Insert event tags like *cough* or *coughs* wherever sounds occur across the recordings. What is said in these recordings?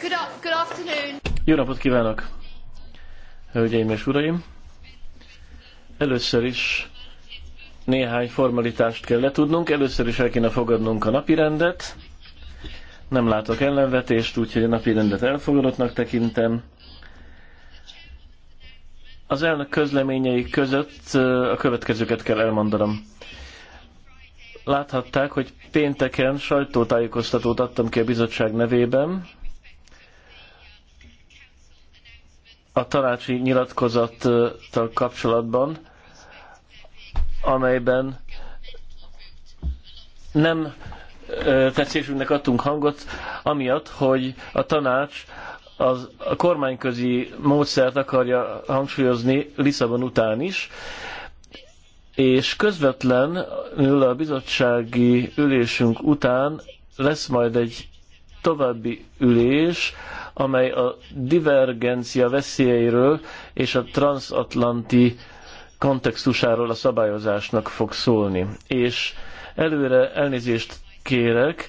good, good afternoon. Jó napot kívánok, hölgyeim és uraim! Először is néhány formalitást kell letudnunk. Először is el kéne fogadnunk a napirendet. Nem látok ellenvetést, úgyhogy a napirendet elfogadottnak tekintem. Az elnök közleményei között a következőket kell elmondanom láthatták, hogy pénteken sajtótájékoztatót adtam ki a bizottság nevében a tanácsi nyilatkozattal kapcsolatban, amelyben nem tetszésünknek adtunk hangot, amiatt, hogy a tanács az, a kormányközi módszert akarja hangsúlyozni Lisszabon után is, és közvetlenül a bizottsági ülésünk után lesz majd egy további ülés, amely a divergencia veszélyeiről és a transatlanti kontextusáról a szabályozásnak fog szólni. És előre elnézést kérek,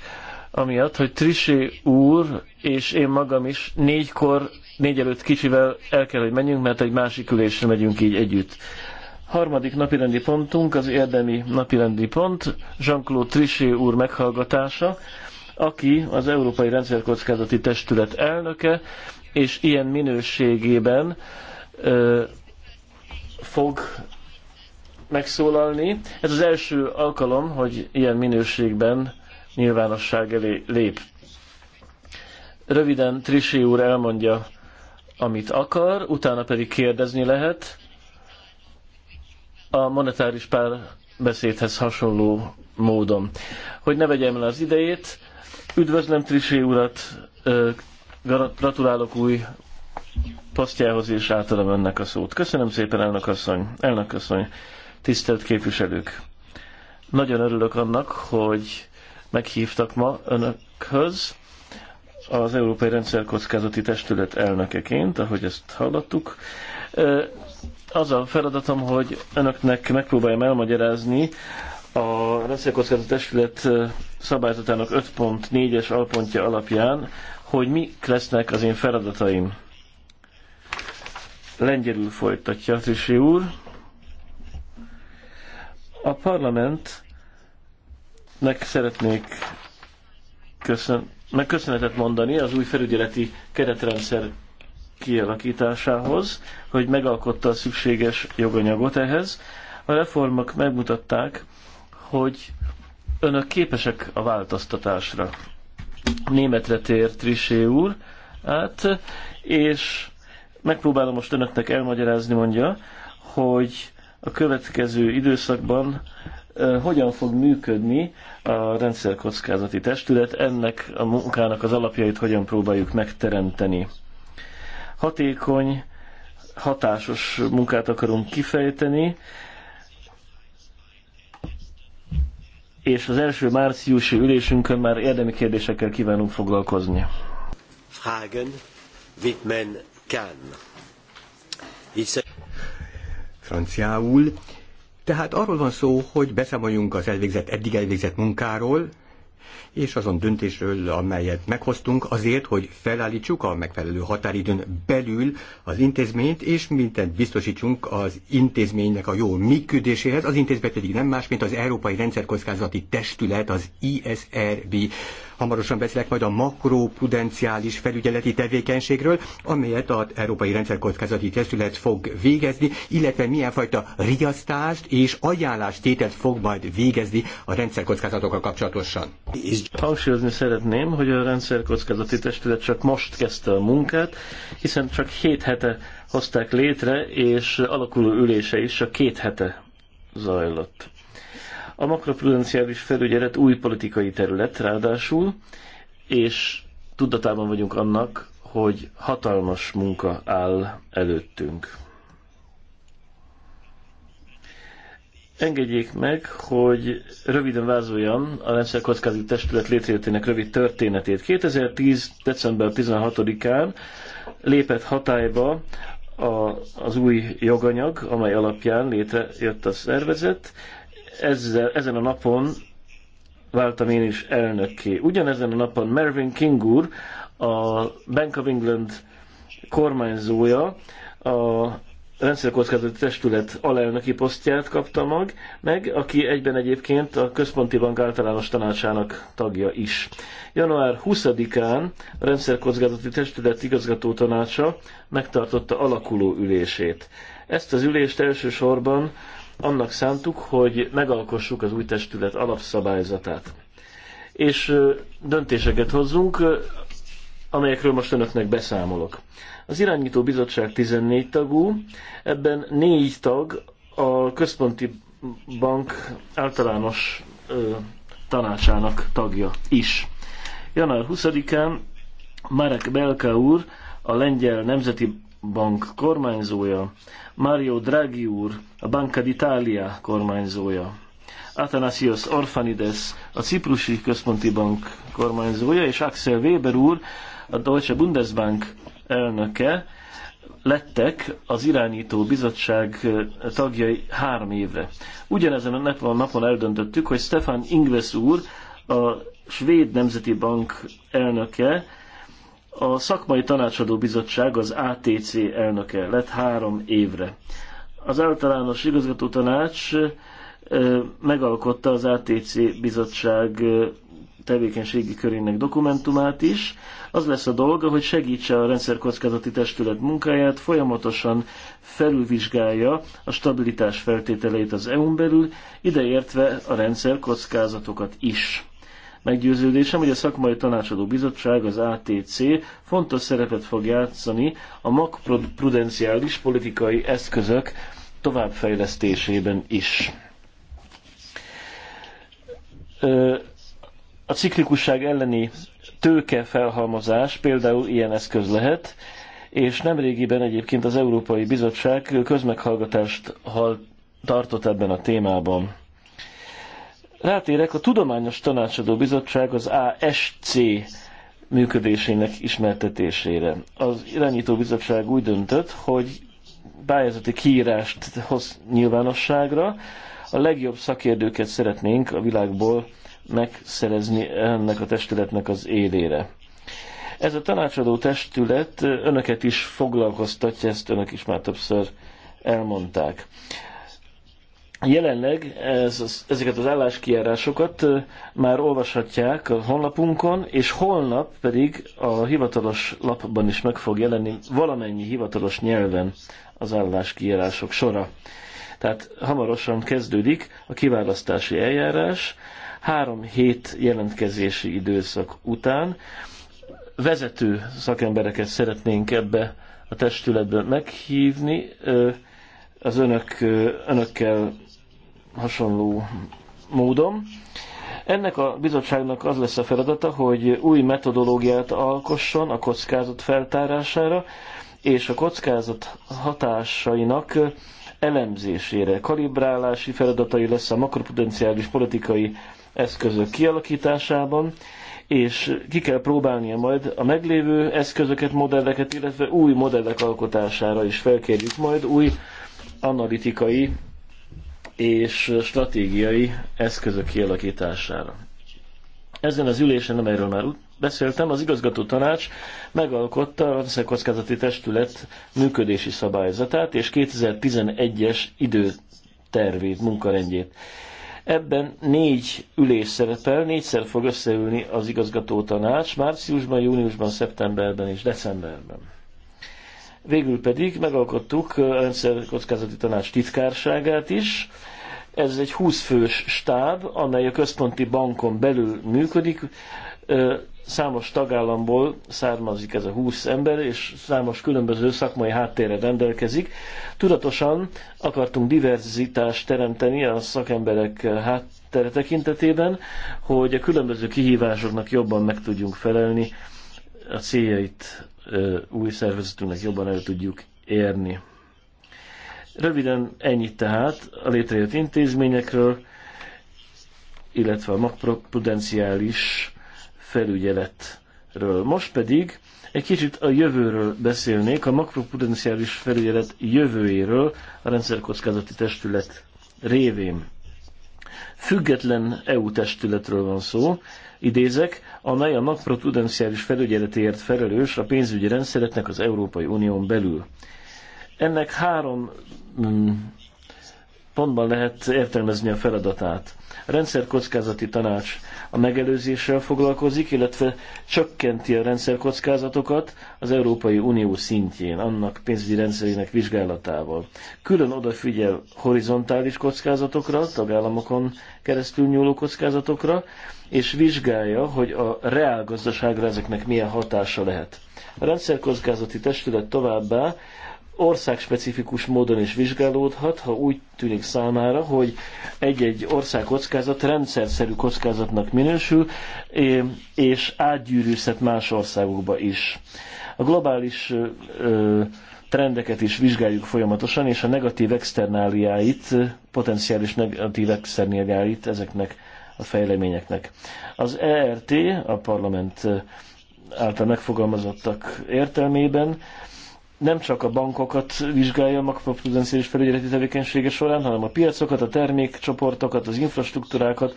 amiatt, hogy Trisé úr és én magam is négykor, négy előtt kicsivel el kell, hogy menjünk, mert egy másik ülésre megyünk így együtt. Harmadik napirendi pontunk, az érdemi napirendi pont, Jean-Claude Trisé úr meghallgatása aki az Európai Rendszerkockázati Testület elnöke, és ilyen minőségében ö, fog megszólalni. Ez az első alkalom, hogy ilyen minőségben nyilvánosság elé lép. Röviden Trisi úr elmondja, amit akar, utána pedig kérdezni lehet a monetáris párbeszédhez hasonló módon. Hogy ne vegyem el az idejét, Üdvözlöm Trisé urat, gratulálok új posztjához, és átadom önnek a szót. Köszönöm szépen, elnök asszony, elnök asszony, tisztelt képviselők. Nagyon örülök annak, hogy meghívtak ma önökhöz az Európai Kockázati Testület elnökeként, ahogy ezt hallottuk. Az a feladatom, hogy önöknek megpróbáljam elmagyarázni a rendszerkockázat testület szabályzatának 5.4-es alpontja alapján, hogy mik lesznek az én feladataim. Lengyelül folytatja Trisi úr. A parlamentnek szeretnék köszön, meg köszönetet mondani az új felügyeleti keretrendszer kialakításához, hogy megalkotta a szükséges joganyagot ehhez. A reformok megmutatták, hogy önök képesek a változtatásra. Németre tér Trisé úr át, és megpróbálom most önöknek elmagyarázni, mondja, hogy a következő időszakban hogyan fog működni a rendszerkockázati testület, ennek a munkának az alapjait hogyan próbáljuk megteremteni. Hatékony, hatásos munkát akarunk kifejteni, és az első márciusi ülésünkön már érdemi kérdésekkel kívánunk foglalkozni. Fragen widmen kann. Franciául. Tehát arról van szó, hogy beszámoljunk az elvégzett, eddig elvégzett munkáról, és azon döntésről, amelyet meghoztunk azért, hogy felállítsuk a megfelelő határidőn belül az intézményt, és mindent biztosítsunk az intézménynek a jó működéséhez. Az intézmény pedig nem más, mint az Európai Rendszerkockázati Testület, az ISRB Hamarosan beszélek majd a makroprudenciális felügyeleti tevékenységről, amelyet az Európai Rendszerkockázati Testület fog végezni, illetve milyen fajta riasztást és ajánlástételt fog majd végezni a rendszerkockázatokkal kapcsolatosan. Hangsúlyozni szeretném, hogy a rendszerkockázati testület csak most kezdte a munkát, hiszen csak hét hete hozták létre, és alakuló ülése is csak két hete zajlott. A makroprudenciális felügyelet új politikai terület ráadásul, és tudatában vagyunk annak, hogy hatalmas munka áll előttünk. Engedjék meg, hogy röviden vázoljam a rendszer kockázati testület létrejöttének rövid történetét. 2010. december 16-án lépett hatályba a, az új joganyag, amely alapján létrejött a szervezet ezzel, ezen a napon váltam én is elnökké. Ugyanezen a napon Mervyn King úr, a Bank of England kormányzója, a rendszerkockázati testület alelnöki posztját kapta mag, meg, aki egyben egyébként a Központi Bank általános tanácsának tagja is. Január 20-án a rendszerkockázati testület igazgató tanácsa megtartotta alakuló ülését. Ezt az ülést elsősorban annak szántuk, hogy megalkossuk az új testület alapszabályzatát. És döntéseket hozzunk, amelyekről most önöknek beszámolok. Az irányító bizottság 14 tagú, ebben négy tag a központi bank általános ö, tanácsának tagja is. Január 20-án Marek Belka úr, a lengyel nemzeti bank kormányzója, Mario Draghi úr, a Banca d'Italia kormányzója, Athanasios Orfanides, a Ciprusi Központi Bank kormányzója, és Axel Weber úr, a Deutsche Bundesbank elnöke lettek az irányító bizottság tagjai három évre. Ugyanezen a napon, napon eldöntöttük, hogy Stefan Ingves úr, a Svéd Nemzeti Bank elnöke a Szakmai Tanácsadó Bizottság az ATC elnöke lett három évre. Az általános igazgató tanács megalkotta az ATC bizottság tevékenységi körének dokumentumát is. Az lesz a dolga, hogy segítse a rendszerkockázati testület munkáját, folyamatosan felülvizsgálja a stabilitás feltételeit az EU-n belül, ideértve a rendszerkockázatokat is. Meggyőződésem, hogy a Szakmai Tanácsadó Bizottság, az ATC fontos szerepet fog játszani a makroprudenciális politikai eszközök továbbfejlesztésében is. A ciklikusság elleni tőke felhalmozás például ilyen eszköz lehet, és nemrégiben egyébként az Európai Bizottság közmeghallgatást tartott ebben a témában. Rátérek, a Tudományos Tanácsadó Bizottság az ASC működésének ismertetésére. Az irányító bizottság úgy döntött, hogy pályázati kiírást hoz nyilvánosságra, a legjobb szakértőket szeretnénk a világból megszerezni ennek a testületnek az élére. Ez a tanácsadó testület önöket is foglalkoztatja, ezt önök is már többször elmondták. Jelenleg ez, ezeket az álláskiárásokat már olvashatják a honlapunkon, és holnap pedig a hivatalos lapban is meg fog jelenni valamennyi hivatalos nyelven az álláskiárások sora. Tehát hamarosan kezdődik a kiválasztási eljárás három hét jelentkezési időszak után. Vezető szakembereket szeretnénk ebbe a testületbe meghívni, az önök, önökkel hasonló módon. Ennek a bizottságnak az lesz a feladata, hogy új metodológiát alkosson a kockázat feltárására, és a kockázat hatásainak elemzésére. Kalibrálási feladatai lesz a makropotenciális politikai eszközök kialakításában, és ki kell próbálnia majd a meglévő eszközöket, modelleket, illetve új modellek alkotására is felkérjük majd új analitikai és stratégiai eszközök kialakítására. Ezen az ülésen, amelyről már beszéltem, az igazgató tanács megalkotta a Rendszer Testület működési szabályzatát és 2011-es időtervét, munkarendjét. Ebben négy ülés szerepel, négyszer fog összeülni az igazgató tanács, márciusban, júniusban, szeptemberben és decemberben. Végül pedig megalkottuk a rendszer kockázati tanács titkárságát is, ez egy 20 fős stáb, amely a központi bankon belül működik. Számos tagállamból származik ez a 20 ember, és számos különböző szakmai háttérre rendelkezik. Tudatosan akartunk diverzitást teremteni a szakemberek háttere tekintetében, hogy a különböző kihívásoknak jobban meg tudjunk felelni, a céljait új szervezetünknek jobban el tudjuk érni. Röviden ennyit tehát a létrejött intézményekről, illetve a makroprudenciális felügyeletről. Most pedig egy kicsit a jövőről beszélnék, a makroprudenciális felügyelet jövőjéről a rendszerkockázati testület révén. Független EU testületről van szó, idézek, amely a makroprudenciális felügyeletért felelős a pénzügyi rendszereknek az Európai Unión belül. Ennek három Mm, pontban lehet értelmezni a feladatát. A rendszerkockázati tanács a megelőzéssel foglalkozik, illetve csökkenti a rendszerkockázatokat az Európai Unió szintjén, annak pénzügyi rendszerének vizsgálatával. Külön odafigyel horizontális kockázatokra, tagállamokon keresztül nyúló kockázatokra, és vizsgálja, hogy a reál gazdaságra ezeknek milyen hatása lehet. A rendszerkockázati testület továbbá országspecifikus módon is vizsgálódhat, ha úgy tűnik számára, hogy egy-egy ország kockázat rendszerszerű kockázatnak minősül, és átgyűrűzhet más országokba is. A globális trendeket is vizsgáljuk folyamatosan, és a negatív externáliáit, potenciális negatív externáliáit ezeknek a fejleményeknek. Az ERT, a parlament által megfogalmazottak értelmében nem csak a bankokat vizsgálja a makroprudenciális felügyeleti tevékenysége során, hanem a piacokat, a termékcsoportokat, az infrastruktúrákat,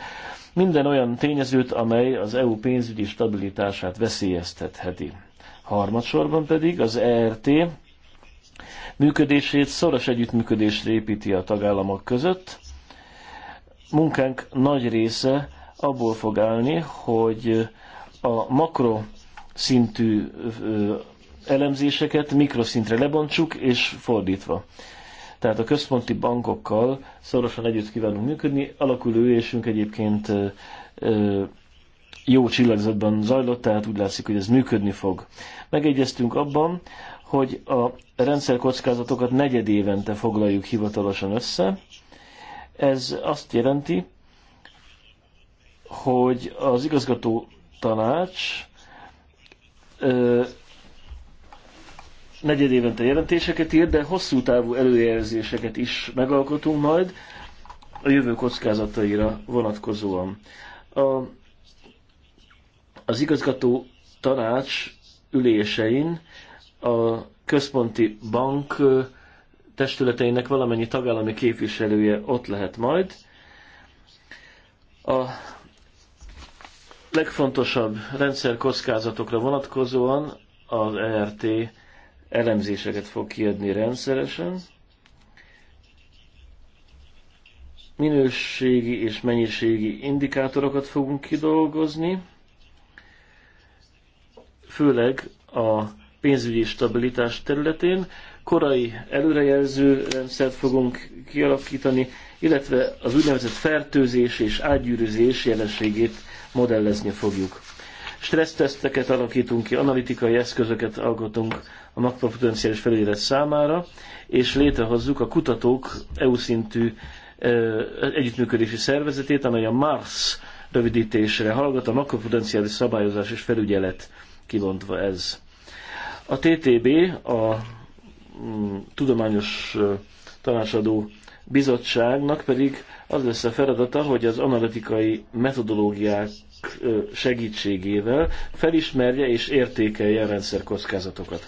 minden olyan tényezőt, amely az EU pénzügyi stabilitását veszélyeztetheti. Harmadsorban pedig az ERT működését szoros együttműködésre építi a tagállamok között. Munkánk nagy része abból fog állni, hogy a makro szintű elemzéseket mikroszintre lebontsuk, és fordítva. Tehát a központi bankokkal szorosan együtt kívánunk működni. Alakuló ülésünk egyébként jó csillagzatban zajlott, tehát úgy látszik, hogy ez működni fog. Megegyeztünk abban, hogy a rendszerkockázatokat negyed évente foglaljuk hivatalosan össze. Ez azt jelenti, hogy az igazgató tanács negyed évente jelentéseket ír, de hosszú távú előjelzéseket is megalkotunk majd a jövő kockázataira vonatkozóan. A, az igazgató tanács ülésein a központi bank testületeinek valamennyi tagállami képviselője ott lehet majd. A legfontosabb rendszerkockázatokra vonatkozóan az ERT elemzéseket fog kiadni rendszeresen. Minőségi és mennyiségi indikátorokat fogunk kidolgozni, főleg a pénzügyi stabilitás területén. Korai előrejelző rendszert fogunk kialakítani, illetve az úgynevezett fertőzés és ágyűrűzés jelenségét modellezni fogjuk. Stresszteszteket alakítunk ki, analitikai eszközöket alkotunk a makropotenciális felügyelet számára, és létrehozzuk a kutatók EU szintű együttműködési szervezetét, amely a MARS rövidítésre hallgat, a makropotenciális szabályozás és felügyelet kivontva ez. A TTB, a mm, Tudományos Tanácsadó Bizottságnak pedig az lesz a feladata, hogy az analitikai metodológiák segítségével felismerje és értékelje a rendszer kockázatokat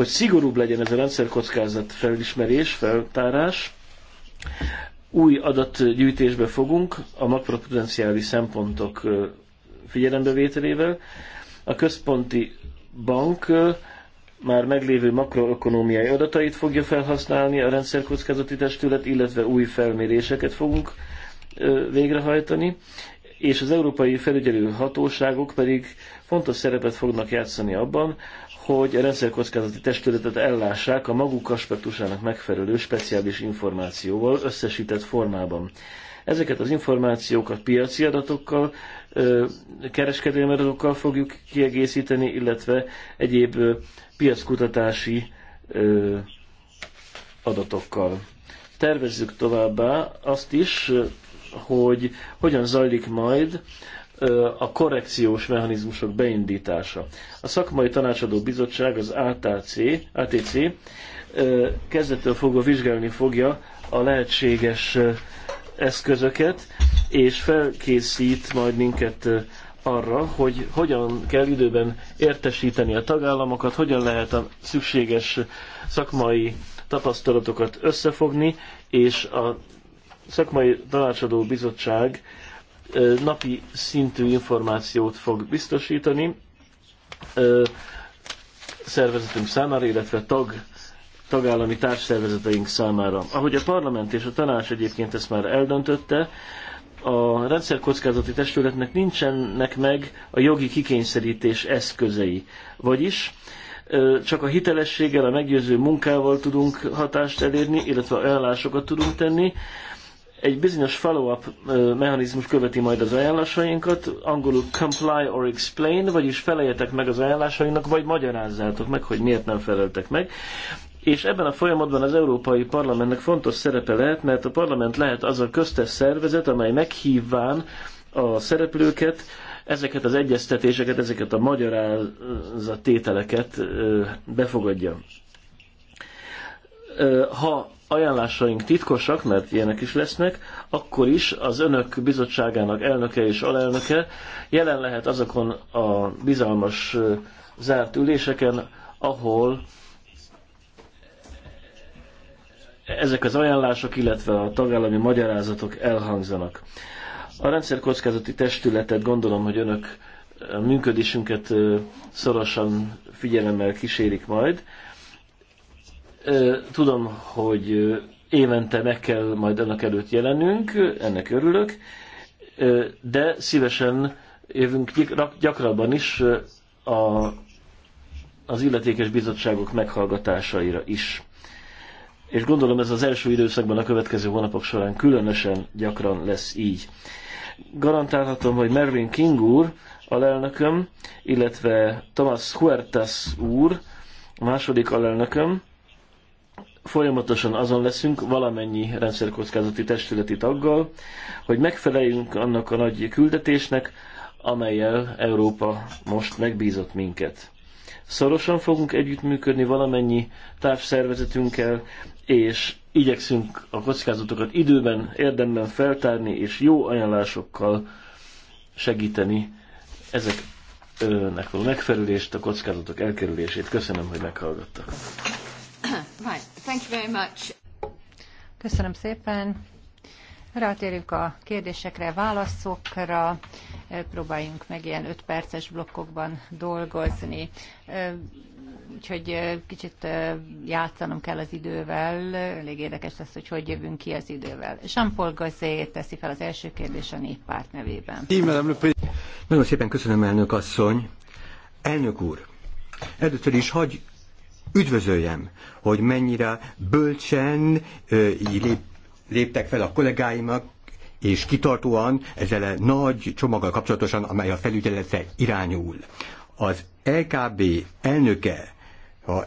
hogy szigorúbb legyen ez a rendszerkockázat felismerés, feltárás, új adatgyűjtésbe fogunk a makropotenciális szempontok figyelembevételével. A központi bank már meglévő makroökonómiai adatait fogja felhasználni a rendszerkockázati testület, illetve új felméréseket fogunk végrehajtani, és az európai felügyelő hatóságok pedig fontos szerepet fognak játszani abban, hogy a rendszerkockázati testületet ellássák a maguk aspektusának megfelelő speciális információval összesített formában. Ezeket az információkat piaci adatokkal, kereskedelmi adatokkal fogjuk kiegészíteni, illetve egyéb piackutatási adatokkal. Tervezzük továbbá azt is, hogy hogyan zajlik majd a korrekciós mechanizmusok beindítása. A Szakmai Tanácsadó Bizottság, az ATC, ATC kezdettől fogva vizsgálni fogja a lehetséges eszközöket, és felkészít majd minket arra, hogy hogyan kell időben értesíteni a tagállamokat, hogyan lehet a szükséges szakmai tapasztalatokat összefogni, és a szakmai tanácsadó bizottság napi szintű információt fog biztosítani szervezetünk számára, illetve tag, tagállami társszervezeteink számára. Ahogy a parlament és a tanács egyébként ezt már eldöntötte, a rendszerkockázati testületnek nincsenek meg a jogi kikényszerítés eszközei. Vagyis csak a hitelességgel, a meggyőző munkával tudunk hatást elérni, illetve ajánlásokat tudunk tenni, egy bizonyos follow-up mechanizmus követi majd az ajánlásainkat, angolul comply or explain, vagyis feleljetek meg az ajánlásainak, vagy magyarázzátok meg, hogy miért nem feleltek meg. És ebben a folyamatban az Európai Parlamentnek fontos szerepe lehet, mert a parlament lehet az a köztes szervezet, amely meghívván a szereplőket, ezeket az egyeztetéseket, ezeket a magyarázatételeket befogadja ha ajánlásaink titkosak, mert ilyenek is lesznek, akkor is az önök bizottságának elnöke és alelnöke jelen lehet azokon a bizalmas zárt üléseken, ahol ezek az ajánlások, illetve a tagállami magyarázatok elhangzanak. A rendszerkockázati testületet gondolom, hogy önök működésünket szorosan figyelemmel kísérik majd. Tudom, hogy évente meg kell majd ennek előtt jelennünk, ennek örülök, de szívesen jövünk gyakrabban is a, az illetékes bizottságok meghallgatásaira is. És gondolom ez az első időszakban a következő hónapok során különösen gyakran lesz így. Garantálhatom, hogy Mervyn King úr, alelnököm, illetve Thomas Huertas úr, a második alelnököm, folyamatosan azon leszünk valamennyi rendszerkockázati testületi taggal, hogy megfeleljünk annak a nagy küldetésnek, amelyel Európa most megbízott minket. Szorosan fogunk együttműködni valamennyi társszervezetünkkel, és igyekszünk a kockázatokat időben, érdemben feltárni, és jó ajánlásokkal segíteni ezeknek a megfelelést, a kockázatok elkerülését. Köszönöm, hogy meghallgattak. *coughs* Köszönöm szépen. Rátérünk a kérdésekre, válaszokra. Próbáljunk meg ilyen ötperces perces blokkokban dolgozni. Úgyhogy kicsit játszanom kell az idővel. Elég érdekes lesz, hogy hogy jövünk ki az idővel. Jean-Paul Gazé teszi fel az első kérdés a néppárt nevében. Nagyon szépen köszönöm, elnök asszony. Elnök úr, először is hagy üdvözöljem, hogy mennyire bölcsen lép, léptek fel a kollégáimak, és kitartóan ezzel a nagy csomaggal kapcsolatosan, amely a felügyeletre irányul. Az LKB elnöke, ha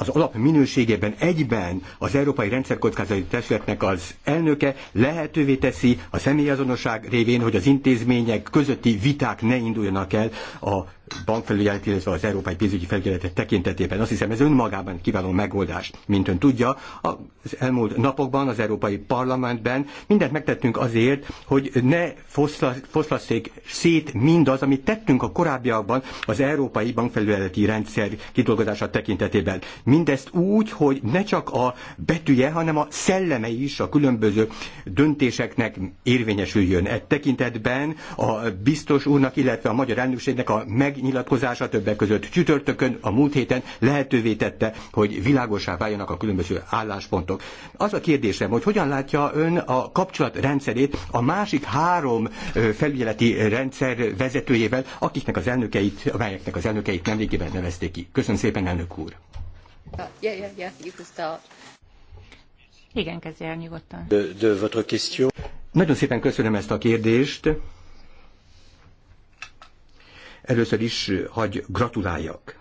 az alap minőségében egyben az Európai Rendszerkockázati Testületnek az elnöke lehetővé teszi a személyazonosság révén, hogy az intézmények közötti viták ne induljanak el a bankfelügyelet, illetve az európai pénzügyi felügyeletet tekintetében. Azt hiszem, ez önmagában kiváló megoldás. Mint ön tudja, az elmúlt napokban az Európai Parlamentben mindent megtettünk azért, hogy ne foszlasszék szét mindaz, amit tettünk a korábbiakban az európai bankfelügyeleti rendszer kidolgozása tekintetében. Mindezt úgy, hogy ne csak a betűje, hanem a szelleme is a különböző döntéseknek érvényesüljön. E tekintetben a biztos úrnak, illetve a magyar elnökségnek a meg megnyilatkozása többek között csütörtökön a múlt héten lehetővé tette, hogy világosá váljanak a különböző álláspontok. Az a kérdésem, hogy hogyan látja ön a kapcsolat rendszerét a másik három felügyeleti rendszer vezetőjével, akiknek az elnökeit, amelyeknek az elnökeit nemrégében nevezték ki. Köszönöm szépen, elnök úr. Igen, uh, yeah, yeah, you De, de, Igen, de, de, de, De, de votre question. Nagyon szépen köszönöm ezt a kérdést. Először is hagy gratuláljak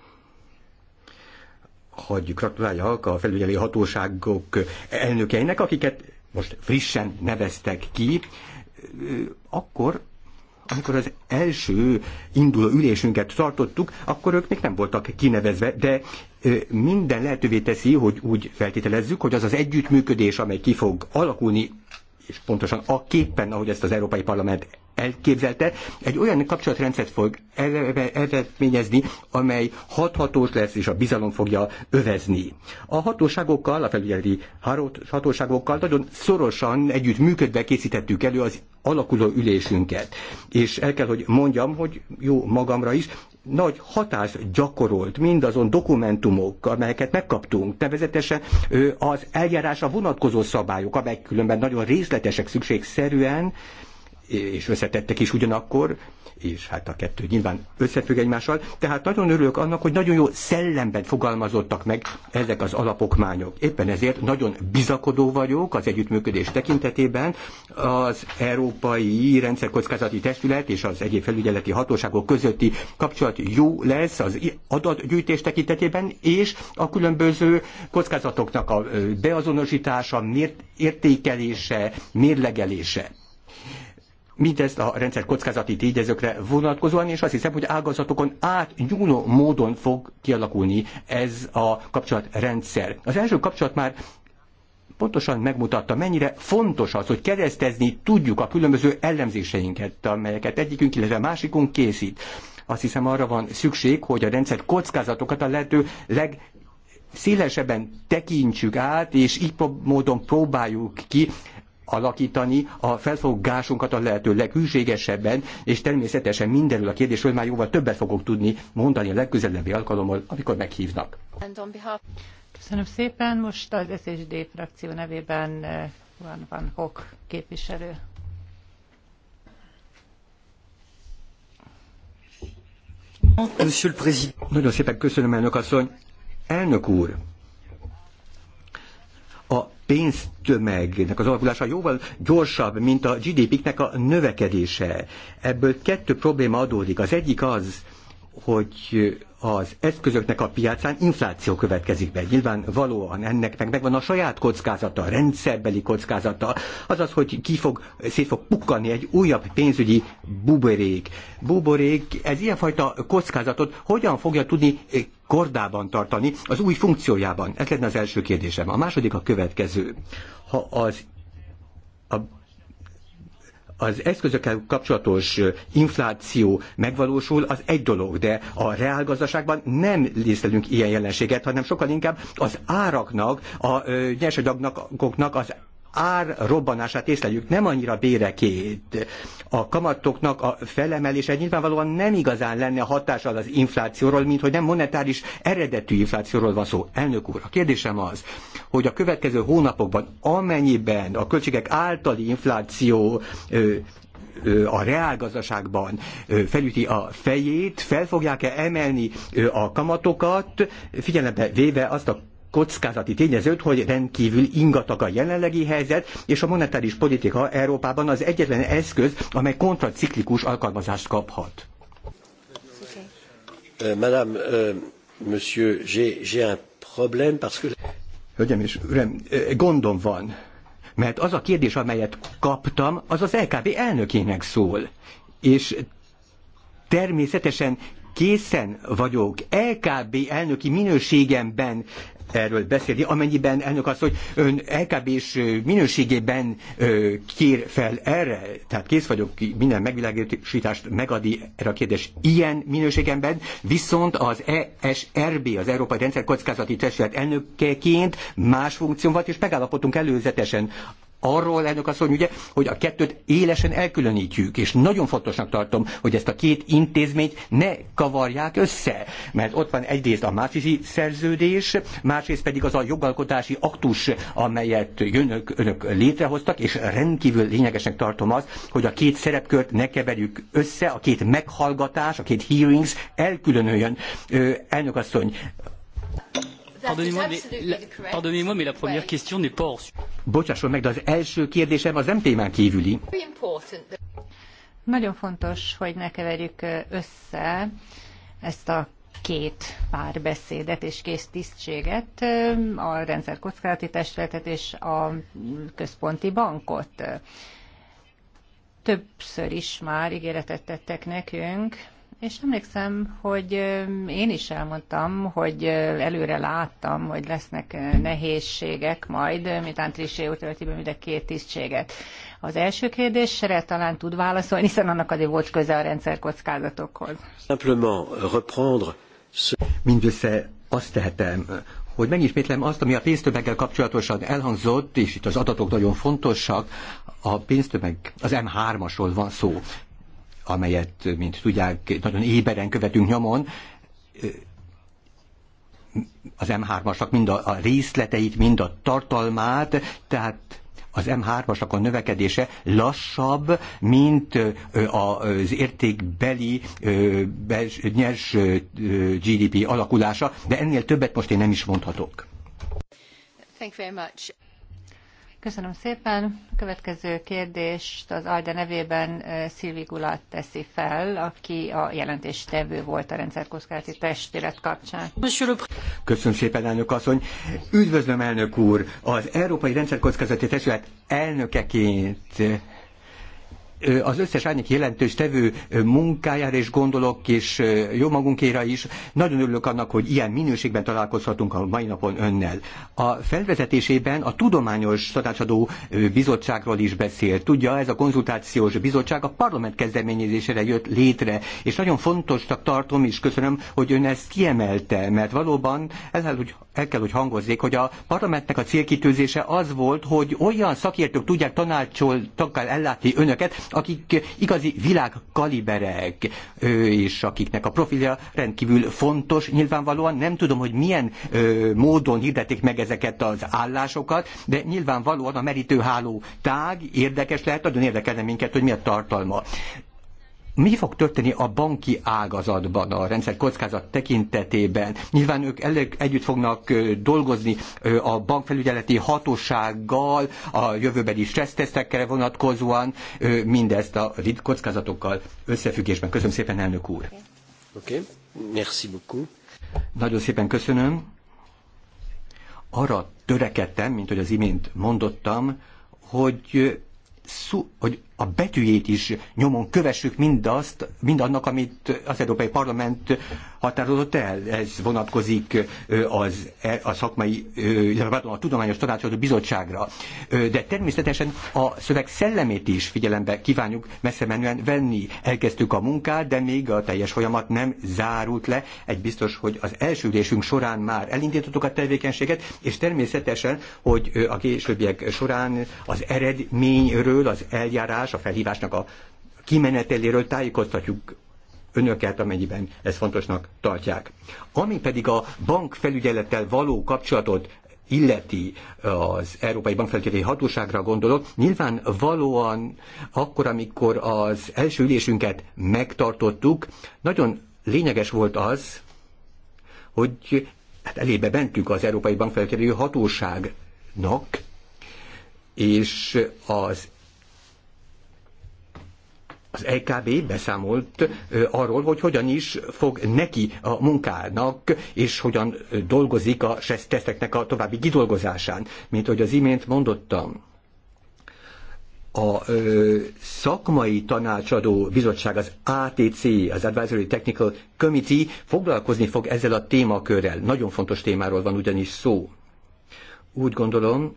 hagy gratuláljak a felügyeli hatóságok elnökeinek, akiket most frissen neveztek ki, akkor, amikor az első induló ülésünket tartottuk, akkor ők még nem voltak kinevezve, de minden lehetővé teszi, hogy úgy feltételezzük, hogy az az együttműködés, amely ki fog alakulni, és pontosan a képen, ahogy ezt az Európai Parlament elképzelte, egy olyan kapcsolatrendszert fog eredményezni, amely hathatós lesz, és a bizalom fogja övezni. A hatóságokkal, a felügyeleti hatóságokkal nagyon szorosan együtt működve készítettük elő az alakuló ülésünket. És el kell, hogy mondjam, hogy jó magamra is, nagy hatást gyakorolt mindazon dokumentumok, amelyeket megkaptunk, nevezetesen az eljárásra vonatkozó szabályok, amelyek különben nagyon részletesek szükségszerűen, és összetettek is ugyanakkor, és hát a kettő nyilván összefügg egymással. Tehát nagyon örülök annak, hogy nagyon jó szellemben fogalmazottak meg ezek az alapokmányok. Éppen ezért nagyon bizakodó vagyok az együttműködés tekintetében az Európai Rendszerkockázati Testület és az egyéb felügyeleti hatóságok közötti kapcsolat jó lesz az adatgyűjtés tekintetében, és a különböző kockázatoknak a beazonosítása, mért, értékelése, mérlegelése mindezt a rendszer kockázati tényezőkre vonatkozóan, és azt hiszem, hogy ágazatokon átnyúló módon fog kialakulni ez a kapcsolatrendszer. Az első kapcsolat már pontosan megmutatta, mennyire fontos az, hogy keresztezni tudjuk a különböző ellenzéseinket, amelyeket egyikünk, illetve másikunk készít. Azt hiszem arra van szükség, hogy a rendszer kockázatokat a lehető leg szélesebben tekintsük át, és így módon próbáljuk ki alakítani a felfogásunkat a lehető leghűségesebben, és természetesen mindenről a kérdésről már jóval többet fogok tudni mondani a legközelebbi alkalommal, amikor meghívnak. Köszönöm szépen. Most az SSD frakció nevében van, eh, van Hock képviselő. Monsieur le Président. Nagyon szépen köszönöm, elnök asszony. Elnök úr, pénztömegnek az alakulása jóval gyorsabb, mint a GDP-nek a növekedése. Ebből kettő probléma adódik. Az egyik az, hogy az eszközöknek a piacán infláció következik be. Nyilván valóan ennek meg megvan a saját kockázata, a rendszerbeli kockázata, azaz, hogy ki fog, szét fog pukkani egy újabb pénzügyi buborék. Buborék, ez ilyenfajta kockázatot hogyan fogja tudni eh, kordában tartani az új funkciójában? Ez lenne az első kérdésem. A második a következő. Ha az az eszközökkel kapcsolatos infláció megvalósul, az egy dolog, de a reálgazdaságban nem lészelünk ilyen jelenséget, hanem sokkal inkább az áraknak, a nyersanyagoknak az ár robbanását észleljük, nem annyira bérekét. A kamatoknak a felemelése nyilvánvalóan nem igazán lenne hatással az inflációról, mint hogy nem monetáris eredetű inflációról van szó. Elnök úr, a kérdésem az, hogy a következő hónapokban, amennyiben a költségek általi infláció ö, a reálgazdaságban felüti a fejét, fel fogják-e emelni a kamatokat, figyelembe véve azt a kockázati tényezőt, hogy rendkívül ingatag a jelenlegi helyzet, és a monetáris politika Európában az egyetlen eszköz, amely kontraciklikus alkalmazást kaphat. Euh, madame, euh, monsieur, j'ai un problème parce que... Hölgyem és uram, gondom van, mert az a kérdés, amelyet kaptam, az az LKB elnökének szól. És természetesen készen vagyok LKB elnöki minőségemben erről beszélni, amennyiben elnök azt, hogy ön LKB-s minőségében kér fel erre, tehát kész vagyok minden megvilágosítást megadni erre a kérdés ilyen minőségemben, viszont az ESRB, az Európai Rendszer Kockázati Testület elnökeként más funkcióm volt, és megállapodtunk előzetesen arról, elnök asszony, ugye, hogy a kettőt élesen elkülönítjük, és nagyon fontosnak tartom, hogy ezt a két intézményt ne kavarják össze, mert ott van egyrészt a márciusi szerződés, másrészt pedig az a jogalkotási aktus, amelyet jönök, önök létrehoztak, és rendkívül lényegesnek tartom az, hogy a két szerepkört ne keverjük össze, a két meghallgatás, a két hearings elkülönüljön. Elnök asszony, Pardonnez-moi, la, pardonnez mais la première question n'est pas hors Bocsásson meg, de az első kérdésem az nem témán kívüli. Nagyon fontos, hogy ne keverjük össze ezt a két párbeszédet és kész tisztséget, a rendszer kockázati testületet és a központi bankot. Többször is már ígéretet tettek nekünk, és emlékszem, hogy én is elmondtam, hogy előre láttam, hogy lesznek nehézségek majd, miután Trisé tölti be mind a két tisztséget. Az első kérdésre talán tud válaszolni, hiszen annak azért volt köze a rendszer kockázatokhoz. Mindössze azt tehetem, hogy megismétlem azt, ami a pénztömeggel kapcsolatosan elhangzott, és itt az adatok nagyon fontosak, a pénztömeg, az M3-asról van szó amelyet, mint tudják, nagyon éberen követünk nyomon, az M3-asnak mind a, részleteit, mind a tartalmát, tehát az M3-asnak a növekedése lassabb, mint az értékbeli nyers GDP alakulása, de ennél többet most én nem is mondhatok. Thank you very much. Köszönöm szépen. A következő kérdést az ALDE nevében Szilvi Gulat teszi fel, aki a jelentéstevő volt a rendszerkockázati testület kapcsán. Köszönöm szépen, elnök asszony. Üdvözlöm, elnök úr! Az Európai Rendszerkockázati Testület elnökeként az összes árnyék jelentős tevő munkájára is gondolok, és jó magunkéra is. Nagyon örülök annak, hogy ilyen minőségben találkozhatunk a mai napon önnel. A felvezetésében a Tudományos Tanácsadó Bizottságról is beszélt. Tudja, ez a konzultációs bizottság a parlament kezdeményezésére jött létre, és nagyon fontosnak tartom, és köszönöm, hogy ön ezt kiemelte, mert valóban el kell, hogy, el kell, hogy hangozzék, hogy a parlamentnek a célkitűzése az volt, hogy olyan szakértők tudják tanácsoltakkal ellátni önöket, akik igazi világkaliberek, és akiknek a profilja rendkívül fontos. Nyilvánvalóan nem tudom, hogy milyen módon hirdetik meg ezeket az állásokat, de nyilvánvalóan a merítőháló tág érdekes lehet, nagyon érdekelne minket, hogy mi a tartalma mi fog történni a banki ágazatban, a rendszer kockázat tekintetében? Nyilván ők elég együtt fognak dolgozni a bankfelügyeleti hatósággal, a jövőbeli stressztesztekkel vonatkozóan, mindezt a kockázatokkal összefüggésben. Köszönöm szépen, elnök úr! Oké, okay. merci beaucoup. Nagyon szépen köszönöm. Arra törekedtem, mint hogy az imént mondottam, hogy, szó, hogy a betűjét is nyomon kövessük mindazt, mindannak, amit az Európai Parlament határozott el. Ez vonatkozik az, e, a szakmai, pardon, a Tudományos Tanácsadó Bizottságra. De természetesen a szöveg szellemét is figyelembe kívánjuk messze menően venni. Elkezdtük a munkát, de még a teljes folyamat nem zárult le. Egy biztos, hogy az első ülésünk során már elindítottuk a tevékenységet, és természetesen, hogy a későbbiek során az eredményről, az eljárás felhívás, a felhívásnak a kimeneteléről tájékoztatjuk önöket, amennyiben ezt fontosnak tartják. Ami pedig a bankfelügyelettel való kapcsolatot illeti az Európai Bankfelügyeleti Hatóságra gondolok, nyilván valóan akkor, amikor az első ülésünket megtartottuk, nagyon lényeges volt az, hogy hát elébe bentük az Európai Bankfelügyeleti Hatóságnak, és az az EKB beszámolt arról, hogy hogyan is fog neki a munkának, és hogyan dolgozik a teszteknek a további kidolgozásán. Mint hogy az imént mondottam, a ö, szakmai tanácsadó bizottság, az ATC, az Advisory Technical Committee foglalkozni fog ezzel a témakörrel. Nagyon fontos témáról van ugyanis szó. Úgy gondolom,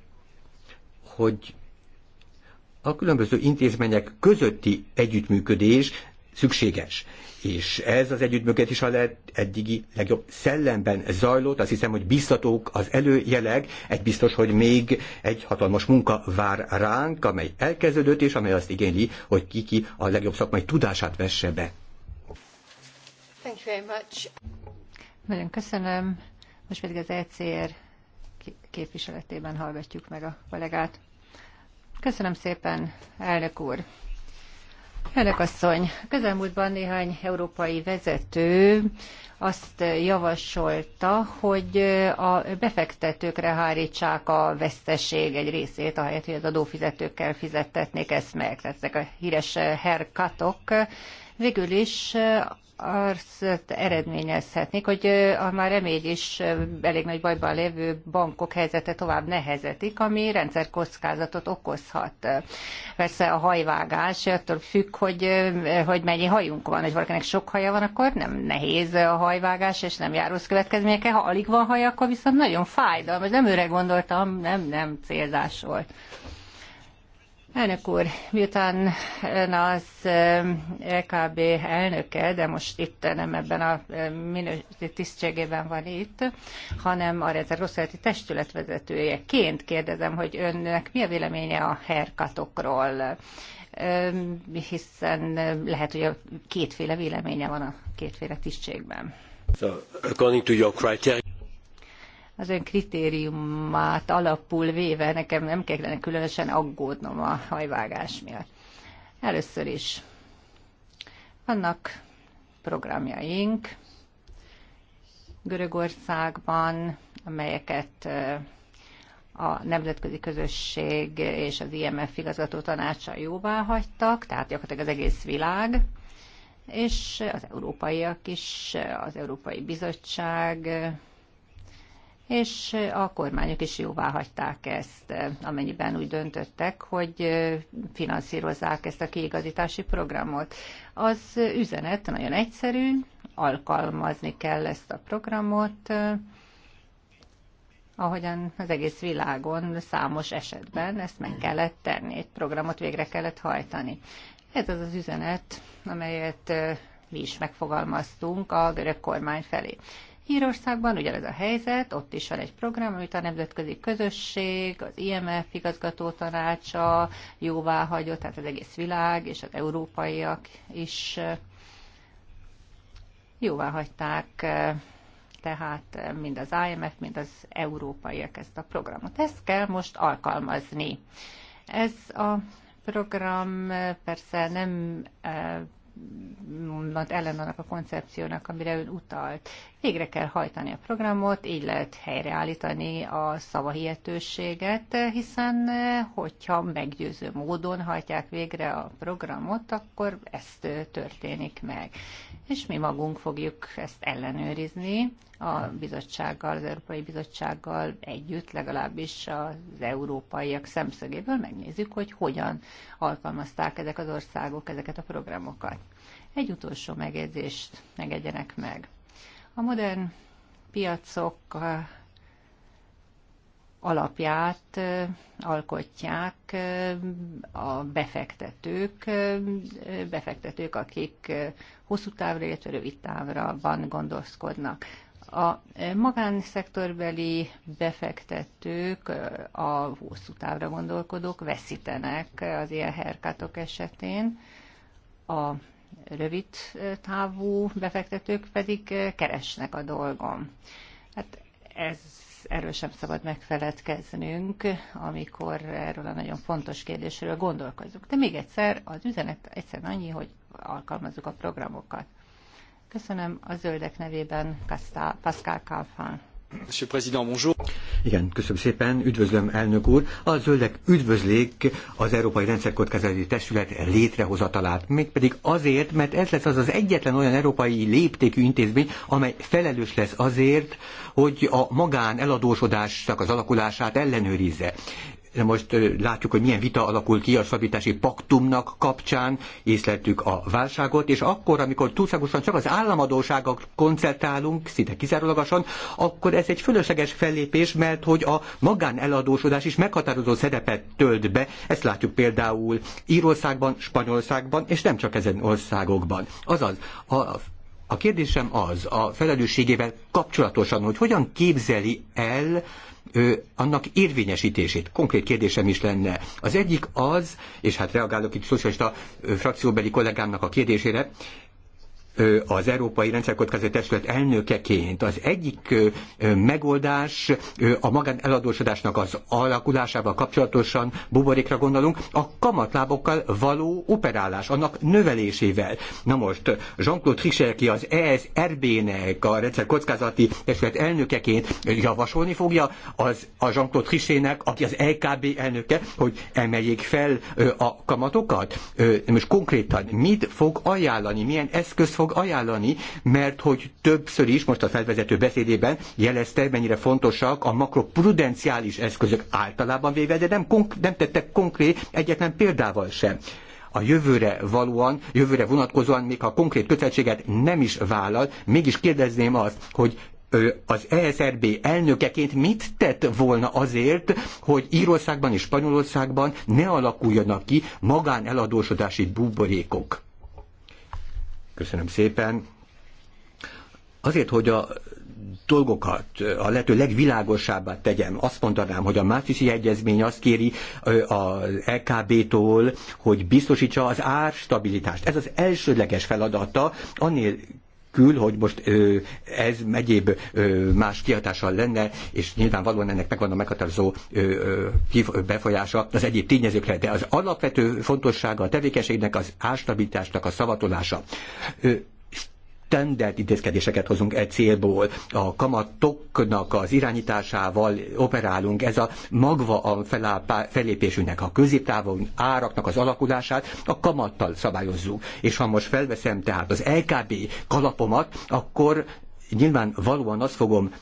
hogy a különböző intézmények közötti együttműködés szükséges. És ez az együttműködés a lett eddigi legjobb szellemben zajlott, azt hiszem, hogy biztatók az előjeleg, egy biztos, hogy még egy hatalmas munka vár ránk, amely elkezdődött, és amely azt igényli, hogy kiki a legjobb szakmai tudását vesse be. Thank you very much. Nagyon köszönöm. Most pedig az ECR képviseletében hallgatjuk meg a kollégát. Köszönöm szépen, elnök úr. Elnök asszony, közelmúltban néhány európai vezető azt javasolta, hogy a befektetőkre hárítsák a veszteség egy részét, ahelyett, hogy az adófizetőkkel fizettetnék ezt meg. Tehát ezek a híres herkatok végül is azt eredményezhetnék, hogy a már remény is elég nagy bajban lévő bankok helyzete tovább nehezetik, ami rendszerkockázatot okozhat. Persze a hajvágás attól függ, hogy, hogy mennyi hajunk van, hogy valakinek sok haja van, akkor nem nehéz a hajvágás, és nem jár rossz következményekkel. Ha alig van haja, akkor viszont nagyon fájdalmas. Nem őre gondoltam, nem, nem célzás volt. Elnök úr, miután ön az LKB e elnöke, de most itt nem ebben a minőségi tisztségében van itt, hanem a Rezervoszolati Testület vezetőjeként kérdezem, hogy önnek mi a véleménye a herkatokról, hiszen lehet, hogy a kétféle véleménye van a kétféle tisztségben. So, according to your criteria az ön kritériumát alapul véve nekem nem kellene különösen aggódnom a hajvágás miatt. Először is vannak programjaink Görögországban, amelyeket eh, a nemzetközi közösség és az IMF igazgató tanácsa jóvá hagytak, tehát gyakorlatilag az egész világ, és az európaiak is, az Európai Bizottság és a kormányok is jóvá hagyták ezt, amennyiben úgy döntöttek, hogy finanszírozzák ezt a kiigazítási programot. Az üzenet nagyon egyszerű, alkalmazni kell ezt a programot, ahogyan az egész világon számos esetben ezt meg kellett tenni, egy programot végre kellett hajtani. Ez az az üzenet, amelyet mi is megfogalmaztunk a görög kormány felé. Írországban ugyanez a helyzet, ott is van egy program, amit a nemzetközi közösség, az IMF igazgató tanácsa jóvá hagyott, tehát az egész világ és az európaiak is eh, jóvá hagyták eh, tehát eh, mind az IMF, mind az európaiak ezt a programot. Ezt kell most alkalmazni. Ez a program persze nem mondat ellen annak a koncepciónak, amire ön utalt. Végre kell hajtani a programot, így lehet helyreállítani a szavahihetőséget, hiszen hogyha meggyőző módon hajtják végre a programot, akkor ezt történik meg. És mi magunk fogjuk ezt ellenőrizni a bizottsággal, az Európai Bizottsággal együtt, legalábbis az európaiak szemszögéből megnézzük, hogy hogyan alkalmazták ezek az országok ezeket a programokat. Egy utolsó megjegyzést megegyenek meg. A modern piacok alapját alkotják a befektetők, befektetők, akik hosszú távra, illetve rövid távra van gondoskodnak. A magánszektorbeli befektetők, a hosszú távra gondolkodók veszítenek az ilyen herkátok esetén. A rövid távú befektetők pedig keresnek a dolgom. Hát ez erről sem szabad megfeledkeznünk, amikor erről a nagyon fontos kérdésről gondolkozunk. De még egyszer, az üzenet egyszerűen annyi, hogy alkalmazzuk a programokat. Köszönöm a zöldek nevében Pascal Kalfán. Monsieur Président, bonjour. Igen, köszönöm szépen, üdvözlöm elnök úr. A zöldek üdvözlék az Európai Rendszerkockázati Testület létrehozatalát, mégpedig azért, mert ez lesz az az egyetlen olyan európai léptékű intézmény, amely felelős lesz azért, hogy a magán eladósodásnak az alakulását ellenőrizze most látjuk, hogy milyen vita alakul ki a szabítási paktumnak kapcsán, észleltük a válságot, és akkor, amikor túlságosan csak az államadóságok koncertálunk, szinte kizárólagosan, akkor ez egy fölösleges fellépés, mert hogy a magáneladósodás is meghatározó szerepet tölt be, ezt látjuk például Írországban, Spanyolországban, és nem csak ezen országokban. Azaz, a a kérdésem az, a felelősségével kapcsolatosan, hogy hogyan képzeli el annak érvényesítését. Konkrét kérdésem is lenne. Az egyik az, és hát reagálok itt szocialista frakcióbeli kollégámnak a kérdésére, az Európai Rendszerkockázati Testület elnökeként az egyik megoldás a eladósodásnak az alakulásával kapcsolatosan, buborékra gondolunk, a kamatlábokkal való operálás, annak növelésével. Na most Jean-Claude Trichet, ki az ESRB-nek a rendszerkockázati testület elnökeként javasolni fogja, az a Jean-Claude Trichet-nek, aki az LKB e elnöke, hogy emeljék fel a kamatokat. Most konkrétan mit fog ajánlani, milyen eszköz fog ajánlani, mert hogy többször is most a felvezető beszédében jelezte, mennyire fontosak a makroprudenciális eszközök általában véve, de nem, konk- nem tettek konkrét egyetlen példával sem a jövőre valóan, jövőre vonatkozóan, még ha konkrét kötelezettséget nem is vállal, mégis kérdezném azt, hogy az ESRB elnökeként mit tett volna azért, hogy Írországban és Spanyolországban ne alakuljanak ki magáneladósodási buborékok? Köszönöm szépen. Azért, hogy a dolgokat a lehető legvilágosabbá tegyem. Azt mondanám, hogy a Mátrisi Egyezmény azt kéri az LKB-tól, hogy biztosítsa az árstabilitást. Ez az elsődleges feladata, annél anélkül, hogy most ö, ez megyéb ö, más kihatással lenne, és nyilvánvalóan ennek megvan a meghatározó ö, ö, befolyása az egyéb tényezőkre, de az alapvető fontossága a tevékenységnek az ástabilitásnak a szavatolása. Ö, standard intézkedéseket hozunk e célból. A kamatoknak az irányításával operálunk, ez a magva a felépésünknek, a középtávon áraknak az alakulását a kamattal szabályozzuk. És ha most felveszem tehát az LKB kalapomat, akkor nyilván valóan azt fogom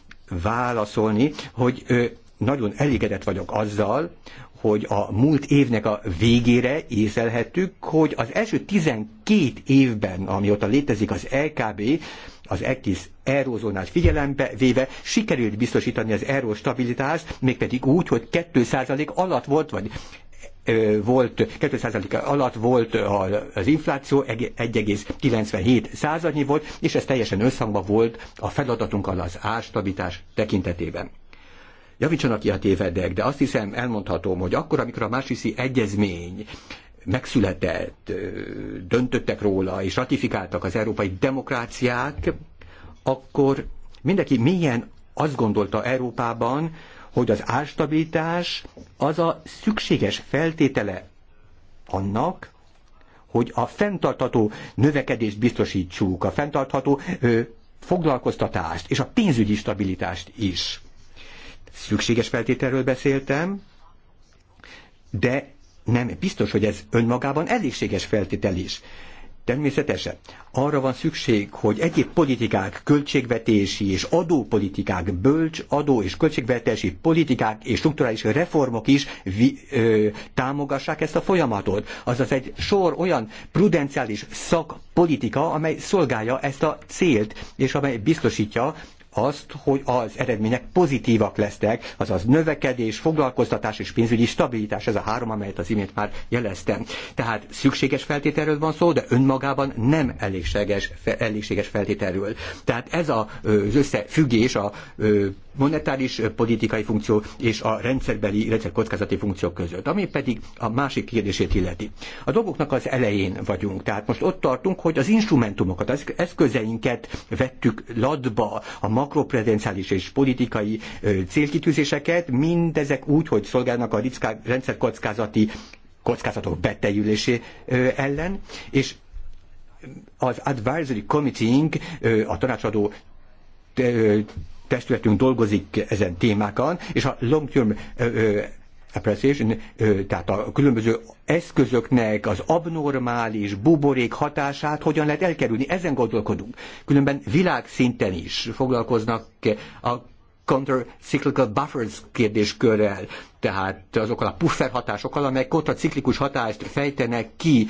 válaszolni, hogy nagyon elégedett vagyok azzal, hogy a múlt évnek a végére észelhettük, hogy az első 12 évben, amióta létezik az LKB, az EKIS eurózónát figyelembe véve sikerült biztosítani az euró stabilitást, mégpedig úgy, hogy 2% alatt volt, vagy volt, 2% alatt volt az infláció, 1,97 századnyi volt, és ez teljesen összhangban volt a feladatunkkal az árstabilitás tekintetében javítsanak ki a tévedek, de azt hiszem elmondhatom, hogy akkor, amikor a másiszi egyezmény megszületett, döntöttek róla és ratifikáltak az európai demokráciák, akkor mindenki milyen azt gondolta Európában, hogy az árstabilitás az a szükséges feltétele annak, hogy a fenntartható növekedést biztosítsuk, a fenntartható ö, foglalkoztatást és a pénzügyi stabilitást is szükséges feltételről beszéltem, de nem biztos, hogy ez önmagában elégséges feltétel is. Természetesen arra van szükség, hogy egyéb politikák, költségvetési és adópolitikák, bölcs adó és költségvetési politikák és strukturális reformok is vi, ö, támogassák ezt a folyamatot. Azaz egy sor olyan prudenciális szakpolitika, amely szolgálja ezt a célt, és amely biztosítja azt, hogy az eredmények pozitívak lesznek, azaz növekedés, foglalkoztatás és pénzügyi stabilitás, ez a három, amelyet az imént már jeleztem. Tehát szükséges feltételről van szó, de önmagában nem elégséges, elégséges feltételről. Tehát ez az összefüggés a monetáris politikai funkció és a rendszerbeli, rendszerkockázati funkció között, ami pedig a másik kérdését illeti. A dolgoknak az elején vagyunk, tehát most ott tartunk, hogy az instrumentumokat, az eszközeinket vettük ladba, a makroprezenciális és politikai célkitűzéseket, mindezek úgy, hogy szolgálnak a kockázati kockázatok beteljülésé ellen, és az Advisory Committee-ink, a tanácsadó testületünk dolgozik ezen témákon, és a long-term appreciation, tehát a különböző eszközöknek az abnormális buborék hatását hogyan lehet elkerülni. Ezen gondolkodunk. Különben világszinten is foglalkoznak a counter-cyclical buffers kérdéskörrel, tehát azokkal a puffer hatásokkal, amelyek kontraciklikus hatást fejtenek ki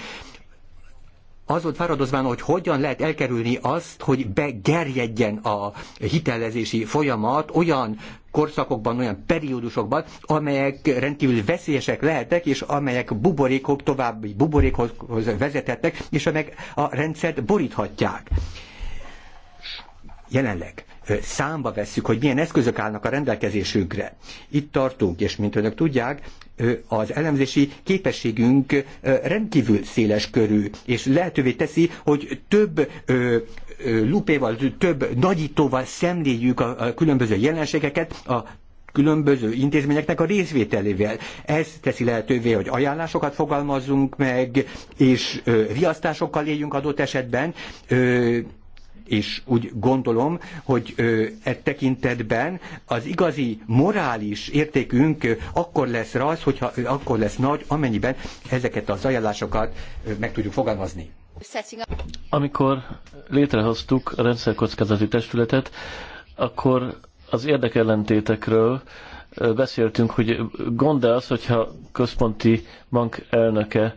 volt fáradozván, hogy hogyan lehet elkerülni azt, hogy begerjedjen a hitelezési folyamat olyan korszakokban, olyan periódusokban, amelyek rendkívül veszélyesek lehetnek, és amelyek buborékok további buborékhoz vezethetnek, és amelyek a rendszert boríthatják. Jelenleg számba vesszük, hogy milyen eszközök állnak a rendelkezésünkre. Itt tartunk, és mint önök tudják, az elemzési képességünk rendkívül széles körű, és lehetővé teszi, hogy több lupéval, több nagyítóval szemléljük a különböző jelenségeket, a különböző intézményeknek a részvételével. Ez teszi lehetővé, hogy ajánlásokat fogalmazzunk meg, és ö, riasztásokkal éljünk adott esetben, ö, és úgy gondolom, hogy e tekintetben az igazi morális értékünk akkor lesz az, hogyha akkor lesz nagy, amennyiben ezeket az ajánlásokat meg tudjuk fogalmazni. Amikor létrehoztuk a rendszerkockázati testületet, akkor az érdekellentétekről beszéltünk, hogy gond -e az, hogyha központi bank elnöke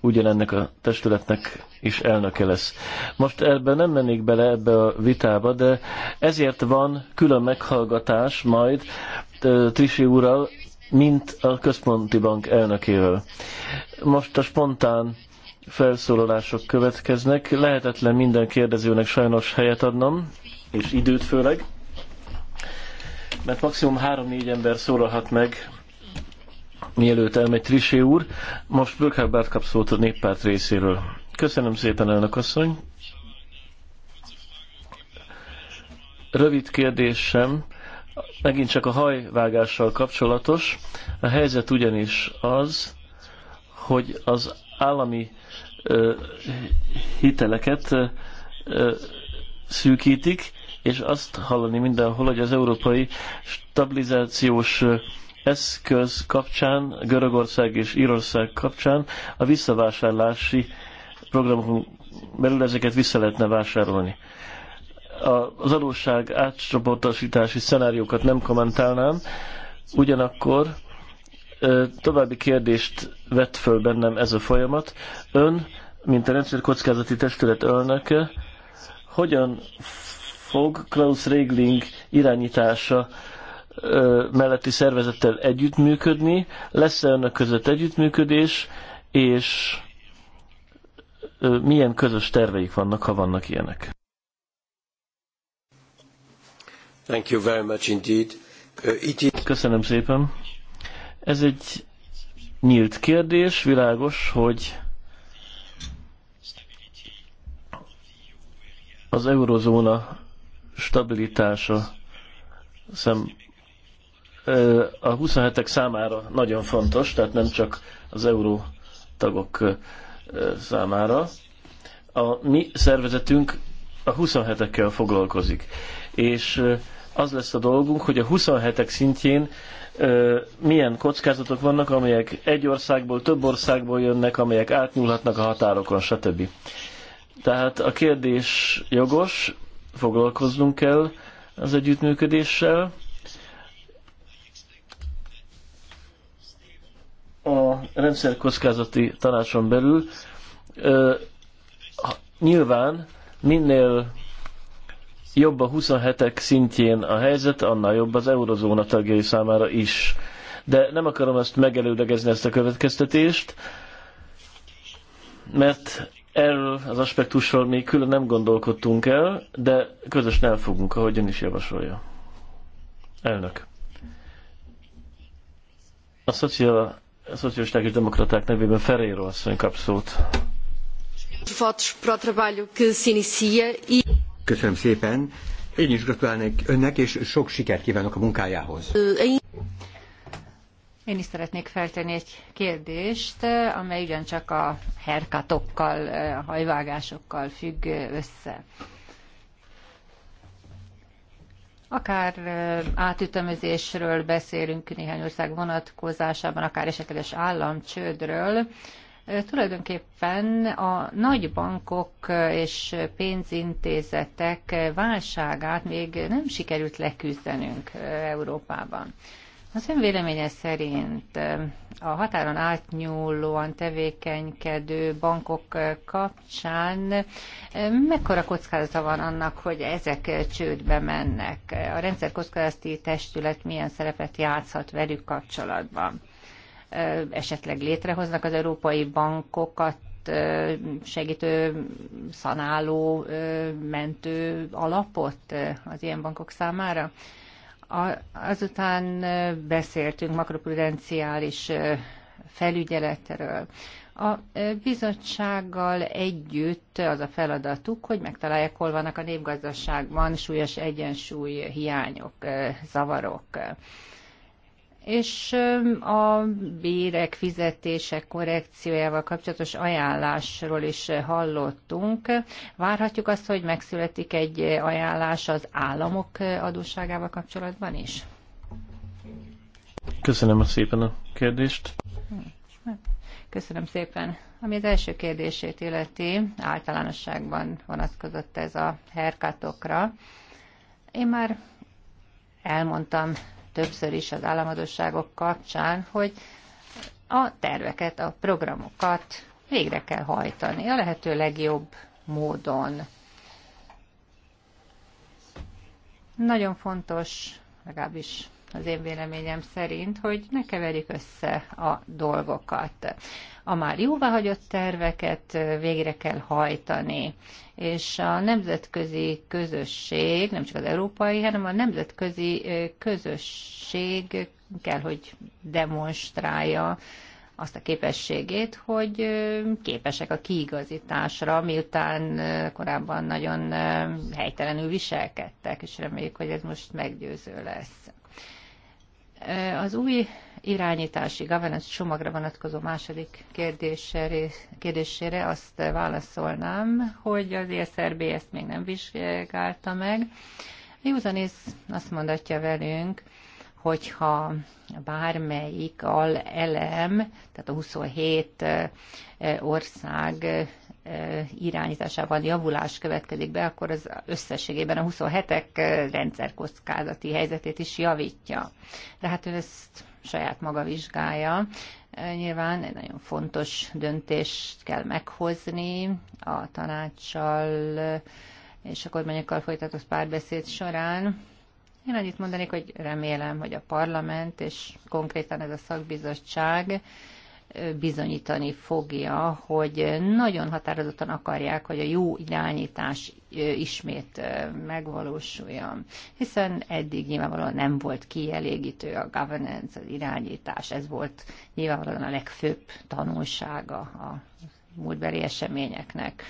ugyanennek a testületnek is elnöke lesz. Most ebbe nem mennék bele ebbe a vitába, de ezért van külön meghallgatás majd Trisi úrral, mint a központi bank elnökével. Most a spontán felszólalások következnek. Lehetetlen minden kérdezőnek sajnos helyet adnom, és időt főleg, mert maximum 3-4 ember szólalhat meg, mielőtt elmegy Trisé úr. Most Bökhár kap szót a néppárt részéről. Köszönöm szépen, elnök asszony. Rövid kérdésem, megint csak a hajvágással kapcsolatos. A helyzet ugyanis az, hogy az állami hiteleket szűkítik, és azt hallani mindenhol, hogy az európai stabilizációs eszköz kapcsán, Görögország és Írország kapcsán a visszavásárlási programokon belül ezeket vissza lehetne vásárolni. Az adósság átcsoportosítási szenáriókat nem kommentálnám, ugyanakkor további kérdést vett föl bennem ez a folyamat. Ön, mint a Kockázati testület elnöke, hogyan fog Klaus Regling irányítása melletti szervezettel együttműködni? Lesz-e önök között együttműködés, és milyen közös terveik vannak, ha vannak ilyenek? Thank you very much indeed. Köszönöm szépen. Ez egy nyílt kérdés, világos, hogy az eurozóna stabilitása szem, a 27-ek számára nagyon fontos, tehát nem csak az euró tagok számára. A mi szervezetünk a 27-ekkel foglalkozik, és az lesz a dolgunk, hogy a 27-ek szintjén milyen kockázatok vannak, amelyek egy országból, több országból jönnek, amelyek átnyúlhatnak a határokon, stb. Tehát a kérdés jogos, foglalkoznunk kell az együttműködéssel. A kockázati tanácson belül nyilván minél jobb a 27-ek szintjén a helyzet, annál jobb az eurozóna tagjai számára is. De nem akarom ezt megelődegezni, ezt a következtetést, mert erről az aspektusról még külön nem gondolkodtunk el, de közösen elfogunk, ahogy ön is javasolja. Elnök. A, szociál, a szocialisták és demokraták nevében Ferreiro asszony kap szót. Köszönöm szépen. Én is gratulálnék önnek, és sok sikert kívánok a munkájához. Én is szeretnék feltenni egy kérdést, amely ugyancsak a herkatokkal, a hajvágásokkal függ össze. Akár átütemezésről beszélünk néhány ország vonatkozásában, akár esetleges államcsődről, tulajdonképpen a nagy bankok és pénzintézetek válságát még nem sikerült leküzdenünk Európában. Az ön véleménye szerint a határon átnyúlóan tevékenykedő bankok kapcsán mekkora kockázata van annak, hogy ezek csődbe mennek? A rendszerkockázati testület milyen szerepet játszhat velük kapcsolatban? esetleg létrehoznak az európai bankokat segítő, szanáló, mentő alapot az ilyen bankok számára. Azután beszéltünk makroprudenciális felügyeletről. A bizottsággal együtt az a feladatuk, hogy megtalálják, hol vannak a népgazdaságban súlyos egyensúly hiányok, zavarok és a bérek, fizetések korrekciójával kapcsolatos ajánlásról is hallottunk. Várhatjuk azt, hogy megszületik egy ajánlás az államok adósságával kapcsolatban is? Köszönöm a szépen a kérdést. Köszönöm szépen. Ami az első kérdését illeti, általánosságban vonatkozott ez a herkátokra. Én már elmondtam többször is az államadosságok kapcsán, hogy a terveket, a programokat végre kell hajtani a lehető legjobb módon. Nagyon fontos, legalábbis az én véleményem szerint, hogy ne keverjük össze a dolgokat. A már jóváhagyott terveket végre kell hajtani, és a nemzetközi közösség, nem csak az európai, hanem a nemzetközi közösség kell, hogy demonstrálja azt a képességét, hogy képesek a kiigazításra, miután korábban nagyon helytelenül viselkedtek, és reméljük, hogy ez most meggyőző lesz. Az új irányítási governance csomagra vonatkozó második kérdésére, kérdésére azt válaszolnám, hogy az ESRB ezt még nem vizsgálta meg. Józanész azt mondatja velünk, hogyha bármelyik Elem, tehát a 27 ország irányításában javulás következik be, akkor az összességében a 27-ek rendszerkockázati helyzetét is javítja. De hát ő ezt saját maga vizsgálja. Nyilván egy nagyon fontos döntést kell meghozni a tanácssal és a kormányokkal folytatott párbeszéd során. Én annyit mondanék, hogy remélem, hogy a parlament és konkrétan ez a szakbizottság bizonyítani fogja, hogy nagyon határozottan akarják, hogy a jó irányítás ismét megvalósuljon. Hiszen eddig nyilvánvalóan nem volt kielégítő a governance, az irányítás. Ez volt nyilvánvalóan a legfőbb tanulsága a múltbeli eseményeknek.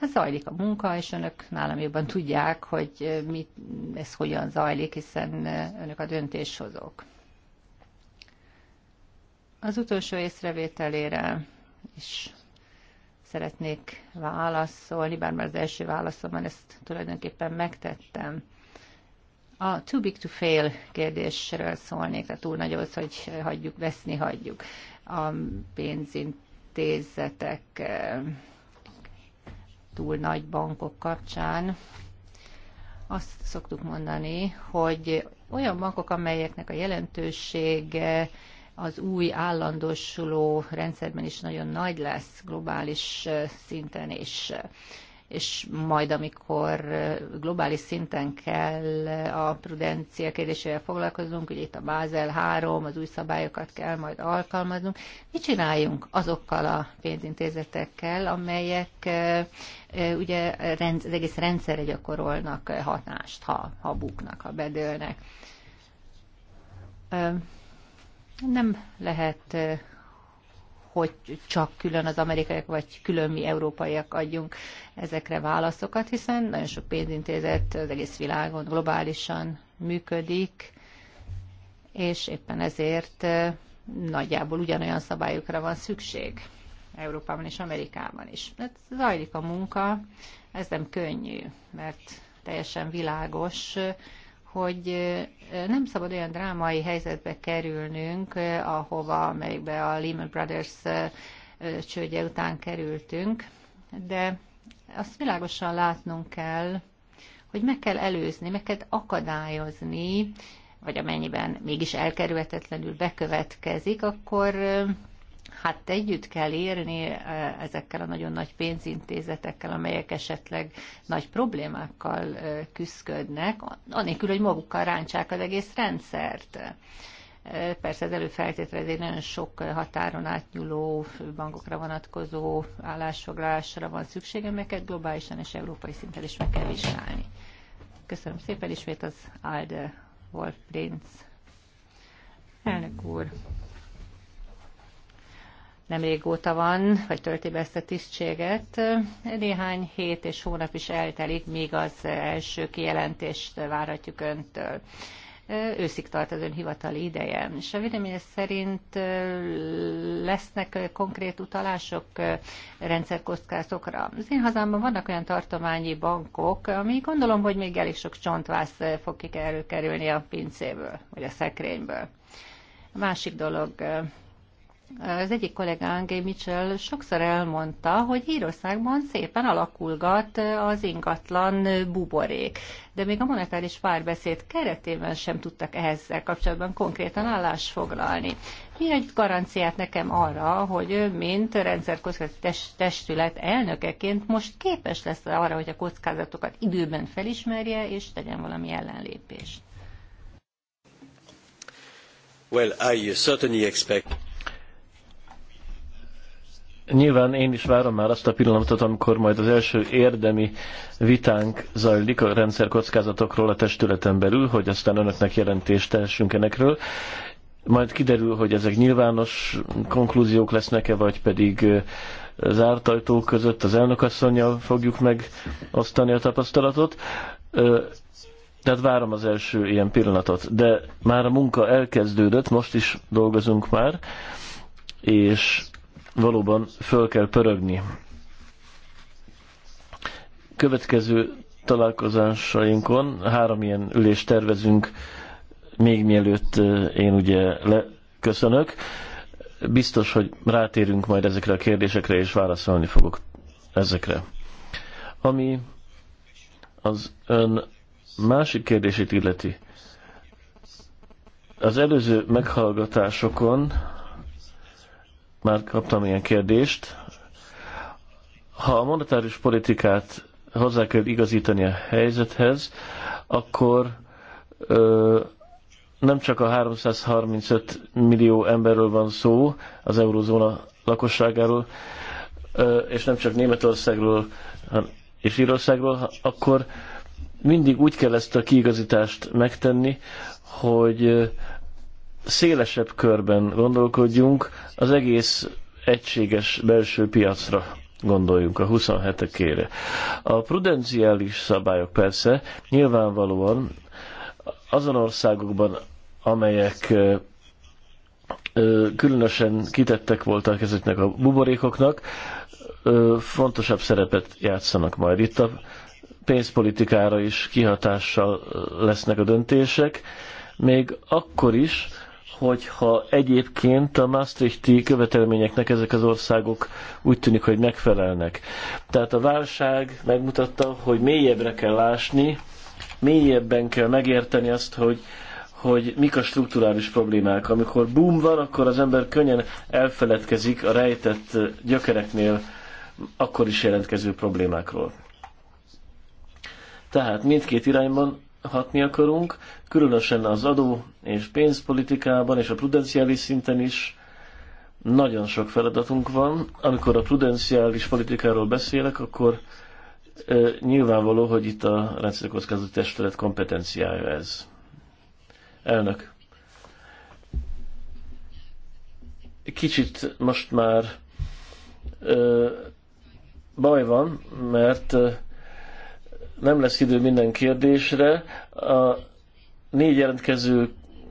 Hát zajlik a munka, és önök nálam jobban tudják, hogy mit, ez hogyan zajlik, hiszen önök a döntéshozók. Az utolsó észrevételére is szeretnék válaszolni, bár már az első válaszomban ezt tulajdonképpen megtettem. A too big to fail kérdésről szólnék, tehát túl nagy az, hogy hagyjuk, veszni hagyjuk. A pénzintézetek eh, túl nagy bankok kapcsán azt szoktuk mondani, hogy olyan bankok, amelyeknek a jelentősége az új állandósuló rendszerben is nagyon nagy lesz globális szinten és és majd, amikor globális szinten kell a prudencia kérdésével foglalkozunk, ugye itt a Bázel 3, az új szabályokat kell majd alkalmaznunk, mit csináljunk azokkal a pénzintézetekkel, amelyek ugye az egész rendszerre gyakorolnak hatást, ha, ha buknak, ha bedőlnek nem lehet eh, hogy csak külön az amerikaiak, vagy külön mi európaiak adjunk ezekre válaszokat, hiszen nagyon sok pénzintézet az egész világon globálisan működik, és éppen ezért eh, nagyjából ugyanolyan szabályokra van szükség Európában és Amerikában is. Mert hát zajlik a munka, ez nem könnyű, mert teljesen világos, eh, hogy nem szabad olyan drámai helyzetbe kerülnünk, ahova, amelyikbe a Lehman Brothers csődje után kerültünk, de azt világosan látnunk kell, hogy meg kell előzni, meg kell akadályozni, vagy amennyiben mégis elkerülhetetlenül bekövetkezik, akkor hát együtt kell érni ezekkel a nagyon nagy pénzintézetekkel, amelyek esetleg nagy problémákkal küzdködnek, anélkül, hogy magukkal rántsák az egész rendszert. Persze az előfeltételez egy nagyon sok határon átnyúló bankokra vonatkozó állásfoglalásra van szüksége, amelyeket globálisan és európai szinten is meg kell vizsgálni. Köszönöm szépen ismét az Alde Wolf Prince. Elnök úr, nem régóta van, vagy tölti be ezt a tisztséget. Néhány hét és hónap is eltelik, míg az első kijelentést várhatjuk öntől. Őszig tart az ön hivatali ideje. És a véleménye szerint lesznek konkrét utalások rendszerkockázokra. Az én hazámban vannak olyan tartományi bankok, ami gondolom, hogy még elég sok csontvász fog előkerülni a pincéből, vagy a szekrényből. A másik dolog, az egyik kollégánk, Gay Mitchell, sokszor elmondta, hogy Írországban szépen alakulgat az ingatlan buborék. De még a monetáris párbeszéd keretében sem tudtak ezzel kapcsolatban konkrétan állást foglalni. Mi egy garanciát nekem arra, hogy ő, mint rendszerkockázati testület elnökeként most képes lesz arra, hogy a kockázatokat időben felismerje és tegyen valami ellenlépést? Well, I certainly expect Nyilván én is várom már azt a pillanatot, amikor majd az első érdemi vitánk zajlik a rendszerkockázatokról a testületen belül, hogy aztán önöknek jelentést tessünk enekről. Majd kiderül, hogy ezek nyilvános konklúziók lesznek-e, vagy pedig zárt ajtók között az elnökasszonyjal fogjuk megosztani a tapasztalatot. Tehát várom az első ilyen pillanatot. De már a munka elkezdődött, most is dolgozunk már, és valóban föl kell pörögni. Következő találkozásainkon három ilyen ülést tervezünk, még mielőtt én ugye leköszönök. Biztos, hogy rátérünk majd ezekre a kérdésekre, és válaszolni fogok ezekre. Ami az ön másik kérdését illeti. Az előző meghallgatásokon már kaptam ilyen kérdést. Ha a monetáris politikát hozzá kell igazítani a helyzethez, akkor ö, nem csak a 335 millió emberről van szó, az eurozóna lakosságáról, ö, és nem csak Németországról és Írországról, akkor mindig úgy kell ezt a kiigazítást megtenni, hogy szélesebb körben gondolkodjunk, az egész egységes belső piacra gondoljunk a 27-ekére. A prudenciális szabályok persze nyilvánvalóan azon országokban, amelyek különösen kitettek voltak ezeknek a buborékoknak, fontosabb szerepet játszanak majd. Itt a pénzpolitikára is kihatással lesznek a döntések, még akkor is, hogyha egyébként a Maastrichti követelményeknek ezek az országok úgy tűnik, hogy megfelelnek. Tehát a válság megmutatta, hogy mélyebbre kell lásni, mélyebben kell megérteni azt, hogy, hogy mik a strukturális problémák. Amikor boom van, akkor az ember könnyen elfeledkezik a rejtett gyökereknél akkor is jelentkező problémákról. Tehát mindkét irányban hatni akarunk, különösen az adó és pénzpolitikában és a prudenciális szinten is nagyon sok feladatunk van. Amikor a prudenciális politikáról beszélek, akkor ö, nyilvánvaló, hogy itt a rendszerkockázati testület kompetenciája ez. Elnök. Kicsit most már ö, baj van, mert ö, nem lesz idő minden kérdésre. A, négy jelentkező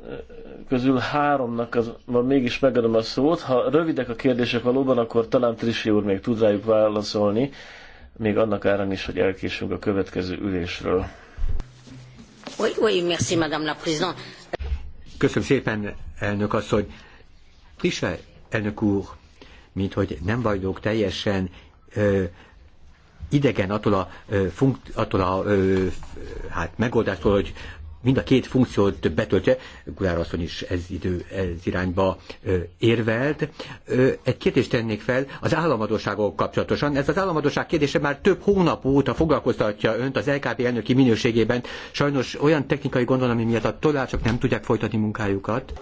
eh, közül háromnak az, mégis megadom a szót. Ha rövidek a kérdések valóban, akkor talán Trisi úr még tud rájuk válaszolni, még annak árán is, hogy elkésünk a következő ülésről. Oui, oui, merci, madame la présidente. Köszönöm szépen, elnök asszony. Trisha elnök úr, mint hogy nem vagyok teljesen ö, idegen attól a, funkt, attól a ö, hát megoldástól, hogy mind a két funkciót betöltje, Gulár asszony is ez idő, ez irányba érvelt. Egy kérdést tennék fel az államadóságok kapcsolatosan. Ez az államadóság kérdése már több hónap óta foglalkoztatja önt az LKP elnöki minőségében. Sajnos olyan technikai gondolom, ami miatt a tollácsok nem tudják folytatni munkájukat.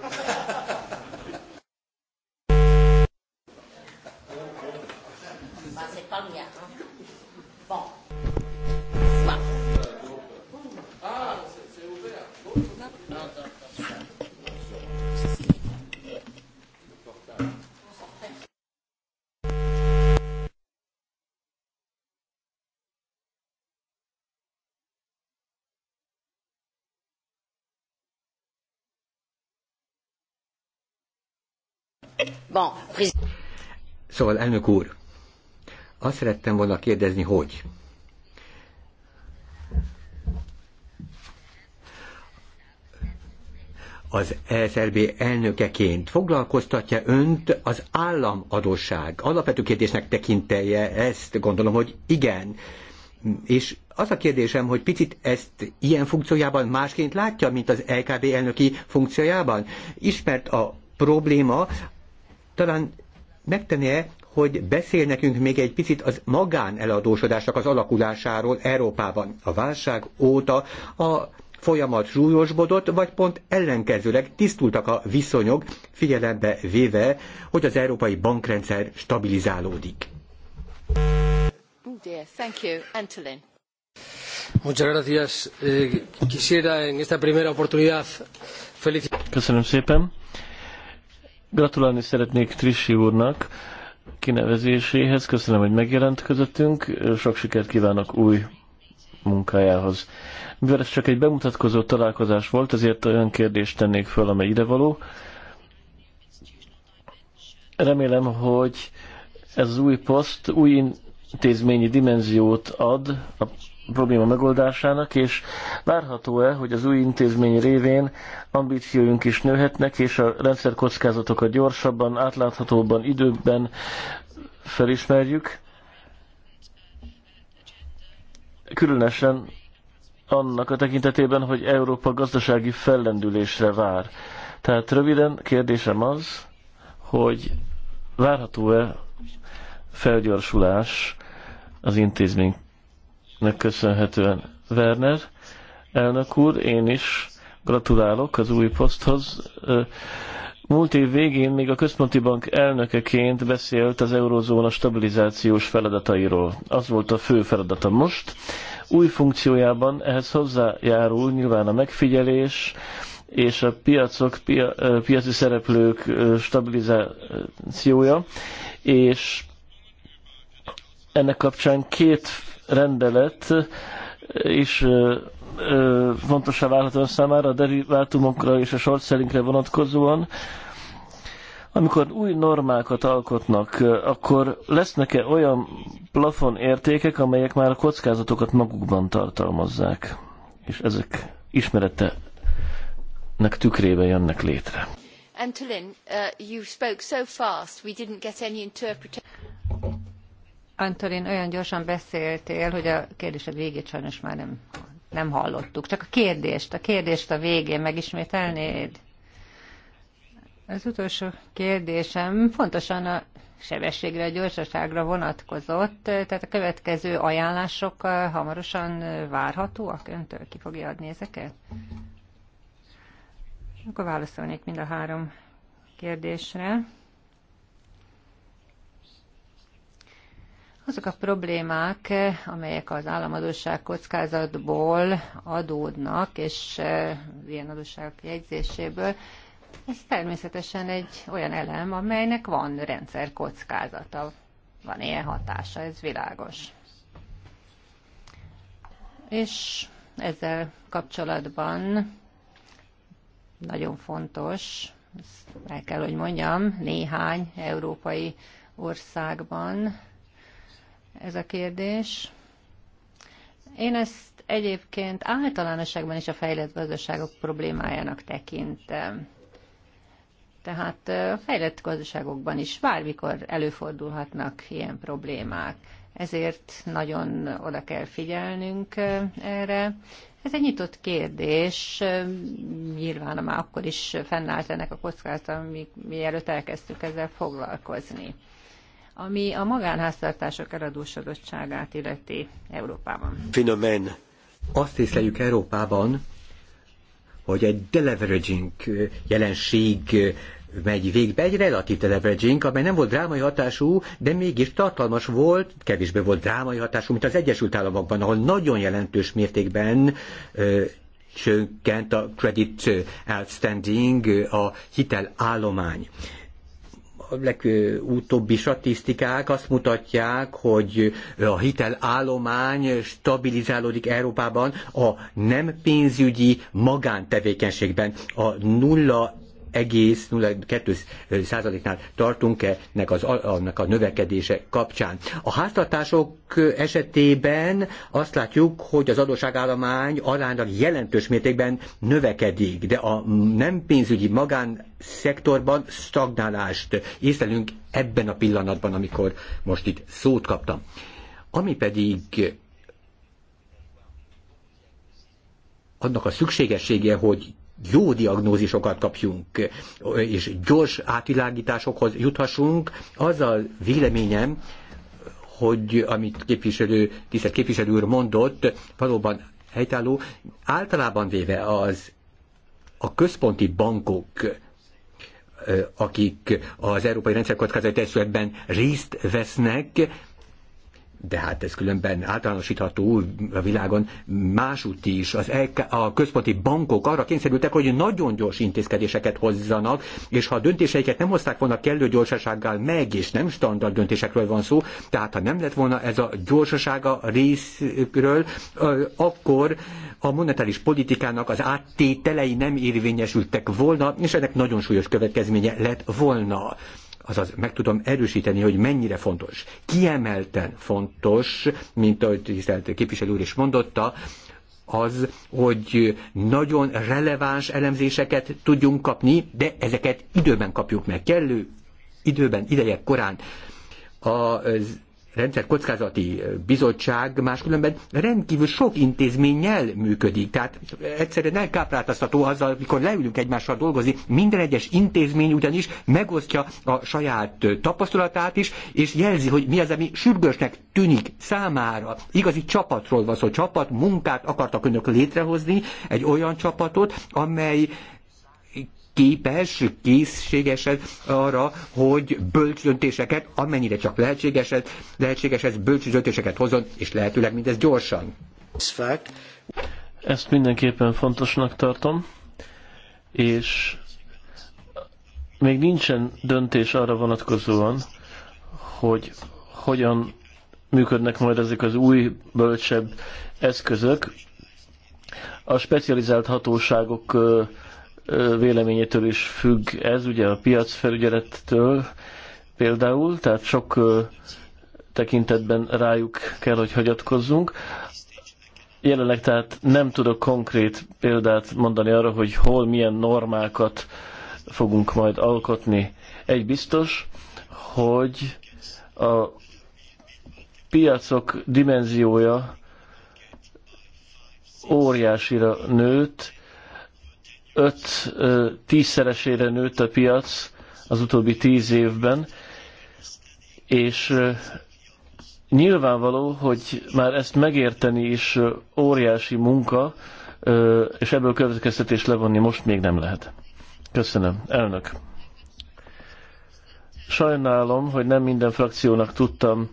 Szóval, elnök úr, azt szerettem volna kérdezni, hogy az ESRB elnökeként foglalkoztatja önt az államadóság? Alapvető kérdésnek tekintelje ezt, gondolom, hogy igen. És az a kérdésem, hogy picit ezt ilyen funkciójában másként látja, mint az LKB elnöki funkciójában? Ismert a probléma talán megtennie, hogy beszél nekünk még egy picit az magáneladósodásnak az alakulásáról Európában. A válság óta a folyamat súlyosbodott, vagy pont ellenkezőleg tisztultak a viszonyok, figyelembe véve, hogy az európai bankrendszer stabilizálódik. Dear, thank you. Antolin. Muchas gracias. Eh, quisiera en esta primera oportunidad felicitar. Köszönöm szépen. Gratulálni szeretnék Trissi úrnak kinevezéséhez. Köszönöm, hogy megjelent közöttünk. Sok sikert kívánok új munkájához. Mivel ez csak egy bemutatkozó találkozás volt, ezért olyan kérdést tennék föl, amely idevaló. Remélem, hogy ez az új poszt új intézményi dimenziót ad a probléma megoldásának, és várható-e, hogy az új intézmény révén ambícióink is nőhetnek, és a rendszer kockázatokat gyorsabban, átláthatóban, időben felismerjük, különösen annak a tekintetében, hogy Európa gazdasági fellendülésre vár. Tehát röviden kérdésem az, hogy várható-e felgyorsulás az intézmény nek köszönhetően. Werner, elnök úr, én is gratulálok az új poszthoz. Múlt év végén még a Központi Bank elnökeként beszélt az eurozóna stabilizációs feladatairól. Az volt a fő feladata most. Új funkciójában ehhez hozzájárul nyilván a megfigyelés, és a piacok, pia, piaci szereplők stabilizációja, és ennek kapcsán két rendelet is fontosá válhat ön számára a derivátumokra és a short sellingre vonatkozóan. Amikor új normákat alkotnak, akkor lesznek-e olyan plafon értékek, amelyek már a kockázatokat magukban tartalmazzák, és ezek ismeretenek tükrében jönnek létre? Antolin, uh, you spoke so fast, we didn't get any interpretation. Antolin, olyan gyorsan beszéltél, hogy a kérdés a végét sajnos már nem, nem hallottuk. Csak a kérdést, a kérdést a végén megismételnéd? Az utolsó kérdésem fontosan a sebességre, a gyorsaságra vonatkozott, tehát a következő ajánlások eh, hamarosan eh, várhatóak? Öntől ki fogja adni ezeket? Akkor válaszolnék mind a három kérdésre. azok a problémák, amelyek az államadóság kockázatból adódnak, és e, ilyen adósságok jegyzéséből, ez természetesen egy olyan elem, amelynek van rendszer kockázata, van ilyen hatása, ez világos. És ezzel kapcsolatban nagyon fontos, ezt el kell, hogy mondjam, néhány európai országban ez a kérdés. Én ezt egyébként általánosságban is a fejlett gazdaságok problémájának tekintem. Tehát a fejlett gazdaságokban is bármikor előfordulhatnak ilyen problémák. Ezért nagyon oda kell figyelnünk erre. Ez egy nyitott kérdés, nyilván már akkor is fennállt ennek a kockázata, mielőtt elkezdtük ezzel foglalkozni ami a magánháztartások eladósodottságát illeti Európában. Fenomen. Azt észleljük Európában, hogy egy deleveraging jelenség megy végbe, egy relatív deleveraging, amely nem volt drámai hatású, de mégis tartalmas volt, kevésbé volt drámai hatású, mint az Egyesült Államokban, ahol nagyon jelentős mértékben ö, csökkent a credit outstanding, a hitelállomány. állomány legutóbbi statisztikák azt mutatják, hogy a hitel állomány stabilizálódik Európában a nem pénzügyi magántevékenységben. A nulla egész 0,02 százaléknál tartunk ennek az, annak a növekedése kapcsán. A háztartások esetében azt látjuk, hogy az adósságállomány aránylag jelentős mértékben növekedik, de a nem pénzügyi magán szektorban stagnálást észlelünk ebben a pillanatban, amikor most itt szót kaptam. Ami pedig annak a szükségessége, hogy jó diagnózisokat kapjunk, és gyors átvilágításokhoz juthassunk, az a véleményem, hogy amit képviselő, tisztelt képviselő úr mondott, valóban helytálló, általában véve az a központi bankok akik az Európai Rendszerkockázati Testületben részt vesznek, de hát ez különben általánosítható a világon másút is. Az LK, e a központi bankok arra kényszerültek, hogy nagyon gyors intézkedéseket hozzanak, és ha a döntéseiket nem hozták volna kellő gyorsasággal meg, és nem standard döntésekről van szó, tehát ha nem lett volna ez a gyorsasága részükről, akkor a monetáris politikának az áttételei nem érvényesültek volna, és ennek nagyon súlyos következménye lett volna azaz meg tudom erősíteni, hogy mennyire fontos. Kiemelten fontos, mint ahogy tisztelt képviselő úr is mondotta, az, hogy nagyon releváns elemzéseket tudjunk kapni, de ezeket időben kapjuk meg, kellő időben, idejek korán. Az kockázati bizottság máskülönben rendkívül sok intézménnyel működik. Tehát egyszerűen elkápráltatható azzal, mikor leülünk egymással dolgozni, minden egyes intézmény ugyanis megosztja a saját tapasztalatát is, és jelzi, hogy mi az, ami sürgősnek tűnik számára. Igazi csapatról van szó, csapat munkát akartak önök létrehozni, egy olyan csapatot, amely képes, készségeset arra, hogy bölcs döntéseket, amennyire csak lehetségeset, lehetségeset bölcs döntéseket hozzon, és lehetőleg mindez gyorsan. Ezt mindenképpen fontosnak tartom, és még nincsen döntés arra vonatkozóan, hogy hogyan működnek majd ezek az új, bölcsebb eszközök. A specializált hatóságok véleményétől is függ ez, ugye a piacfelügyelettől például, tehát sok tekintetben rájuk kell, hogy hagyatkozzunk. Jelenleg tehát nem tudok konkrét példát mondani arra, hogy hol milyen normákat fogunk majd alkotni. Egy biztos, hogy a piacok dimenziója óriásira nőtt, 5-10-szeresére nőtt a piac az utóbbi 10 évben, és nyilvánvaló, hogy már ezt megérteni is óriási munka, és ebből következtetés levonni most még nem lehet. Köszönöm. Elnök. Sajnálom, hogy nem minden frakciónak tudtam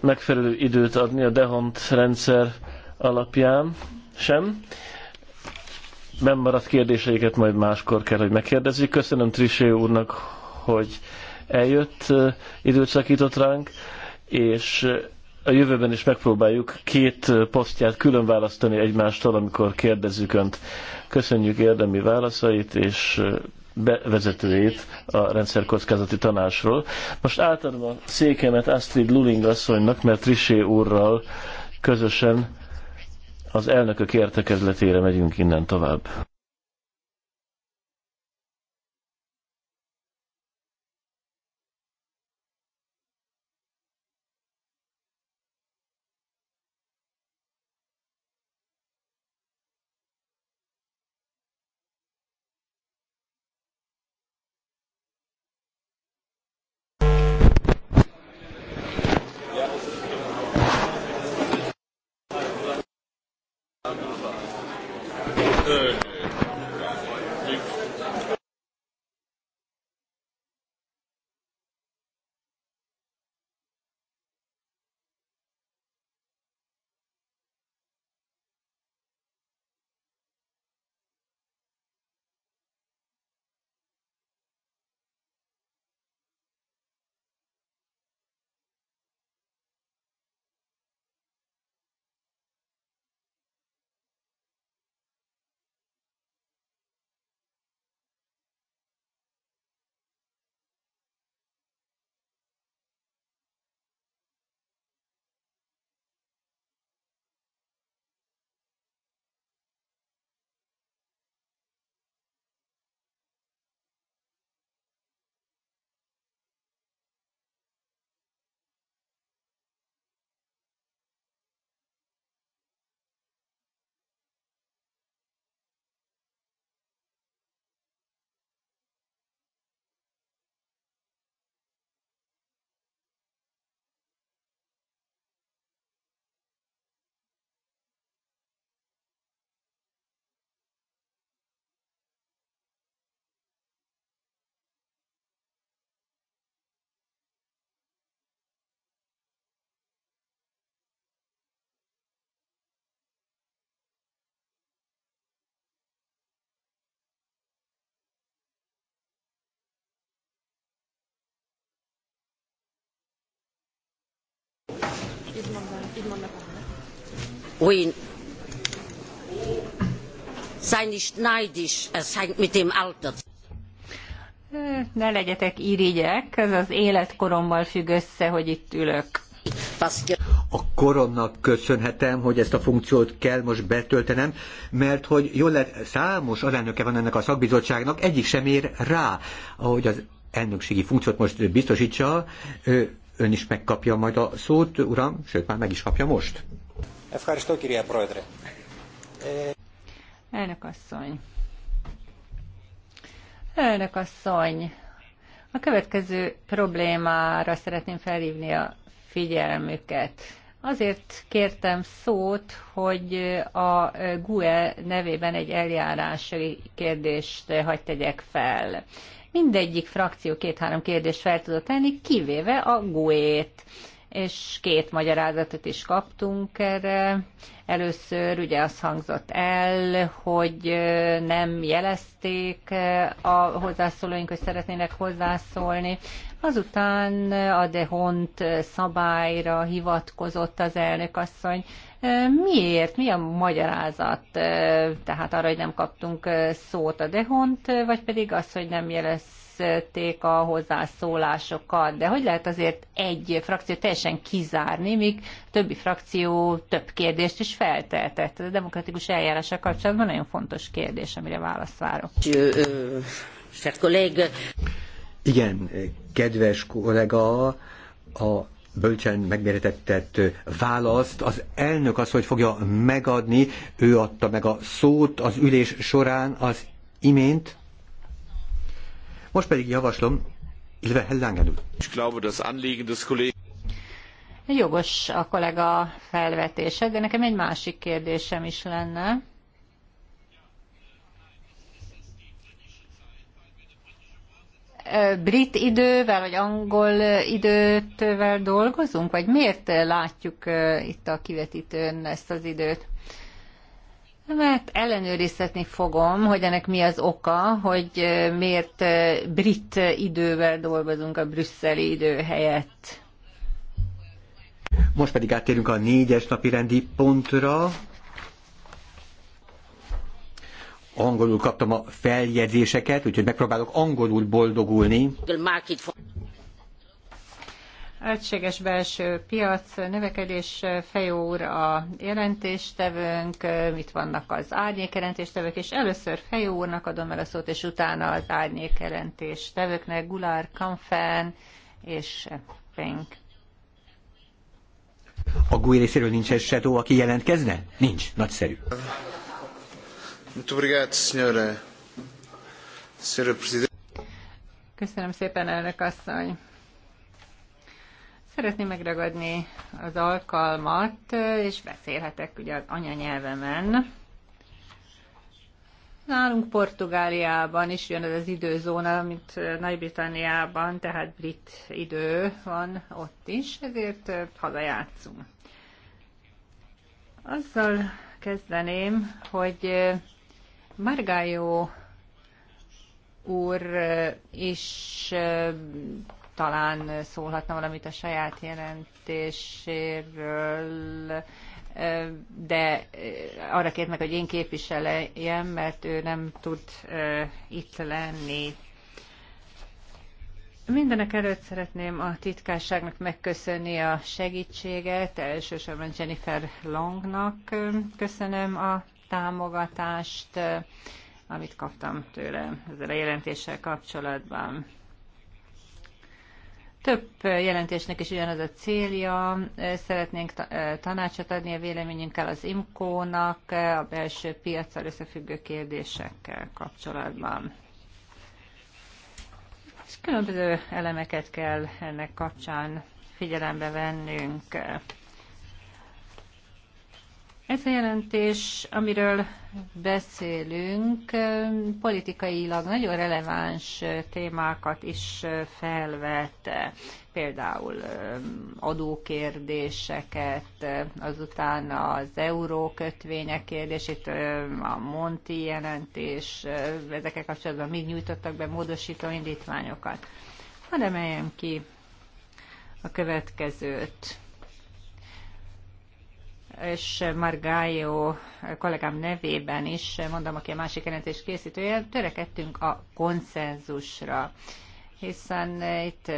megfelelő időt adni a Dehont rendszer alapján sem nem maradt kérdéseiket majd máskor kell, hogy megkérdezzük. Köszönöm Trisé úrnak, hogy eljött, időt szakított ránk, és a jövőben is megpróbáljuk két posztját külön választani egymástól, amikor kérdezzük Önt. Köszönjük érdemi válaszait és bevezetőjét a rendszerkockázati tanácsról. Most átadom a székemet Astrid Luling asszonynak, mert Trisé úrral közösen az elnökök értekezletére megyünk innen tovább. Oui. Sei nicht neidisch, es hängt mit dem Alter. Ne legyetek irigyek, ez az életkorommal függ össze, hogy itt ülök. A koromnak köszönhetem, hogy ezt a funkciót kell most betöltenem, mert hogy jól lehet, számos alelnöke van ennek a szakbizottságnak, egyik sem ér rá, ahogy az elnökségi funkciót most biztosítsa, Ön is megkapja majd a szót, uram, sőt, már meg is kapja most. Elnök asszony. Elnök asszony. A következő problémára szeretném felhívni a figyelmüket. Azért kértem szót, hogy a GUE nevében egy eljárási kérdést hagyd tegyek fel mindegyik frakció két-három kérdést fel tudott tenni, kivéve a GUE-t és két magyarázatot is kaptunk erre. Először ugye az hangzott el, hogy nem jelezték a hozzászólóink, hogy szeretnének hozzászólni. Azután a dehont szabályra hivatkozott az elnök asszony. Miért? Mi a magyarázat? Tehát arra, hogy nem kaptunk szót a dehont, vagy pedig az, hogy nem jelez megszervezték a hozzászólásokat, de hogy lehet azért egy frakció teljesen kizárni, míg a többi frakció több kérdést is feltehetett. A demokratikus eljárással kapcsolatban nagyon fontos kérdés, amire választ várok. Euh, Igen, kedves kollega, a bölcsen megméretetett választ. Az elnök az, hogy fogja megadni, ő adta meg a szót az ülés során az imént. Most pedig javaslom, illetve Hellángen Jogos a kollega felvetése, de nekem egy másik kérdésem is lenne. brit idővel, vagy angol időtvel dolgozunk? Vagy miért látjuk itt a kivetítőn ezt az időt? mert hát ellenőrizhetni fogom, hogy ennek mi az oka, hogy miért brit idővel dolgozunk a brüsszeli idő helyett. Most pedig áttérünk a négyes napi rendi pontra. Angolul kaptam a feljegyzéseket, úgyhogy megpróbálok angolul boldogulni. Egységes belső piac, növekedés Fejó úr a jelentéstevőnk, itt vannak az árnyék jelentéstevők, és először Fejó úrnak adom el a szót, és utána az árnyék jelentéstevőknek Gulár Kamfen és Penk. A GUI részéről nincs egy Shadow, aki jelentkezne? Nincs, nagyszerű. Köszönöm szépen, elnök asszony. Szeretném megragadni az alkalmat, és beszélhetek ugye az anyanyelvemen. Nálunk Portugáliában is jön ez az időzóna, mint Nagy-Britanniában, tehát brit idő van ott is, ezért hazajátszunk. Azzal kezdeném, hogy Margályó úr is talán szólhatna valamit a saját jelentéséről, de arra kért meg, hogy én képviseljem, mert ő nem tud itt lenni. Mindenek előtt szeretném a titkárságnak megköszönni a segítséget, elsősorban Jennifer Longnak köszönöm a támogatást, amit kaptam tőle ezzel a jelentéssel kapcsolatban. Több jelentésnek is ugyanaz a célja. Szeretnénk tanácsot adni a véleményünkkel az IMCO-nak a belső piacsal összefüggő kérdésekkel kapcsolatban. És különböző elemeket kell ennek kapcsán figyelembe vennünk. Ez a jelentés, amiről beszélünk, politikailag nagyon releváns témákat is felvet, például adókérdéseket, azután az eurókötvények kérdését, a Monti jelentés, ezekkel kapcsolatban még nyújtottak be módosító indítványokat. Hadd emeljem ki a következőt és Margájó kollégám nevében is, mondom, aki a másik jelentés készítője, törekedtünk a konszenzusra hiszen itt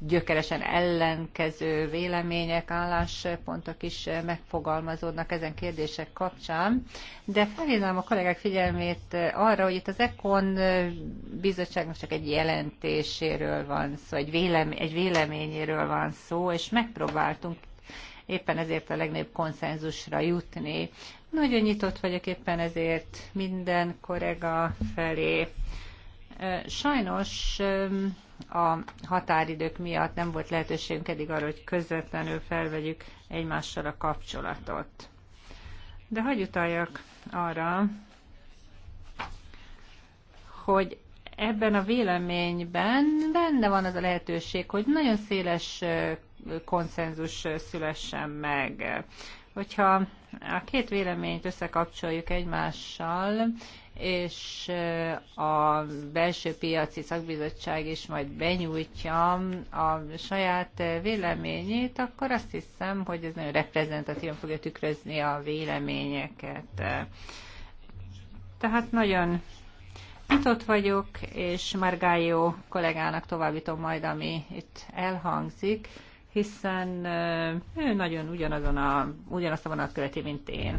gyökeresen ellenkező vélemények, álláspontok is megfogalmazódnak ezen kérdések kapcsán, de felhívnám a kollégák figyelmét arra, hogy itt az ECON bizottságnak csak egy jelentéséről van szó, egy, vélem, egy véleményéről van szó, és megpróbáltunk éppen ezért a legnagyobb konszenzusra jutni. Nagyon nyitott vagyok éppen ezért minden korega felé. Sajnos a határidők miatt nem volt lehetőségünk eddig arra, hogy közvetlenül felvegyük egymással a kapcsolatot. De hagyj utaljak arra, hogy ebben a véleményben benne van az a lehetőség, hogy nagyon széles konszenzus szülessen meg. Hogyha a két véleményt összekapcsoljuk egymással, és a belső piaci szakbizottság is majd benyújtja a saját véleményét, akkor azt hiszem, hogy ez nagyon reprezentatívan fogja tükrözni a véleményeket. Tehát nagyon nyitott vagyok, és Margályó kollégának továbbítom majd, ami itt elhangzik, hiszen ő nagyon ugyanazon a, ugyanazt a vonat követi, mint én.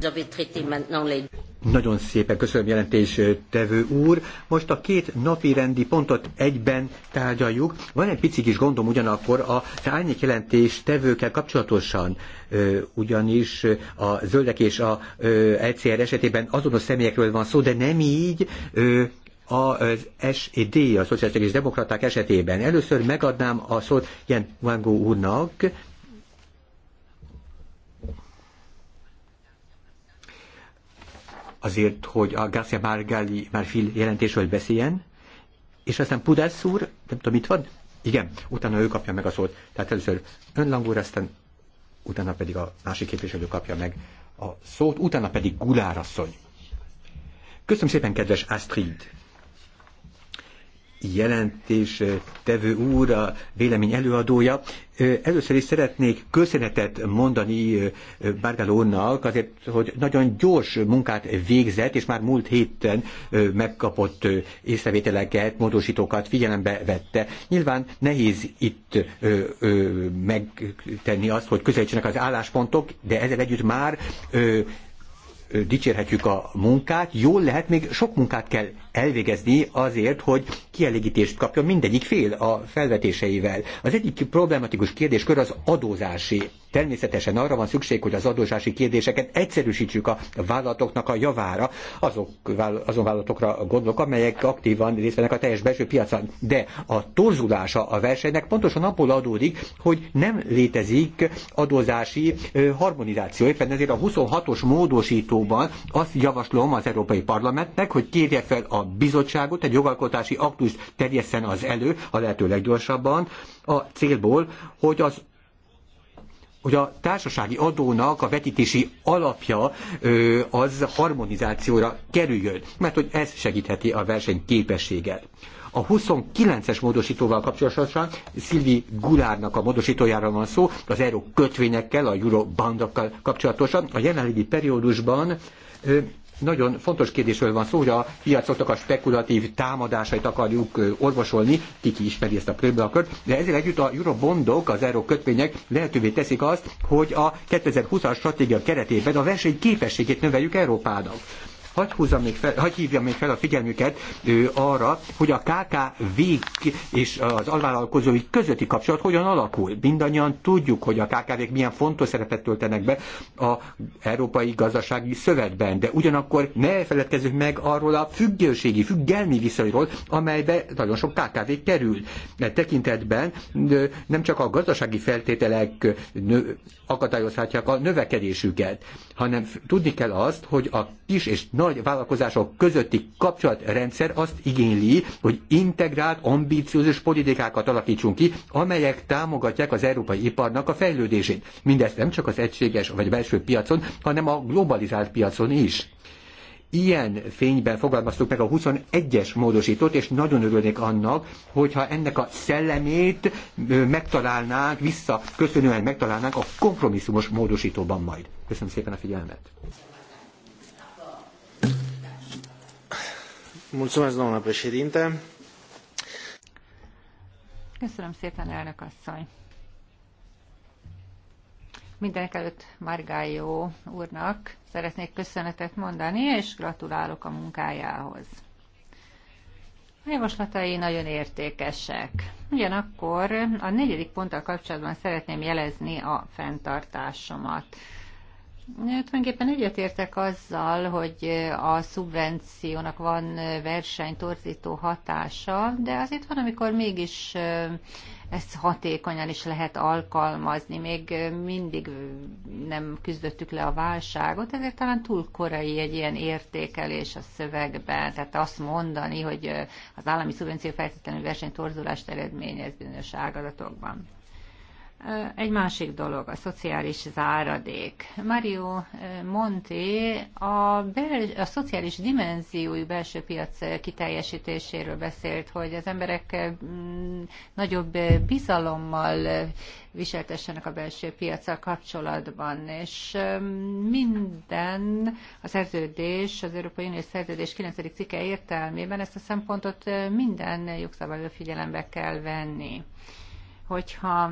Nagyon szépen köszönöm jelentés tevő úr. Most a két napi rendi pontot egyben tárgyaljuk. Van egy pici kis gondom ugyanakkor a árnyék jelentés tevőkkel kapcsolatosan, ugyanis a zöldek és a ECR esetében azonos személyekről van szó, de nem így az SED, a Szociális és Demokraták esetében. Először megadnám a szót Jen Wangó úrnak, azért, hogy a Garcia Margali Marfil jelentésről beszéljen, és aztán Pudász úr, nem tudom, itt van? Igen, utána ő kapja meg a szót. Tehát először önlangúr, aztán utána pedig a másik képviselő kapja meg a szót, utána pedig Gulár asszony. Köszönöm szépen, kedves Astrid! jelentés tevő úr, a vélemény előadója. Először is szeretnék köszönetet mondani úrnak, azért, hogy nagyon gyors munkát végzett, és már múlt héten megkapott észrevételeket, módosítókat figyelembe vette. Nyilván nehéz itt megtenni azt, hogy közelítsenek az álláspontok, de ezzel együtt már dicsérhetjük a munkát, jól lehet, még sok munkát kell elvégezni azért, hogy kielégítést kapjon mindegyik fél a felvetéseivel. Az egyik problematikus kérdéskör az adózási. Természetesen arra van szükség, hogy az adózási kérdéseket egyszerűsítsük a vállalatoknak a javára, azok, azon vállalatokra gondolok, amelyek aktívan részt vennek a teljes belső piacon. De a torzulása a versenynek pontosan abból adódik, hogy nem létezik adózási harmonizáció. Éppen ezért a 26-os módosítóban azt javaslom az Európai Parlamentnek, hogy kérje fel a bizottságot, egy jogalkotási aktust terjesszen az elő, a lehető leggyorsabban, a célból, hogy az hogy a társasági adónak a vetítési alapja az harmonizációra kerüljön, mert hogy ez segítheti a képességet. A 29-es módosítóval kapcsolatosan Szilvi Gulárnak a módosítójára van szó, az euró kötvényekkel, a euró bandokkal kapcsolatosan. A jelenlegi periódusban nagyon fontos kérdésről van szó, hogy a piacoknak a spekulatív támadásait akarjuk orvosolni, ki ki ismeri ezt a problémakört, de ezzel együtt a eurobondok, az euró kötvények lehetővé teszik azt, hogy a 2020-as stratégia keretében a verseny képességét növeljük Európának hagy, húzzam még fel, hagy hívjam még fel a figyelmüket ő, arra, hogy a KKV-k és az alvállalkozói közötti kapcsolat hogyan alakul. Mindannyian tudjuk, hogy a KKV-k milyen fontos szerepet töltenek be a Európai Gazdasági Szövetben, de ugyanakkor ne feledkezzünk meg arról a függőségi, függelmi viszonyról, amelybe nagyon sok KKV kerül. E tekintetben nem csak a gazdasági feltételek akadályozhatják a növekedésüket, hanem tudni kell azt, hogy a kis és nagy nagy vállalkozások közötti kapcsolatrendszer azt igényli, hogy integrált, ambíciózus politikákat alakítsunk ki, amelyek támogatják az európai iparnak a fejlődését. Mindezt nem csak az egységes vagy belső piacon, hanem a globalizált piacon is. Ilyen fényben fogalmaztuk meg a 21-es módosítót, és nagyon örülnék annak, hogyha ennek a szellemét megtalálnánk, visszaköszönően megtalálnánk a kompromisszumos módosítóban majd. Köszönöm szépen a figyelmet! Mulțumesc, doamna Köszönöm szépen, elnök asszony. Mindenek Margályó úrnak szeretnék köszönetet mondani, és gratulálok a munkájához. A javaslatai nagyon értékesek. Ugyanakkor a negyedik ponttal kapcsolatban szeretném jelezni a fenntartásomat. Tulajdonképpen egyetértek azzal, hogy a szubvenciónak van versenytorzító hatása, de azért van, amikor mégis ezt hatékonyan is lehet alkalmazni. Még mindig nem küzdöttük le a válságot, ezért talán túl korai egy ilyen értékelés a szövegben. Tehát azt mondani, hogy az állami szubvenció feltétlenül versenytorzulást eredményez bizonyos ágazatokban. Egy másik dolog a szociális záradék. Mario Monti a, bel, a szociális dimenziói belső piac kiteljesítéséről beszélt, hogy az emberek nagyobb bizalommal viseltessenek a belső piacsal kapcsolatban, és minden a szerződés, az Európai Unió szerződés 9. cikke értelmében ezt a szempontot minden jogszabályra figyelembe kell venni. Hogyha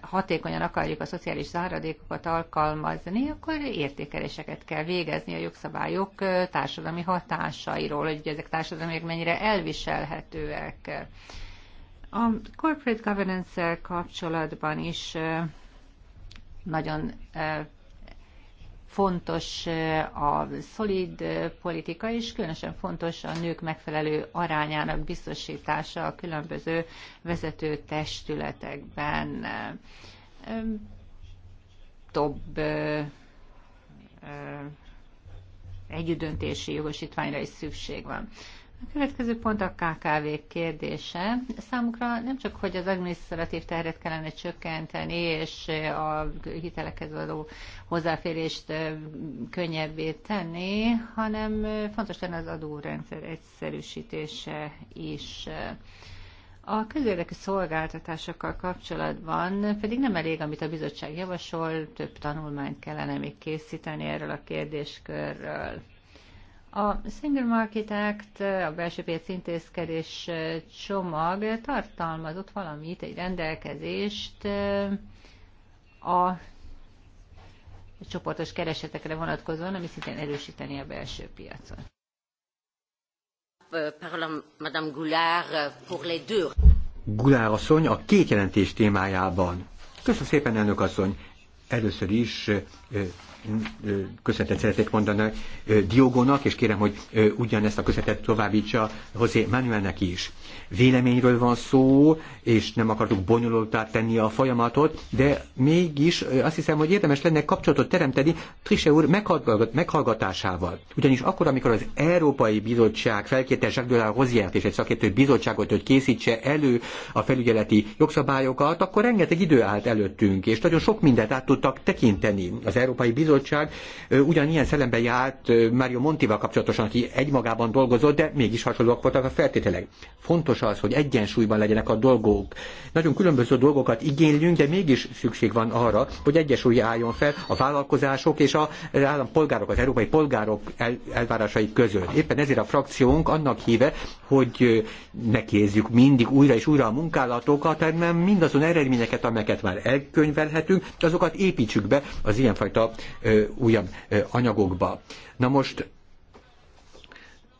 hatékonyan akarjuk a szociális záradékokat alkalmazni, akkor értékeléseket kell végezni a jogszabályok társadalmi hatásairól, hogy ezek társadalmi mennyire elviselhetőek. A corporate governance-szel kapcsolatban is nagyon fontos eh, a szolid eh, politika, és különösen fontos a nők megfelelő arányának biztosítása a különböző vezető testületekben. Több eh, együttdöntési jogosítványra is szükség van. A következő pont a KKV kérdése. Számukra nem csak, hogy az adminisztratív terhet kellene csökkenteni, és a hitelekhez való hozzáférést könnyebbé tenni, hanem fontos lenne az adórendszer egyszerűsítése is. A közérdekű szolgáltatásokkal kapcsolatban pedig nem elég, amit a bizottság javasol, több tanulmányt kellene még készíteni erről a kérdéskörről. A Single Market Act, a belső piac intézkedés csomag tartalmazott valamit, egy rendelkezést a csoportos keresetekre vonatkozóan, ami szintén erősíteni a belső piacot. Euh, Madame Goulard euh, pour les deux. asszony a két jelentés témájában. Köszönöm szépen, elnök asszony! Először is köszönetet szeretnék mondani Diogónak, és kérem, hogy ugyanezt a köszönetet továbbítsa José Manuelnek is véleményről van szó, és nem akartuk bonyolultá tenni a folyamatot, de mégis azt hiszem, hogy érdemes lenne kapcsolatot teremteni Trise úr meghallgatásával. Ugyanis akkor, amikor az Európai Bizottság felkérte Jacques de Rosiert és egy szakértő bizottságot, hogy készítse elő a felügyeleti jogszabályokat, akkor rengeteg idő állt előttünk, és nagyon sok mindent át tudtak tekinteni. Az Európai Bizottság ugyanilyen szellembe járt Mário Montival kapcsolatosan, aki egymagában dolgozott, de mégis hasonlóak voltak a feltételek. Fontos az, hogy egyensúlyban legyenek a dolgok. Nagyon különböző dolgokat igénylünk, de mégis szükség van arra, hogy egyensúly álljon fel a vállalkozások és az állampolgárok, az európai polgárok el, elvárásai között. Éppen ezért a frakciónk annak híve, hogy ne kézzük mindig újra és újra a munkálatokat, hanem mindazon eredményeket, amelyeket már elkönyvelhetünk, azokat építsük be az ilyenfajta ö, újabb ö, anyagokba. Na most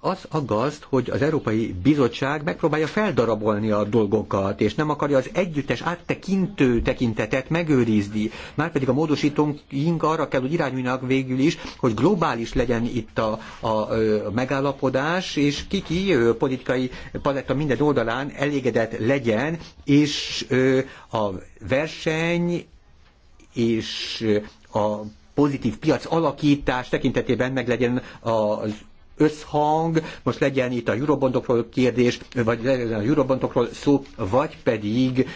az aggaszt, hogy az Európai Bizottság megpróbálja feldarabolni a dolgokat, és nem akarja az együttes áttekintő tekintetet megőrizni. Márpedig a módosítónk arra kell, hogy irányuljanak végül is, hogy globális legyen itt a, a, a megállapodás, és kiki ki, politikai paletta minden oldalán elégedett legyen, és a verseny és a pozitív piac alakítás tekintetében meg legyen az összhang, most legyen itt a eurobondokról kérdés, vagy legyen a eurobondokról szó, vagy pedig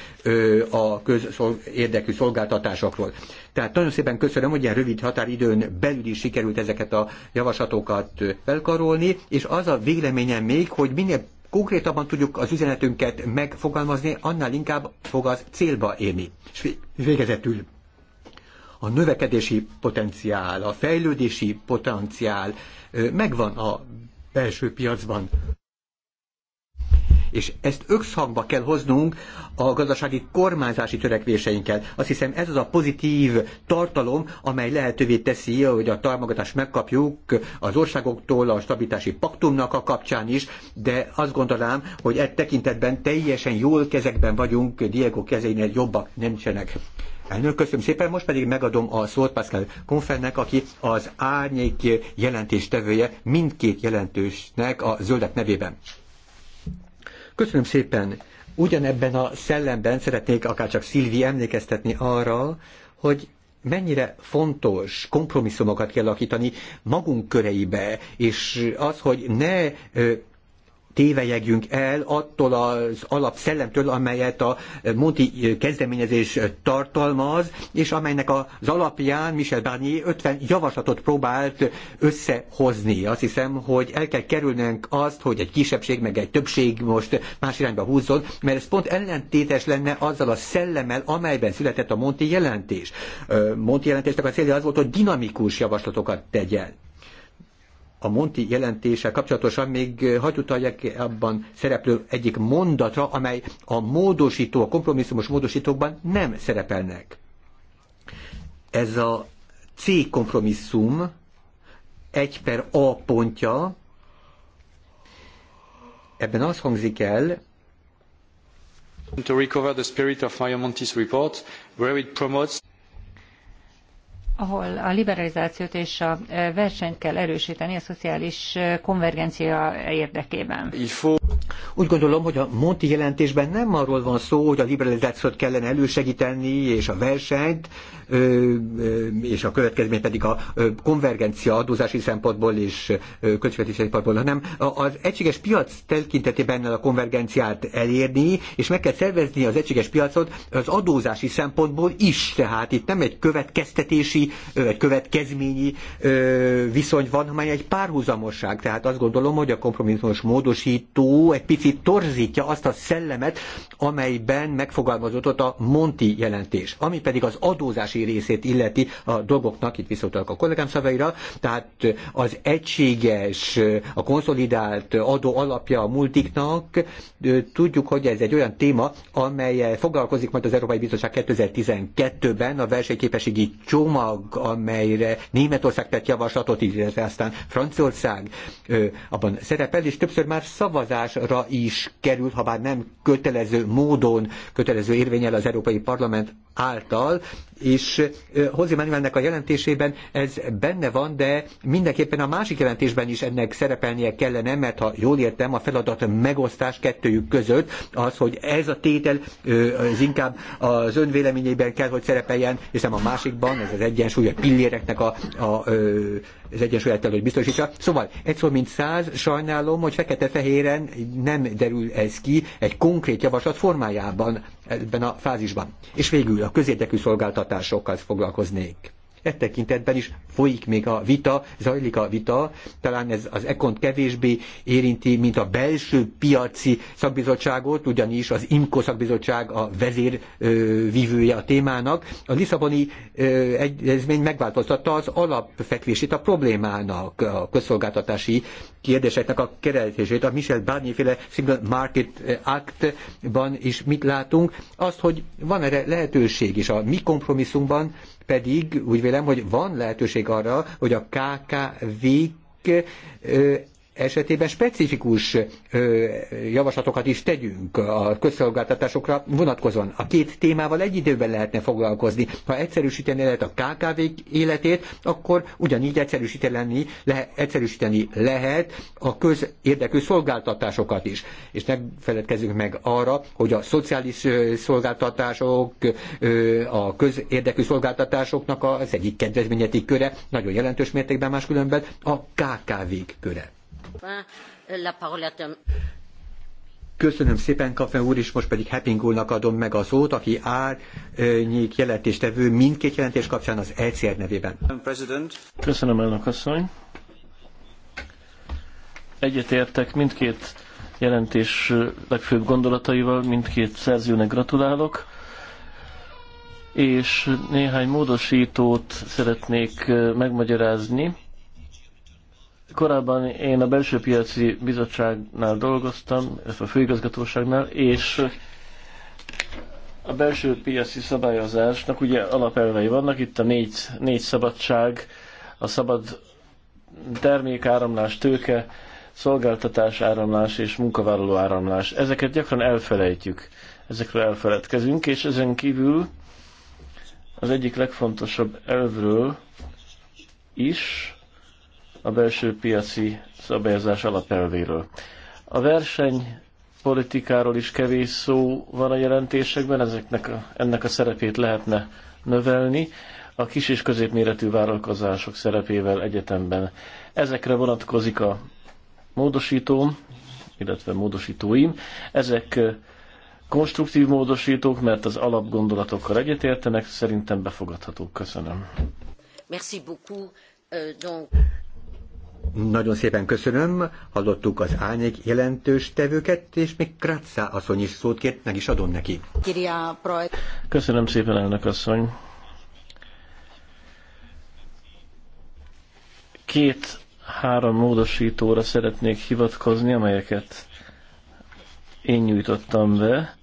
a közérdekű szolgáltatásokról. Tehát nagyon szépen köszönöm, hogy ilyen rövid határidőn belül is sikerült ezeket a javaslatokat felkarolni, és az a véleményem még, hogy minél konkrétabban tudjuk az üzenetünket megfogalmazni, annál inkább fog az célba érni. És végezetül a növekedési potenciál, a fejlődési potenciál megvan a belső piacban. És ezt összhangba kell hoznunk a gazdasági kormányzási törekvéseinkkel. Azt hiszem ez az a pozitív tartalom, amely lehetővé teszi, hogy a támogatást megkapjuk az országoktól, a stabilitási paktumnak a kapcsán is, de azt gondolám, hogy e tekintetben teljesen jól kezekben vagyunk, Diego kezeinél jobbak nincsenek. Elnök, köszönöm szépen, most pedig megadom a szót Pascal Konfernek, aki az árnyék jelentéstevője mindkét jelentősnek a zöldek nevében. Köszönöm szépen. Ugyanebben a szellemben szeretnék akárcsak Szilvi emlékeztetni arra, hogy mennyire fontos kompromisszumokat kell alakítani magunk köreibe, és az, hogy ne tévejegjünk el attól az alapszellemtől, amelyet a Monti kezdeményezés tartalmaz, és amelynek az alapján Michel Barnier 50 javaslatot próbált összehozni. Azt hiszem, hogy el kell kerülnünk azt, hogy egy kisebbség meg egy többség most más irányba húzzon, mert ez pont ellentétes lenne azzal a szellemmel, amelyben született a Monti jelentés. Monti jelentésnek a célja az volt, hogy dinamikus javaslatokat tegyen a Monti jelentése kapcsolatosan még hagy utaljak abban szereplő egyik mondatra, amely a módosító, a kompromisszumos módosítókban nem szerepelnek. Ez a C kompromisszum 1 per A pontja, ebben az hangzik el, to recover the spirit of Mario Monti's report, where it promotes ahol a liberalizációt és a e, versenyt kell erősíteni a szociális e, konvergencia érdekében. Úgy gondolom, hogy a Monti jelentésben nem arról van szó, hogy a liberalizációt kellene elősegíteni, és a versenyt, és a következmény pedig a konvergencia adózási szempontból és költségvetési szempontból, hanem az egységes piac tekintetében a konvergenciát elérni, és meg kell szervezni az egységes piacot az adózási szempontból is. Tehát itt nem egy következtetési vagy egy következményi viszony van, hanem egy párhuzamosság. Tehát azt gondolom, hogy a kompromisszumos módosító egy picit torzítja azt a szellemet, amelyben megfogalmazott a Monti jelentés. Ami pedig az adózási részét illeti a dolgoknak, itt visszatolok a kollégám szavaira, tehát az egységes, a konszolidált adó alapja a multiknak, tudjuk, hogy ez egy olyan téma, amely foglalkozik majd az Európai Bizottság 2012-ben a versenyképességi csomag tag, amelyre Németország tett javaslatot, illetve aztán Franciaország abban szerepel, és többször már szavazásra is került, ha bár nem kötelező módon, kötelező érvényel az Európai Parlament által, és Hozi Manuelnek a jelentésében ez benne van, de mindenképpen a másik jelentésben is ennek szerepelnie kellene, mert ha jól értem, a feladat megosztás kettőjük között az, hogy ez a tétel az inkább az véleményében kell, hogy szerepeljen, és a másikban, ez az egyensúly a pilléreknek a, a, a az Egyesület elő, hogy biztosítsa. Szóval egy szó mint száz, sajnálom, hogy fekete-fehéren nem derül ez ki egy konkrét javaslat formájában ebben a fázisban. És végül a közérdekű szolgáltatásokkal foglalkoznék. E tekintetben is folyik még a vita, zajlik a vita, talán ez az ekont kevésbé érinti, mint a belső piaci szakbizottságot, ugyanis az IMCO szakbizottság a vezér vívője a témának. A Lisszaboni egyezmény megváltoztatta az alapfekvését a problémának, a közszolgáltatási kérdéseknek a kerelítését. a Michel Barnier féle Single Market Act-ban is mit látunk, azt, hogy van erre lehetőség, is, a mi kompromisszunkban pedig úgy vélem, hogy van lehetőség arra, hogy a KKV-k esetében specifikus javaslatokat is tegyünk a közszolgáltatásokra vonatkozóan. A két témával egy időben lehetne foglalkozni. Ha egyszerűsíteni lehet a KKV életét, akkor ugyanígy egyszerűsíteni, le, egyszerűsíteni lehet a közérdekű szolgáltatásokat is. És ne feledkezzünk meg arra, hogy a szociális szolgáltatások, a közérdekű szolgáltatásoknak az egyik kedvezményeti köre nagyon jelentős mértékben máskülönben a KKV-k köre. Köszönöm szépen, Kafen úr, és most pedig Happing úrnak adom meg a szót, aki árnyék jelentéstevő mindkét jelentés kapcsán az ECR nevében. Köszönöm, elnök asszony. Egyetértek mindkét jelentés legfőbb gondolataival, mindkét szerzőnek gratulálok, és néhány módosítót szeretnék megmagyarázni Korábban én a belső piaci bizottságnál dolgoztam, illetve a főigazgatóságnál, és a belső piaci szabályozásnak ugye alapelvei vannak, itt a négy, négy szabadság, a szabad termékáramlás, tőke, szolgáltatás áramlás és munkavállaló áramlás. Ezeket gyakran elfelejtjük, ezekről elfeledkezünk, és ezen kívül az egyik legfontosabb elvről is, a belső piaci szabályozás alapelvéről. A verseny politikáról is kevés szó van a jelentésekben, ezeknek a, ennek a szerepét lehetne növelni a kis és középméretű vállalkozások szerepével egyetemben. Ezekre vonatkozik a módosítóm, illetve módosítóim. Ezek konstruktív módosítók, mert az alapgondolatokkal egyetértenek, szerintem befogadhatók. Köszönöm. Merci beaucoup. Nagyon szépen köszönöm, hallottuk az árnyék jelentős tevőket, és még Kratza asszony is szót kért, meg is adom neki. Köszönöm szépen, elnök asszony. Két-három módosítóra szeretnék hivatkozni, amelyeket én nyújtottam be.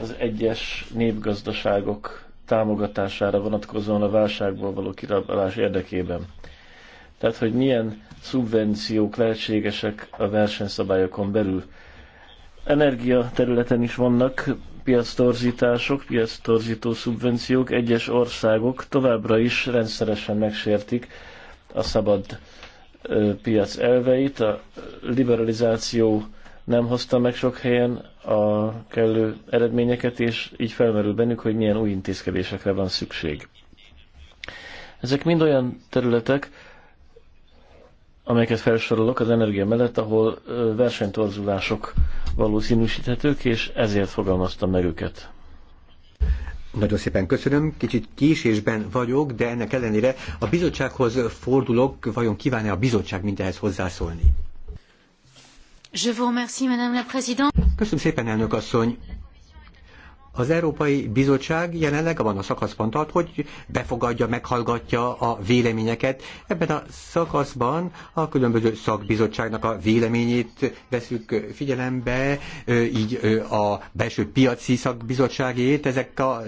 Az egyes népgazdaságok támogatására vonatkozóan a válságból való kirablás érdekében. Tehát, hogy milyen szubvenciók lehetségesek a versenyszabályokon belül. Energia területen is vannak piactorzítások, piactorzító szubvenciók. Egyes országok továbbra is rendszeresen megsértik a szabad piac elveit, a liberalizáció nem hozta meg sok helyen a kellő eredményeket, és így felmerül bennük, hogy milyen új intézkedésekre van szükség. Ezek mind olyan területek, amelyeket felsorolok az energia mellett, ahol versenytorzulások valószínűsíthetők, és ezért fogalmaztam meg őket. Nagyon szépen köszönöm, kicsit késésben vagyok, de ennek ellenére a bizottsághoz fordulok, vajon kíván-e a bizottság mindehez hozzászólni? Köszönöm szépen, elnök asszony. Az Európai Bizottság jelenleg van a szakaszban tart, hogy befogadja, meghallgatja a véleményeket. Ebben a szakaszban a különböző szakbizottságnak a véleményét veszük figyelembe, így a belső piaci szakbizottságét, ezek a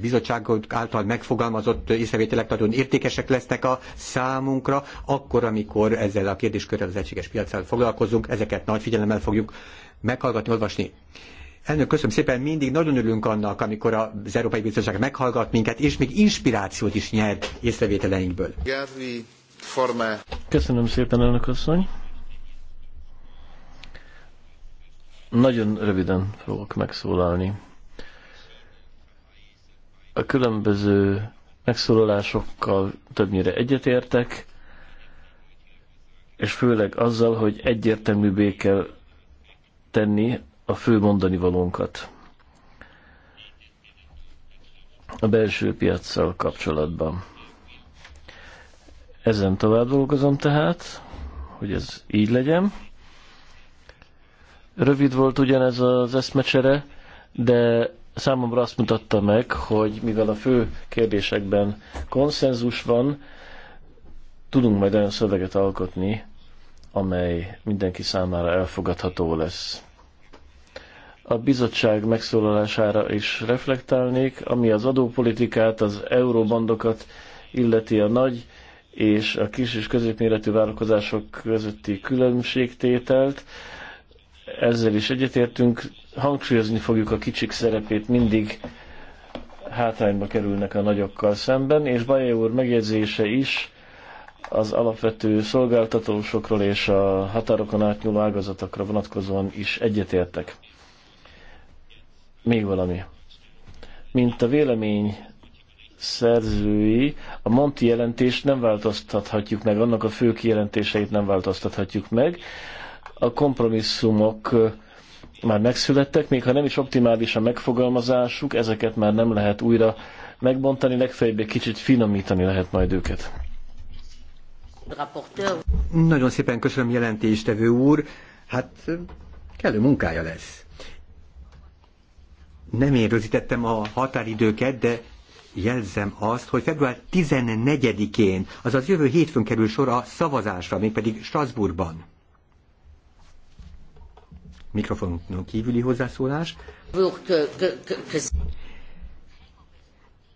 bizottságok által megfogalmazott észrevételek nagyon értékesek lesznek a számunkra, akkor, amikor ezzel a kérdéskörrel az egységes piacsal foglalkozunk, ezeket nagy figyelemmel fogjuk meghallgatni, olvasni. Elnök, köszönöm szépen, mindig nagyon örülünk annak, amikor az Európai Bizottság meghallgat minket, és még inspirációt is nyer észrevételeinkből. Köszönöm szépen, elnök asszony. Nagyon röviden fogok megszólalni a különböző megszólalásokkal többnyire egyetértek, és főleg azzal, hogy egyértelműbbé kell tenni a fő mondani valónkat a belső piacsal kapcsolatban. Ezen tovább dolgozom tehát, hogy ez így legyen. Rövid volt ugyanez az eszmecsere, de számomra azt mutatta meg, hogy mivel a fő kérdésekben konszenzus van, tudunk majd olyan szöveget alkotni, amely mindenki számára elfogadható lesz. A bizottság megszólalására is reflektálnék, ami az adópolitikát, az euróbandokat illeti a nagy és a kis és középméretű vállalkozások közötti különbségtételt. Ezzel is egyetértünk, hangsúlyozni fogjuk a kicsik szerepét, mindig hátrányba kerülnek a nagyokkal szemben, és Bajé úr megjegyzése is az alapvető szolgáltatósokról és a határokon átnyúló ágazatokra vonatkozóan is egyetértek. Még valami. Mint a vélemény szerzői, a Monti jelentést nem változtathatjuk meg, annak a fő kijelentéseit nem változtathatjuk meg. A kompromisszumok már megszülettek, még ha nem is optimális a megfogalmazásuk, ezeket már nem lehet újra megbontani, legfeljebb egy kicsit finomítani lehet majd őket. Nagyon szépen köszönöm jelentéstevő úr, hát kellő munkája lesz. Nem én rögzítettem a határidőket, de jelzem azt, hogy február 14-én, azaz jövő hétfőn kerül sor a szavazásra, mégpedig Strasbourgban mikrofonon kívüli hozzászólás.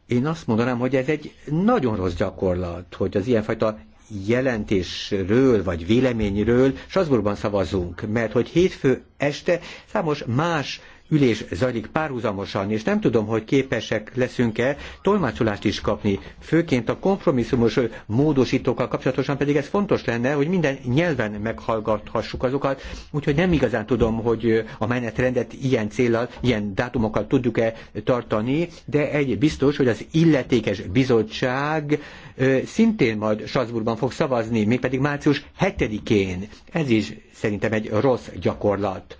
Én azt mondanám, hogy ez egy nagyon rossz gyakorlat, hogy az ilyenfajta jelentésről vagy véleményről Strasbourgban szavazunk, mert hogy hétfő este számos más ülés zajlik párhuzamosan, és nem tudom, hogy képesek leszünk-e tolmácsolást is kapni, főként a kompromisszumos módosítókkal kapcsolatosan pedig ez fontos lenne, hogy minden nyelven meghallgathassuk azokat, úgyhogy nem igazán tudom, hogy a menetrendet ilyen célral, ilyen dátumokkal tudjuk-e tartani, de egy biztos, hogy az illetékes bizottság szintén majd Strasbourgban fog szavazni, mégpedig március 7-én. Ez is szerintem egy rossz gyakorlat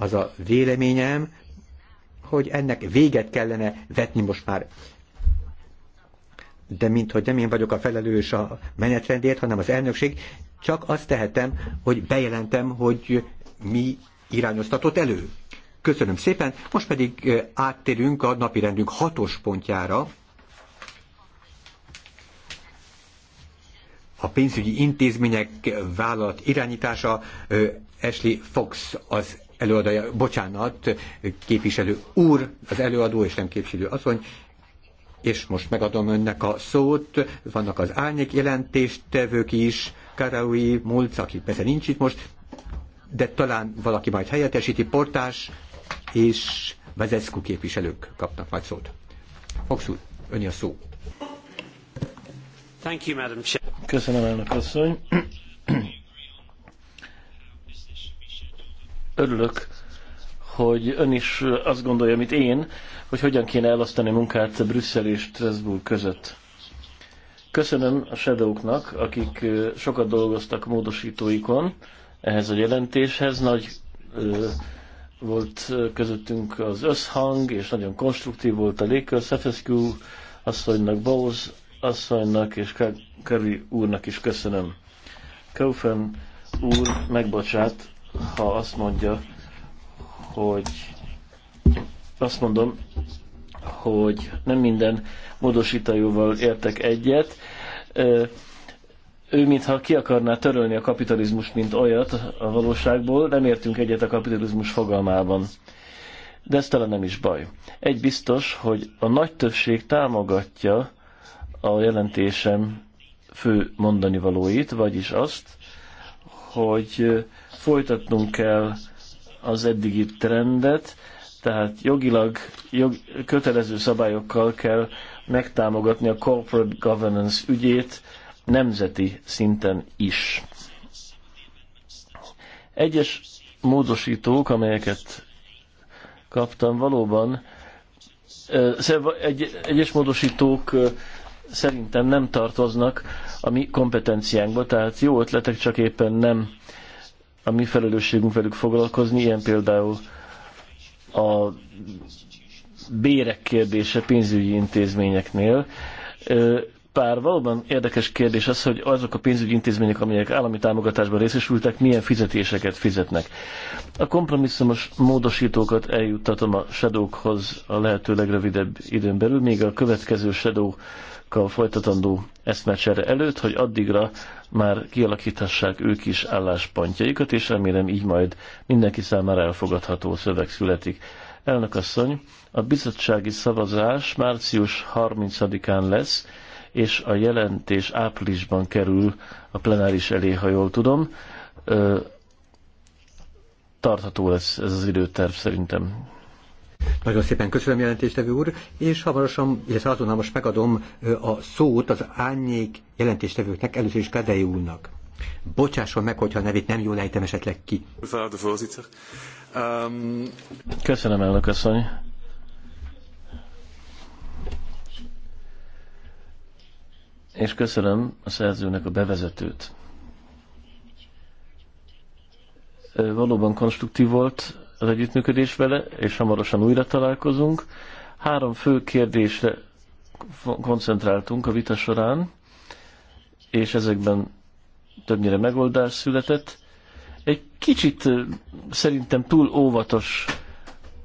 az a véleményem, hogy ennek véget kellene vetni most már. De mint hogy nem én vagyok a felelős a menetrendért, hanem az elnökség, csak azt tehetem, hogy bejelentem, hogy mi irányoztatott elő. Köszönöm szépen, most pedig áttérünk a napirendünk hatos pontjára. A pénzügyi intézmények vállalat irányítása Ashley Fox az előadója, bocsánat, képviselő úr, az előadó és nem képviselő asszony, és most megadom önnek a szót, vannak az árnyék jelentéstevők is, Karaui, Mulc, aki persze nincs itt most, de talán valaki majd helyettesíti, Portás és Vezeszku képviselők kapnak majd szót. Fox úr, ön a szó. Thank you, Madam Chair. Köszönöm, elnök asszony. örülök, hogy ön is azt gondolja, mint én, hogy hogyan kéne elosztani munkát Brüsszel és Strasbourg között. Köszönöm a Shadowknak, akik sokat dolgoztak módosítóikon ehhez a jelentéshez. Nagy ö, volt közöttünk az összhang, és nagyon konstruktív volt a légkör. Szefeszkú asszonynak, Bowes asszonynak és Kerry úrnak is köszönöm. Kaufen úr megbocsát, ha azt mondja, hogy azt mondom, hogy nem minden módosítajóval értek egyet. Ő mintha ki akarná törölni a kapitalizmus, mint olyat a valóságból, nem értünk egyet a kapitalizmus fogalmában. De ez talán nem is baj. Egy biztos, hogy a nagy többség támogatja a jelentésem fő mondani valóit, vagyis azt, hogy folytatnunk kell az eddigi trendet, tehát jogilag jog, kötelező szabályokkal kell megtámogatni a corporate governance ügyét nemzeti szinten is. Egyes módosítók, amelyeket kaptam, valóban egy, egyes módosítók szerintem nem tartoznak a mi kompetenciánkba, tehát jó ötletek, csak éppen nem a mi felelősségünk velük foglalkozni, ilyen például a bérek kérdése pénzügyi intézményeknél. Pár valóban érdekes kérdés az, hogy azok a pénzügyi intézmények, amelyek állami támogatásban részesültek, milyen fizetéseket fizetnek. A kompromisszumos módosítókat eljuttatom a shadowkhoz a lehető legrövidebb időn belül, még a következő shadow kollégákkal folytatandó eszmecsere előtt, hogy addigra már kialakíthassák ők is álláspontjaikat, és remélem így majd mindenki számára elfogadható szöveg születik. Elnök asszony, a bizottsági szavazás március 30-án lesz, és a jelentés áprilisban kerül a plenáris elé, ha jól tudom. Tartható lesz ez az időterv szerintem. Nagyon szépen köszönöm jelentéstevő úr, és hamarosan, illetve azonnal most megadom a szót az árnyék jelentéstevőknek, először is Kedei úrnak. Bocsásson meg, hogyha a nevét nem jól ejtem esetleg ki. Ehm, köszönöm, elnök asszony. És köszönöm a szerzőnek a bevezetőt. Valóban konstruktív volt az együttműködés vele, és hamarosan újra találkozunk. Három fő kérdésre koncentráltunk a vita során, és ezekben többnyire megoldás született. Egy kicsit szerintem túl óvatos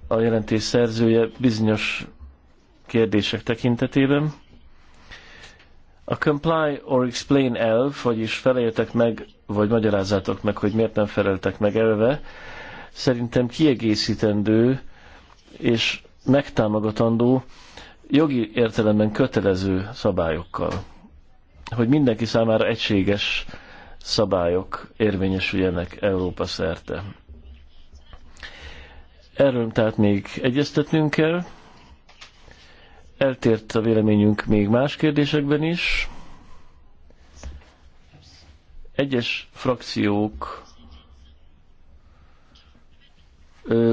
a jelentés szerzője bizonyos kérdések tekintetében. A comply or explain elf, vagyis feleljetek meg, vagy magyarázzátok meg, hogy miért nem feleltek meg elve, szerintem kiegészítendő és megtámogatandó jogi értelemben kötelező szabályokkal. Hogy mindenki számára egységes szabályok érvényesüljenek Európa szerte. Erről tehát még egyeztetnünk kell. Eltért a véleményünk még más kérdésekben is. Egyes frakciók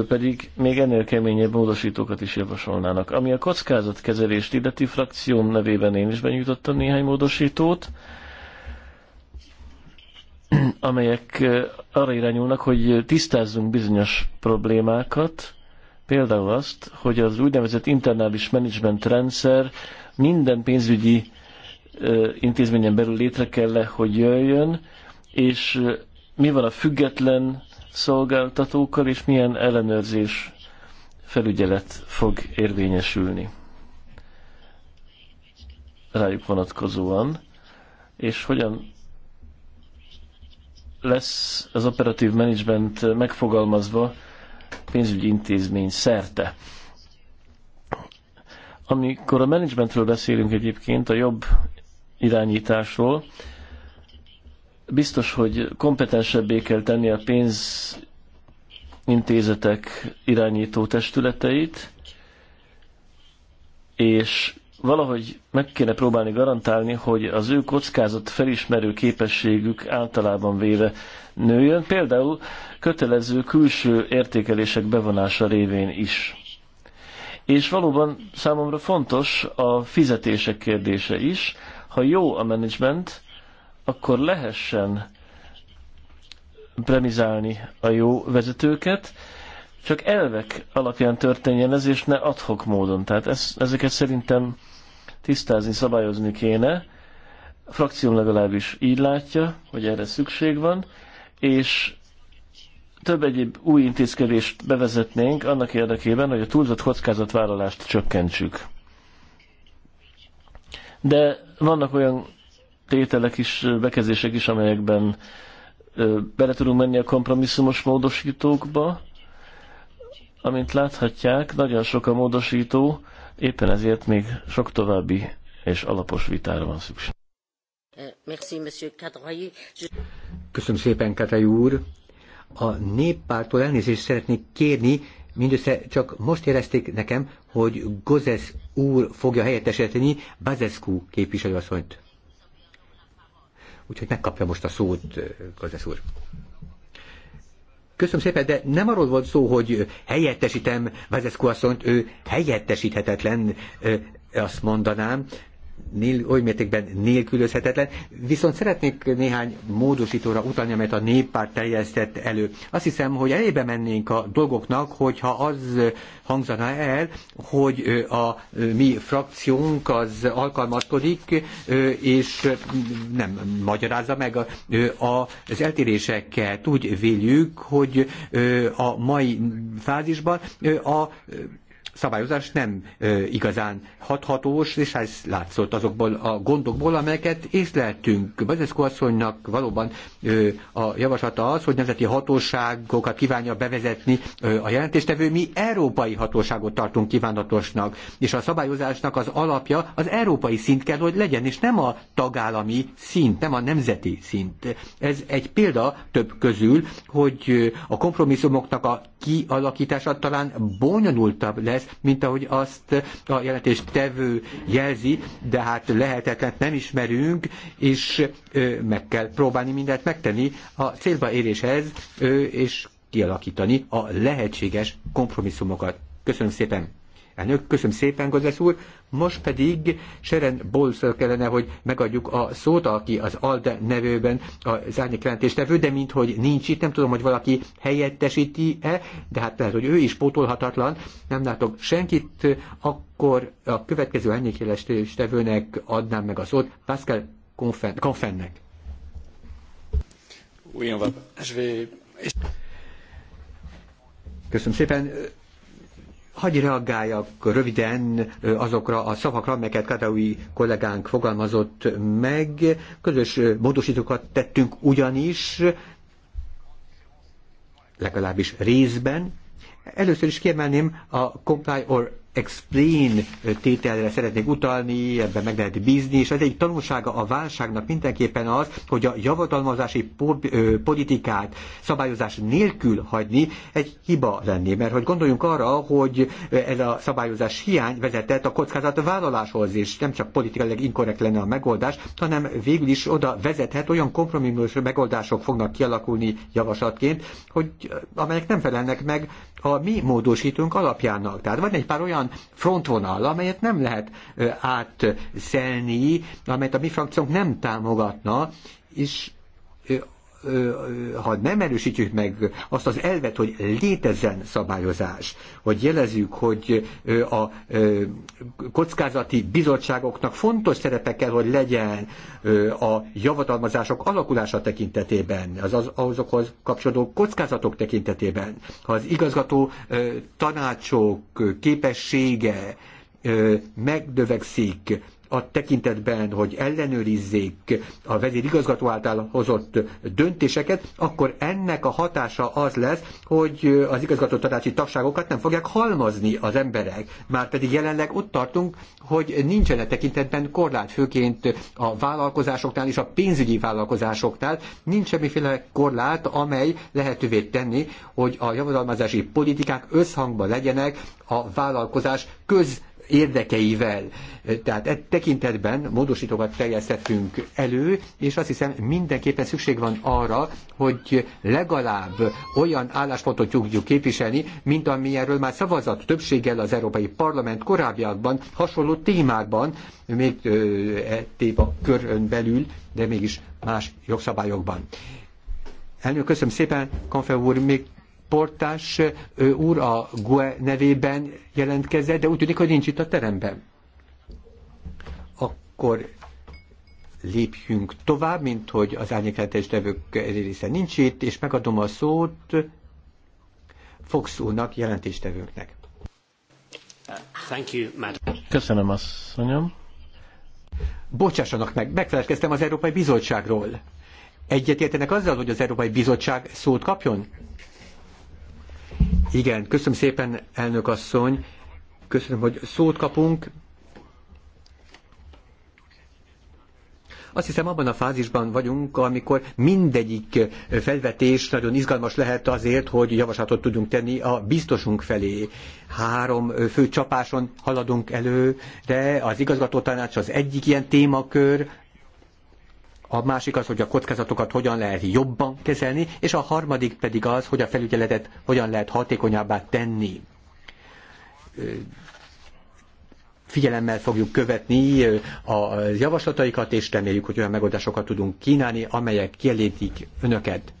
pedig még ennél keményebb módosítókat is javasolnának. Ami a kockázatkezelést illeti frakcióm nevében én is benyújtottam néhány módosítót, amelyek arra irányulnak, hogy tisztázzunk bizonyos problémákat, például azt, hogy az úgynevezett internális menedzsment rendszer minden pénzügyi intézményen belül létre kell -e, hogy jöjjön, és mi van a független szolgáltatókkal, és milyen ellenőrzés felügyelet fog érvényesülni rájuk vonatkozóan, és hogyan lesz az operatív management megfogalmazva pénzügyi intézmény szerte. Amikor a managementről beszélünk egyébként, a jobb irányításról, Biztos, hogy kompetensebbé kell tenni a pénzintézetek irányító testületeit, és valahogy meg kéne próbálni garantálni, hogy az ő kockázat felismerő képességük általában véve nőjön, például kötelező külső értékelések bevonása révén is. És valóban számomra fontos a fizetések kérdése is. Ha jó a menedzsment, akkor lehessen premizálni a jó vezetőket, csak elvek alapján történjen ez, és ne adhok módon. Tehát ez, ezeket szerintem tisztázni, szabályozni kéne. A frakcióm legalábbis így látja, hogy erre szükség van, és több egyéb új intézkedést bevezetnénk annak érdekében, hogy a túlzott kockázatvállalást csökkentsük. De vannak olyan tételek is, bekezdések is, amelyekben bele tudunk menni a kompromisszumos módosítókba. Amint láthatják, nagyon sok a módosító, éppen ezért még sok további és alapos vitára van szükség. Köszönöm szépen, Katai úr! A néppártól elnézést szeretnék kérni, mindössze csak most érezték nekem, hogy Gozes úr fogja helyettesíteni Bazescu képviselőasszonyt. Úgyhogy megkapja most a szót, Gazesz úr. Köszönöm szépen, de nem arról volt szó, hogy helyettesítem Vezeszko asszonyt, ő helyettesíthetetlen, azt mondanám, nél, oly mértékben nélkülözhetetlen, viszont szeretnék néhány módosítóra utalni, amelyet a néppárt teljesített elő. Azt hiszem, hogy elébe mennénk a dolgoknak, hogyha az hangzana el, hogy a mi frakciónk az alkalmazkodik, és nem magyarázza meg az eltéréseket. Úgy véljük, hogy a mai fázisban a szabályozás nem igazán hathatós, és ez látszott azokból a gondokból, amelyeket észleltünk. Bazeszko asszonynak valóban a javaslata az, hogy nemzeti hatóságokat kívánja bevezetni a jelentéstevő. Mi európai hatóságot tartunk kívánatosnak, és a szabályozásnak az alapja az európai szint kell, hogy legyen, és nem a tagállami szint, nem a nemzeti szint. Ez egy példa több közül, hogy a kompromisszumoknak a kialakítása talán bonyolultabb lesz, lesz, mint ahogy azt a jelentés tevő jelzi, de hát lehetetlen nem ismerünk, és meg kell próbálni mindent megtenni a célba éréshez, és kialakítani a lehetséges kompromisszumokat. Köszönöm szépen! Elnök, köszönöm szépen, Gozesz úr. Most pedig Seren Bolszor kellene, hogy megadjuk a szót, aki az ALDE nevőben az árnyék nevő, de mint hogy nincs itt, nem tudom, hogy valaki helyettesíti-e, de hát lehet, hogy ő is pótolhatatlan. Nem látok senkit, akkor a következő árnyék jelentéstevőnek adnám meg a szót, Pascal Confennek. Köszönöm szépen hagyj reagáljak röviden azokra a szavakra, amelyeket Kadaui kollégánk fogalmazott meg. Közös módosítókat tettünk ugyanis, legalábbis részben. Először is kiemelném a comply or explain tételre szeretnék utalni, ebben meg lehet bízni, és ez egy tanulsága a válságnak mindenképpen az, hogy a javatalmazási politikát szabályozás nélkül hagyni egy hiba lenni, mert hogy gondoljunk arra, hogy ez a szabályozás hiány vezetett a vállaláshoz, és nem csak politikailag inkorrekt lenne a megoldás, hanem végül is oda vezethet, olyan kompromisszumos megoldások fognak kialakulni javaslatként, hogy amelyek nem felelnek meg a mi módosítunk alapjának. Tehát van egy pár olyan olyan frontvonal, amelyet nem lehet átszelni, amelyet a mi frakciónk nem támogatna, és ha nem erősítjük meg azt az elvet, hogy létezzen szabályozás, hogy jelezzük, hogy a kockázati bizottságoknak fontos szerepe kell, hogy legyen a javatalmazások alakulása tekintetében, az, ahhozokhoz azokhoz kapcsolódó kockázatok tekintetében, ha az igazgató tanácsok képessége megdövekszik, a tekintetben, hogy ellenőrizzék a vezérigazgató által hozott döntéseket, akkor ennek a hatása az lesz, hogy az igazgató tanácsi tagságokat nem fogják halmazni az emberek. Már pedig jelenleg ott tartunk, hogy nincsen e tekintetben korlát, főként a vállalkozásoknál és a pénzügyi vállalkozásoknál nincs semmiféle korlát, amely lehetővé tenni, hogy a javadalmazási politikák összhangban legyenek a vállalkozás köz érdekeivel. Tehát e tekintetben módosítókat terjesztettünk elő, és azt hiszem mindenképpen szükség van arra, hogy legalább olyan álláspontot tudjuk képviselni, mint amilyenről már szavazat többséggel az Európai Parlament korábbiakban, hasonló témákban, még e a körön belül, de mégis más jogszabályokban. Elnök, köszönöm szépen, Kanfe úr, még portás úr a GUE nevében jelentkezett, de úgy tűnik, hogy nincs itt a teremben. Akkor lépjünk tovább, mint hogy az árnyékletes tevők része nincs itt, és megadom a szót Fox úrnak, jelentéstevőknek. Thank you, madam. Köszönöm, asszonyom. Bocsássanak meg, megfelelkeztem az Európai Bizottságról. Egyetértenek azzal, hogy az Európai Bizottság szót kapjon? Igen, köszönöm szépen, elnök asszony. Köszönöm, hogy szót kapunk. Azt hiszem abban a fázisban vagyunk, amikor mindegyik felvetés nagyon izgalmas lehet azért, hogy javaslatot tudjunk tenni a biztosunk felé. Három fő csapáson haladunk elő, de az igazgatótanács az egyik ilyen témakör, a másik az, hogy a kockázatokat hogyan lehet jobban kezelni, és a harmadik pedig az, hogy a felügyeletet hogyan lehet hatékonyabbá tenni. Figyelemmel fogjuk követni a javaslataikat, és reméljük, hogy olyan megoldásokat tudunk kínálni, amelyek kielégítik önöket.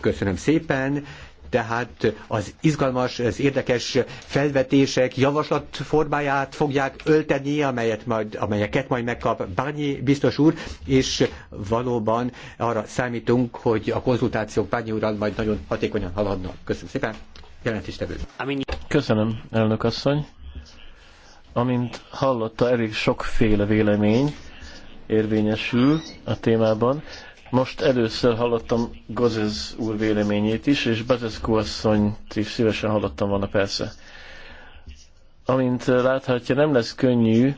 Köszönöm szépen, tehát az izgalmas, az érdekes felvetések javaslat formáját fogják ölteni, amelyet majd, amelyeket majd megkap Bányi biztos úr, és valóban arra számítunk, hogy a konzultációk Bányi úrral majd nagyon hatékonyan haladnak. Köszönöm szépen, jelentéstevő. Köszönöm, elnök asszony. Amint hallotta, elég sokféle vélemény érvényesül a témában. Most először hallottam Gozes úr véleményét is, és Bezeszkó asszonyt is szívesen hallottam volna persze. Amint láthatja, nem lesz könnyű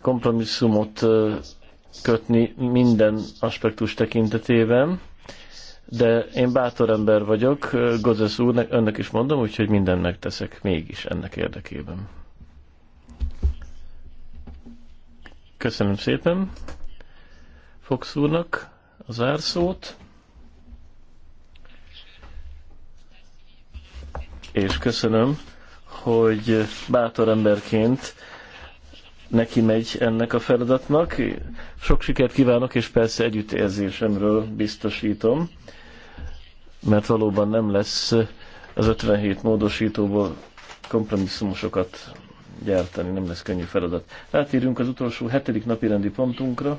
kompromisszumot kötni minden aspektus tekintetében, de én bátor ember vagyok, Gozes úrnak, önnek is mondom, úgyhogy mindent megteszek mégis ennek érdekében. Köszönöm szépen Fox úrnak a zárszót. És köszönöm, hogy bátor emberként neki megy ennek a feladatnak. Sok sikert kívánok, és persze együttérzésemről biztosítom, mert valóban nem lesz az 57 módosítóból kompromisszumosokat gyártani, nem lesz könnyű feladat. Átérünk az utolsó hetedik napi rendi pontunkra.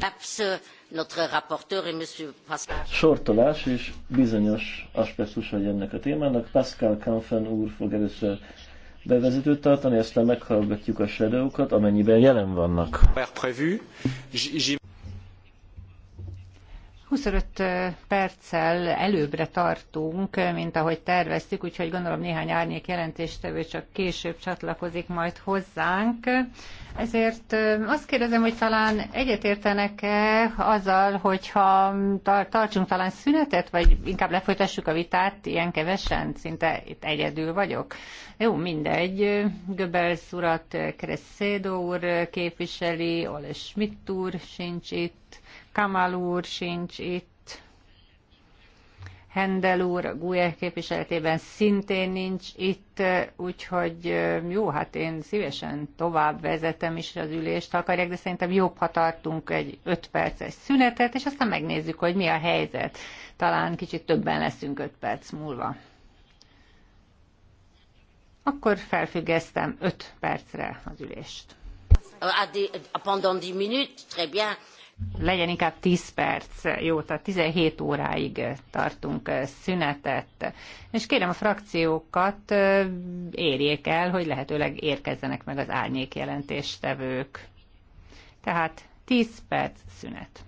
Abszolút Sortolás és bizonyos aspektusai ennek a témának. Pascal Canfen úr fog először bevezetőt tartani, aztán meghallgatjuk a shadow amennyiben jelen vannak. 25 perccel előbbre tartunk, mint ahogy terveztük, úgyhogy gondolom néhány árnyék jelentéstevő csak később csatlakozik majd hozzánk. Ezért azt kérdezem, hogy talán egyetértenek-e azzal, hogyha tartsunk talán szünetet, vagy inkább lefolytassuk a vitát ilyen kevesen, szinte itt egyedül vagyok. Jó, mindegy. Göbels urat Crescedo úr képviseli, Ole Schmidt úr sincs itt. Kamal úr sincs itt, Hendel úr a GUE képviseletében szintén nincs itt, úgyhogy jó, hát én szívesen tovább vezetem is az ülést, ha akarják, de szerintem jobb, ha tartunk egy 5 perces szünetet, és aztán megnézzük, hogy mi a helyzet. Talán kicsit többen leszünk 5 perc múlva. Akkor felfüggesztem 5 percre az ülést. Pendant 10 minutes, très bien legyen inkább 10 perc, jó, tehát 17 óráig tartunk szünetet. És kérem a frakciókat, érjék el, hogy lehetőleg érkezzenek meg az árnyék jelentéstevők. Tehát 10 perc szünet.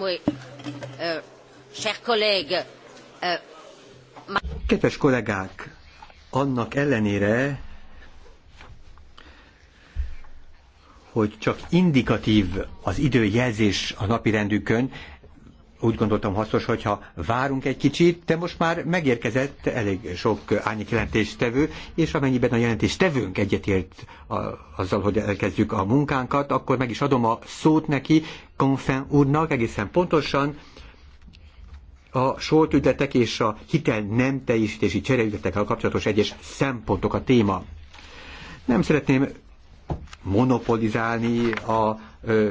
Oui. Uh, eh, eh, Kedves kollégák, annak ellenére, hogy csak indikatív az időjelzés a napi rendükön, úgy gondoltam hasznos, hogyha várunk egy kicsit, de most már megérkezett elég sok árnyék jelentéstevő, és amennyiben a jelentéstevőnk egyetért a, azzal, hogy elkezdjük a munkánkat, akkor meg is adom a szót neki, Konfen úrnak egészen pontosan, a solt ügyletek és a hitel nem teljesítési csereügyletekkel kapcsolatos egyes szempontok a téma. Nem szeretném monopolizálni a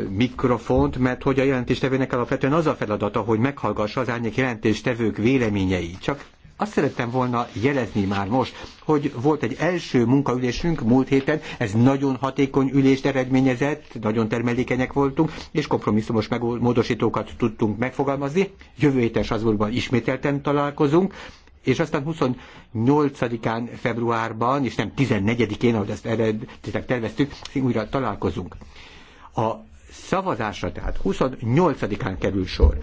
mikrofont, mert hogy a jelentéstevőnek alapvetően az a feladata, hogy meghallgassa az árnyék jelentéstevők véleményeit. Csak azt szerettem volna jelezni már most, hogy volt egy első munkaülésünk múlt héten, ez nagyon hatékony ülést eredményezett, nagyon termelékenyek voltunk, és kompromisszumos módosítókat tudtunk megfogalmazni. Jövő héten Sazburgban ismételten találkozunk, és aztán 28-án februárban, és nem 14-én, ahogy ezt eredetileg terveztük, újra találkozunk. A szavazásra tehát 28-án kerül sor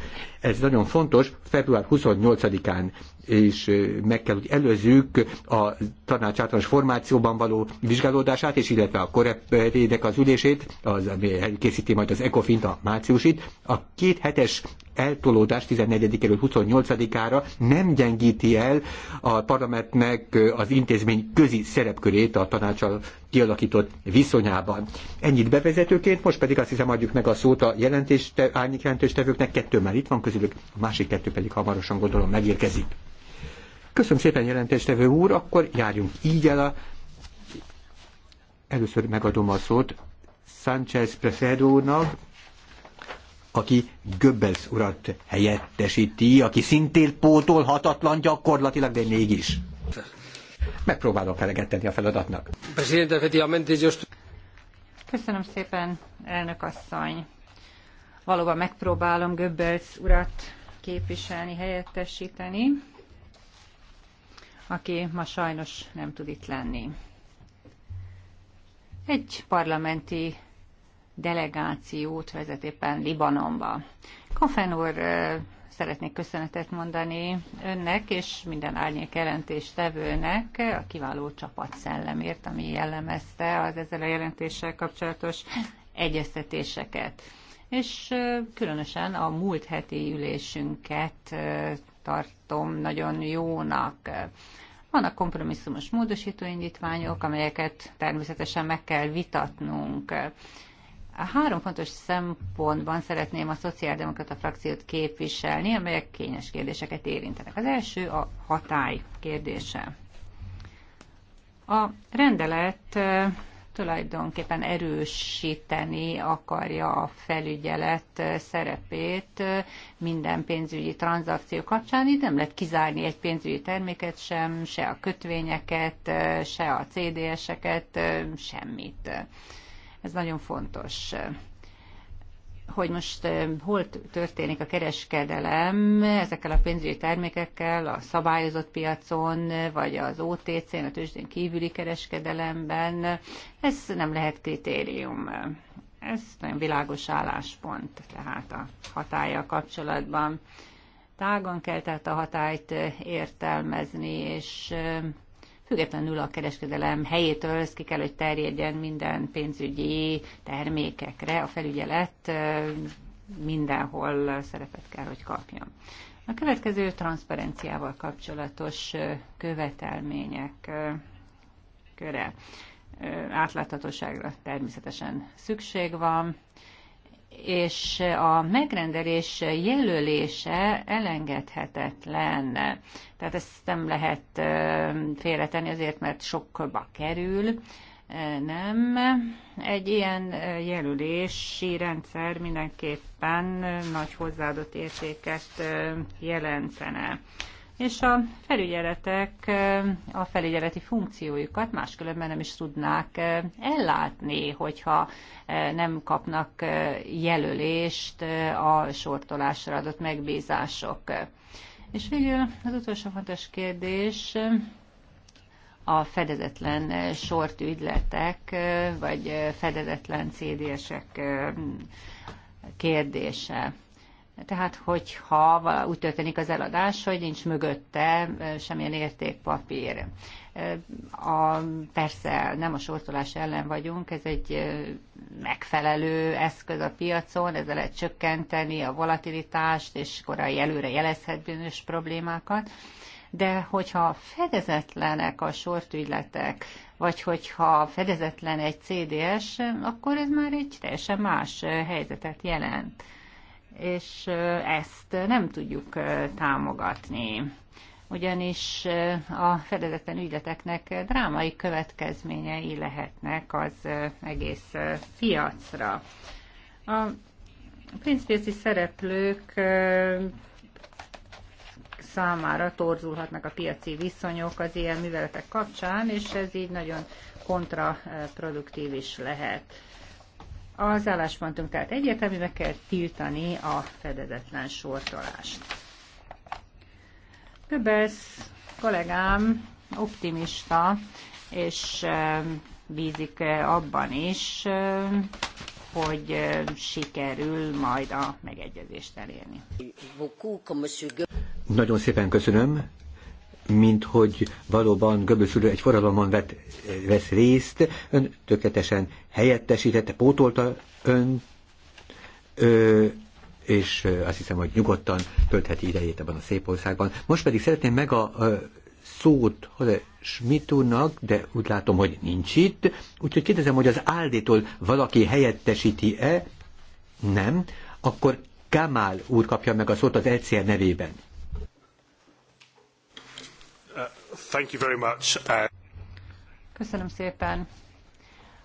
ez nagyon fontos, február 28-án és meg kell, hogy előzzük a tanács általános formációban való vizsgálódását, és illetve a koreperének az ülését, az, ami készíti majd az ECOFINT a márciusit. A két hetes eltolódás 14 éről 28-ára nem gyengíti el a parlamentnek az intézmény közi szerepkörét a tanácsal kialakított viszonyában. Ennyit bevezetőként, most pedig azt hiszem adjuk meg a szót a jelentést, árnyék jelentéstevőknek, kettő már itt van közé közülük a másik kettő pedig hamarosan gondolom megérkezik. Köszönöm szépen jelentéstevő úr, akkor járjunk így el a... Először megadom a szót Sánchez Prefedo úrnak, aki Göbbels urat helyettesíti, aki szintén pótolhatatlan gyakorlatilag, de mégis. Megpróbálok eleget a feladatnak. Köszönöm szépen, elnök asszony. Valóban megpróbálom Göbbels urat képviselni, helyettesíteni, aki ma sajnos nem tud itt lenni. Egy parlamenti delegációt vezet éppen Libanonba. Kofen úr, szeretnék köszönetet mondani önnek és minden árnyék tevőnek a kiváló csapat szellemért, ami jellemezte az ezzel a jelentéssel kapcsolatos egyeztetéseket és különösen a múlt heti ülésünket tartom nagyon jónak. Vannak kompromisszumos módosítóindítványok, amelyeket természetesen meg kell vitatnunk. A három fontos szempontban szeretném a szociáldemokrata frakciót képviselni, amelyek kényes kérdéseket érintenek. Az első a hatály kérdése. A rendelet tulajdonképpen erősíteni akarja a felügyelet szerepét minden pénzügyi tranzakció kapcsán. Itt nem lehet kizárni egy pénzügyi terméket sem, se a kötvényeket, se a CDS-eket, semmit. Ez nagyon fontos hogy most hol történik a kereskedelem ezekkel a pénzügyi termékekkel, a szabályozott piacon, vagy az OTC-n, a tőzsdén kívüli kereskedelemben, ez nem lehet kritérium. Ez nagyon világos álláspont, tehát a hatája kapcsolatban. Tágon kell tehát a hatályt értelmezni, és függetlenül a kereskedelem helyétől, ez ki kell, hogy terjedjen minden pénzügyi termékekre, a felügyelet mindenhol szerepet kell, hogy kapjon. A következő transzparenciával kapcsolatos követelmények köre átláthatóságra természetesen szükség van, és a megrendelés jelölése elengedhetetlen. Tehát ezt nem lehet félretenni azért, mert sokba kerül. Nem. Egy ilyen jelölési rendszer mindenképpen nagy hozzáadott értéket jelentene és a felügyeletek a felügyeleti funkciójukat máskülönben nem is tudnák eh, ellátni, hogyha eh, nem kapnak eh, jelölést a sortolásra adott megbízások. És végül az utolsó fontos kérdés, a fedezetlen sort ügyletek, vagy fedezetlen CDS-ek kérdése. Tehát, hogyha úgy történik az eladás, hogy nincs mögötte semmilyen értékpapír. A, persze nem a sortolás ellen vagyunk, ez egy megfelelő eszköz a piacon, ezzel lehet csökkenteni a volatilitást, és korai előre jelezhet bizonyos problémákat. De hogyha fedezetlenek a sortügyletek, vagy hogyha fedezetlen egy CDS, akkor ez már egy teljesen más helyzetet jelent és ezt nem tudjuk támogatni ugyanis a fedezetlen ügyleteknek drámai következményei lehetnek az egész piacra. A pénzpiaci szereplők számára torzulhatnak a piaci viszonyok az ilyen műveletek kapcsán, és ez így nagyon kontraproduktív is lehet. Az álláspontunk tehát egyértelmű, meg kell tiltani a fedezetlen sortolást. Köbesz kollégám optimista, és bízik eh, abban is, hogy sikerül majd a megegyezést elérni. Nagyon szépen köszönöm mint hogy valóban Göbölsülő egy forradalomban vett, vesz részt, ön tökéletesen helyettesítette, pótolta ön, ö, és azt hiszem, hogy nyugodtan töltheti idejét ebben a szép országban. Most pedig szeretném meg a, a szót Schmidt úrnak, de úgy látom, hogy nincs itt, úgyhogy kérdezem, hogy az áldétól valaki helyettesíti-e? Nem. Akkor Kamál úr kapja meg a szót az LCR e nevében. Uh, Köszönöm szépen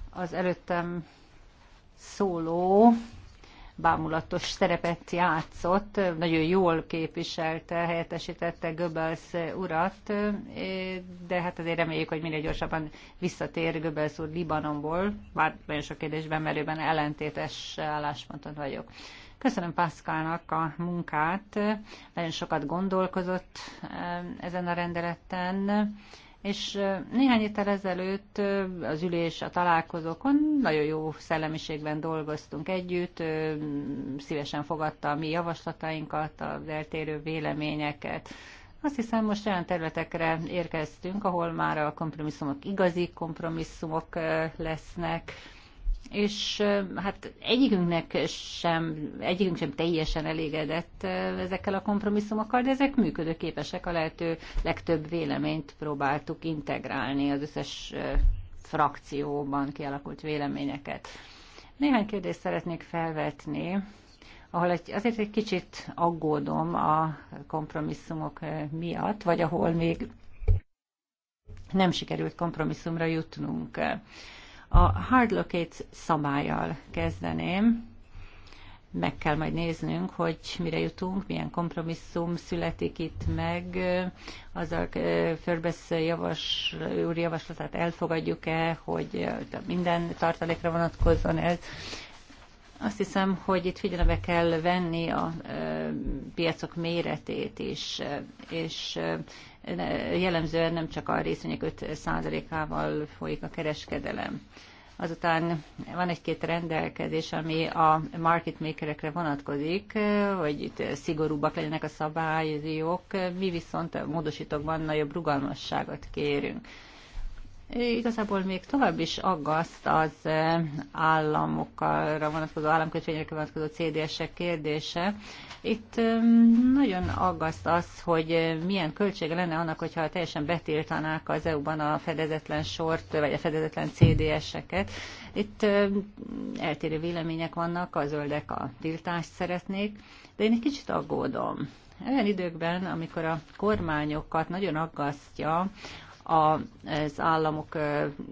az előttem szóló bámulatos szerepet játszott, nagyon jól képviselte, helyettesítette Göbels urat, de hát azért reméljük, hogy minél gyorsabban visszatér Göbels úr Libanonból, bár nagyon sok kérdésben merőben ellentétes álláspontot vagyok. Köszönöm Pászkálnak a munkát, nagyon sokat gondolkozott eh, ezen a rendeleten, és eh, néhány héttel ezelőtt eh, az ülés, a találkozókon nagyon jó szellemiségben dolgoztunk együtt, szívesen fogadta a mi javaslatainkat, az eltérő véleményeket. Azt hiszem, most olyan területekre érkeztünk, ahol már a kompromisszumok igazi kompromisszumok lesznek, és hát egyikünknek sem, egyikünk sem teljesen elégedett ezekkel a kompromisszumokkal, de ezek működőképesek, a lehető legtöbb véleményt próbáltuk integrálni az összes frakcióban kialakult véleményeket. Néhány kérdést szeretnék felvetni, ahol egy, azért egy kicsit aggódom a kompromisszumok miatt, vagy ahol még nem sikerült kompromisszumra jutnunk. A hard locate szabályjal kezdeném. Meg kell majd néznünk, hogy mire jutunk, milyen kompromisszum születik itt meg. Az a Förbesz javas, úr javaslatát elfogadjuk-e, hogy minden tartalékra vonatkozzon ez. Azt hiszem, hogy itt figyelembe kell venni a piacok méretét is, és jellemzően nem csak a részvények 5%-ával folyik a kereskedelem. Azután van egy-két rendelkezés, ami a market makerekre vonatkozik, hogy itt szigorúbbak legyenek a szabályozók. mi viszont a módosítókban nagyobb rugalmasságot kérünk. Igazából még tovább is aggaszt az eh, államokra vonatkozó, államkötvényekre vonatkozó CDS-ek kérdése. Itt eh, nagyon aggaszt az, hogy eh, milyen költsége lenne annak, hogyha teljesen betiltanák az EU-ban a fedezetlen sort, vagy a fedezetlen CDS-eket. Itt eltérő vélemények vannak, a zöldek a tiltást szeretnék, de én egy kicsit aggódom. Olyan időkben, amikor a kormányokat nagyon aggasztja az államok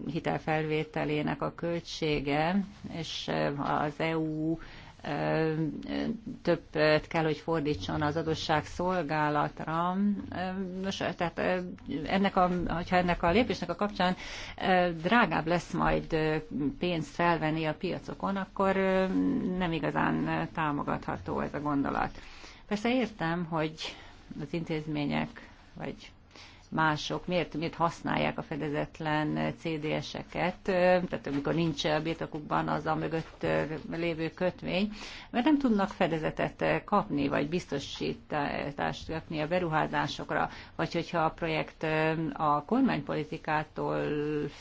hitelfelvételének a költsége, és az EU többet kell, hogy fordítson az adósság szolgálatra. Nos, tehát ennek a, hogyha ennek a lépésnek a kapcsán drágább lesz majd pénzt felvenni a piacokon, akkor nem igazán támogatható ez a gondolat. Persze értem, hogy az intézmények vagy mások miért, miért használják a fedezetlen CDS-eket, tehát amikor nincs a birtokukban az a mögött lévő kötvény, mert nem tudnak fedezetet kapni, vagy biztosítást kapni a beruházásokra, vagy hogyha a projekt a kormánypolitikától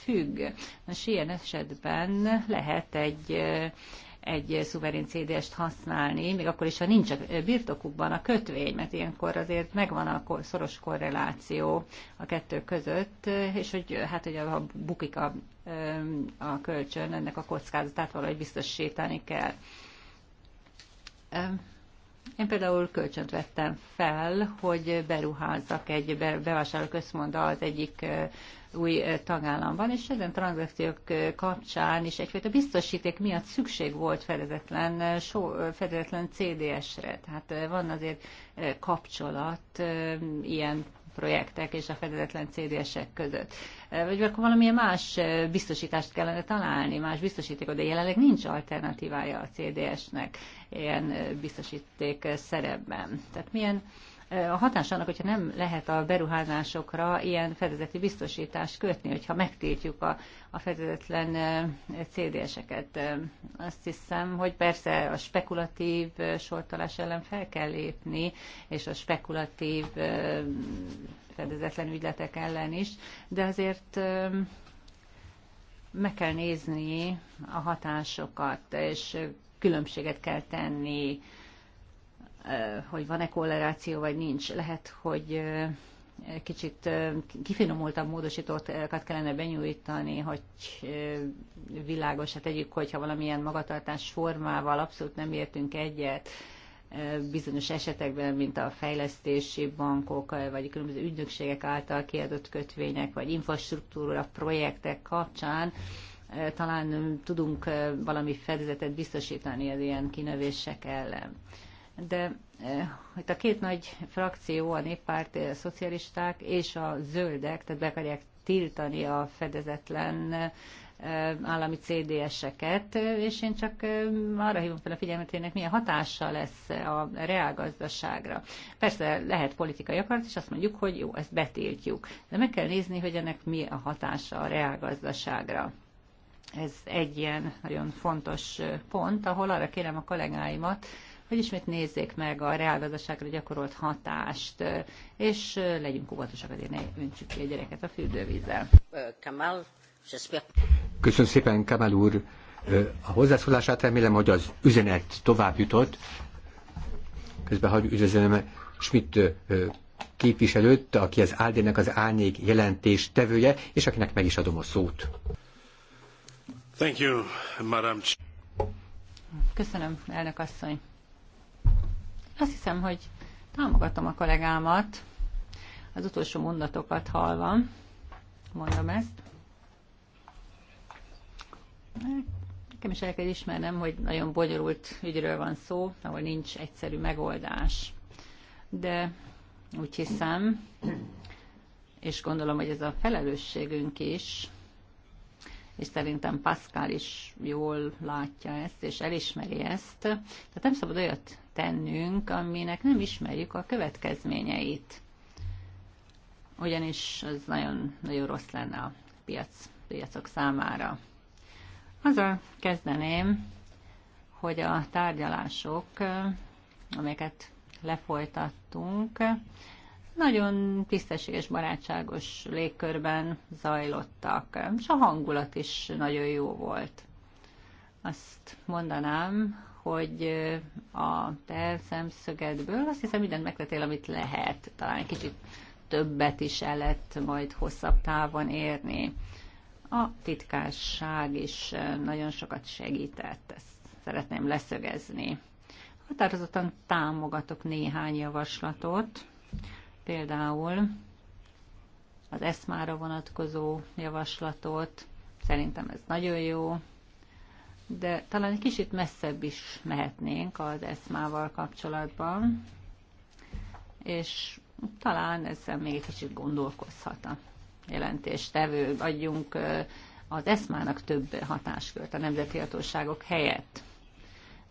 függ. Most ilyen esetben lehet egy egy szuverén CDS-t használni, még akkor is, ha nincs a birtokukban a kötvény, mert ilyenkor azért megvan a szoros korreláció a kettő között, és hogy hát, hogy ha bukik a, a kölcsön, ennek a kockázatát valahogy biztosítani kell. Én például kölcsönt vettem fel, hogy beruházzak egy bevásárlóközpontba az egyik új tagállamban, és ezen tranzakciók kapcsán is egyfajta biztosíték miatt szükség volt fedezetlen, so, fedezetlen CDS-re. Tehát van azért kapcsolat ilyen projektek és a fedezetlen CDS-ek között. Vagy akkor valamilyen más biztosítást kellene találni, más biztosítékot, de jelenleg nincs alternatívája a CDS-nek ilyen biztosíték szerepben. Tehát milyen a hatásának, hogyha nem lehet a beruházásokra ilyen fedezeti biztosítást kötni, hogyha megtiltjuk a, a fedezetlen CDS-eket. Azt hiszem, hogy persze a spekulatív sortolás ellen fel kell lépni, és a spekulatív fedezetlen ügyletek ellen is, de azért meg kell nézni a hatásokat, és különbséget kell tenni hogy van-e kolleráció, vagy nincs. Lehet, hogy kicsit kifinomultabb módosítókat kellene benyújtani, hogy világos, hát egyik, hogyha valamilyen magatartás formával abszolút nem értünk egyet, bizonyos esetekben, mint a fejlesztési bankok, vagy különböző ügynökségek által kiadott kötvények, vagy infrastruktúra projektek kapcsán, talán tudunk valami fedezetet biztosítani az ilyen kinövések ellen de eh, itt a két nagy frakció, a néppárt, a eh, szocialisták és a zöldek, tehát be akarják tiltani a fedezetlen eh, állami CDS-eket, és én csak arra hívom fel a figyelmet, hogy ennek milyen hatása lesz a reálgazdaságra. Persze lehet politikai akarat, és azt mondjuk, hogy jó, ezt betiltjuk, de meg kell nézni, hogy ennek mi a hatása a reálgazdaságra. Ez egy ilyen nagyon fontos pont, ahol arra kérem a kollégáimat, hogy ismét nézzék meg a reálgazdaságra gyakorolt hatást, és legyünk óvatosak, azért ne öntsük ki a gyereket a fürdővízzel. Köszönöm szépen, Kamal úr. A hozzászólását remélem, hogy az üzenet tovább jutott. Közben hagyjuk üzenem Schmidt képviselőt, aki az Áldének az árnyék jelentés tevője, és akinek meg is adom a szót. Thank you, Madam. Köszönöm, elnök asszony. Azt hiszem, hogy támogatom a kollégámat, az utolsó mondatokat hallva, mondom ezt. Nekem is el kell ismernem, hogy nagyon bonyolult ügyről van szó, ahol nincs egyszerű megoldás. De úgy hiszem, és gondolom, hogy ez a felelősségünk is, és szerintem Pascal is jól látja ezt, és elismeri ezt. Tehát nem szabad olyat tennünk, aminek nem ismerjük a következményeit. Ugyanis az nagyon, nagyon rossz lenne a piac, piacok számára. Azzal kezdeném, hogy a tárgyalások, amelyeket lefolytattunk, nagyon tisztességes, barátságos légkörben zajlottak, és a hangulat is nagyon jó volt. Azt mondanám, hogy a te szemszögedből azt hiszem mindent megtettél, amit lehet. Talán egy kicsit többet is el lett majd hosszabb távon érni. A titkásság is nagyon sokat segített, ezt szeretném leszögezni. Határozottan támogatok néhány javaslatot, például az eszmára vonatkozó javaslatot, szerintem ez nagyon jó, de talán egy kicsit messzebb is mehetnénk az eszmával kapcsolatban, és talán ezzel még egy kicsit gondolkozhat a jelentéstevő. Adjunk az eszmának több hatáskört a nemzeti hatóságok helyett.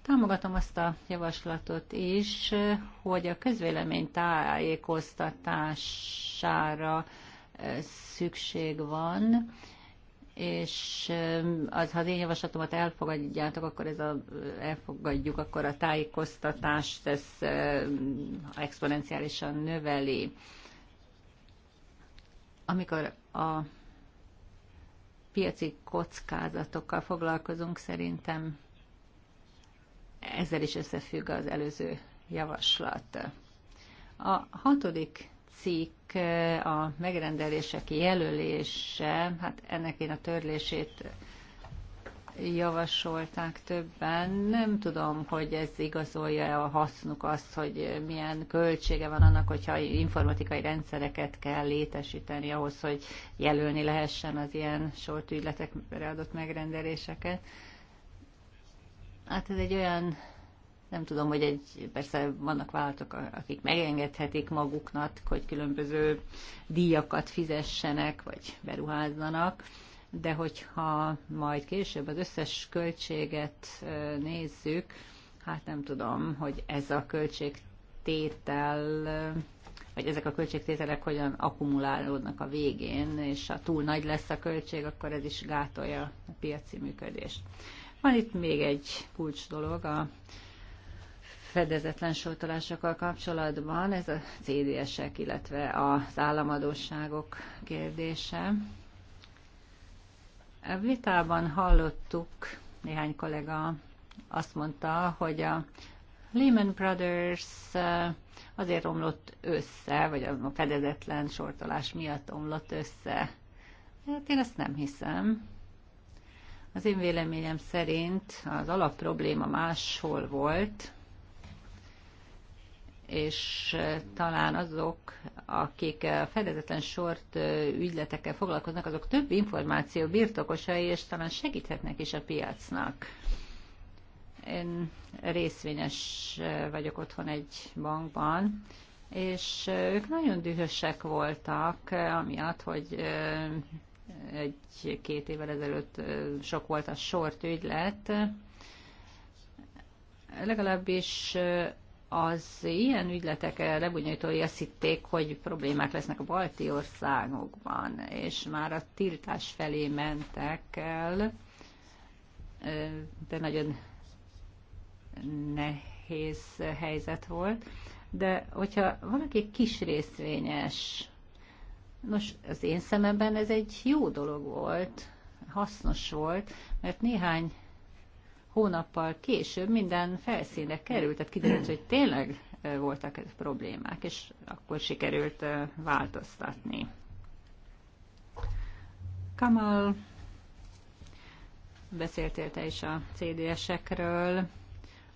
Támogatom azt a javaslatot is, hogy a közvélemény tájékoztatására szükség van, és az, ha az én javaslatomat elfogadjátok, akkor ez a, elfogadjuk, akkor a tájékoztatást ez exponenciálisan növeli. Amikor a piaci kockázatokkal foglalkozunk, szerintem ezzel is összefügg az előző javaslat. A hatodik cikk, eh, a megrendelések jelölése, hát ennek én a törlését javasolták többen. Nem tudom, hogy ez igazolja a hasznuk azt, hogy milyen költsége van annak, hogyha informatikai rendszereket kell létesíteni ahhoz, hogy jelölni lehessen az ilyen sort ügyletekre adott megrendeléseket. Hát ez egy olyan nem tudom, hogy egy, persze vannak vállalatok, akik megengedhetik maguknak, hogy különböző díjakat fizessenek, vagy beruházzanak, de hogyha majd később az összes költséget nézzük, hát nem tudom, hogy ez a költségtétel, vagy ezek a költségtételek hogyan akkumulálódnak a végén, és ha túl nagy lesz a költség, akkor ez is gátolja a piaci működést. Van itt még egy kulcs dolog, a fedezetlen sortolásokkal kapcsolatban, ez a CDS-ek, illetve az államadóságok kérdése. A vitában hallottuk, néhány kollega azt mondta, hogy a Lehman Brothers eh, azért omlott össze, vagy a fedezetlen sortolás miatt omlott össze. Hát én ezt nem hiszem. Az én véleményem szerint az alapprobléma máshol volt, és talán azok, akik fedezetlen sort ügyletekkel foglalkoznak, azok több információ birtokosai, és talán segíthetnek is a piacnak. Én részvényes vagyok otthon egy bankban, és ők nagyon dühösek voltak, amiatt, hogy egy-két évvel ezelőtt sok volt a sort ügylet, legalábbis az ilyen ügyletek lebonyolítói azt hitték, hogy problémák lesznek a balti országokban, és már a tiltás felé mentek el, de nagyon nehéz helyzet volt. De hogyha valaki kis részvényes, nos, az én szememben ez egy jó dolog volt, hasznos volt, mert néhány hónappal később minden felszínre került, tehát kiderült, hogy tényleg voltak problémák, és akkor sikerült változtatni. Kamal, beszéltél te is a CDS-ekről,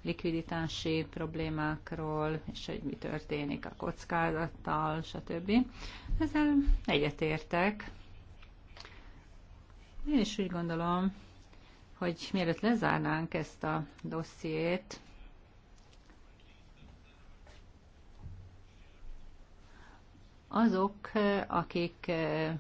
likviditási problémákról, és hogy mi történik a kockázattal, stb. Ezzel egyetértek. Én is úgy gondolom, hogy mielőtt lezárnánk ezt a dossziét, azok, akik eh,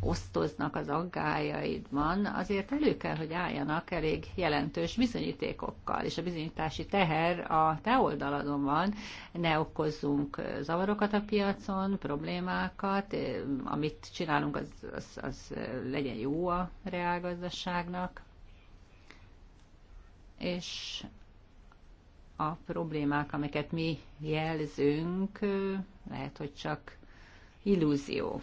osztoznak az aggájaidban, azért elő kell, hogy álljanak elég jelentős bizonyítékokkal, és a bizonyítási teher a te oldaladon van, ne okozzunk zavarokat a piacon, problémákat, eh, amit csinálunk, az, az, az eh, legyen jó a reálgazdaságnak és a problémák, amiket mi jelzünk, lehet, hogy csak illúzió.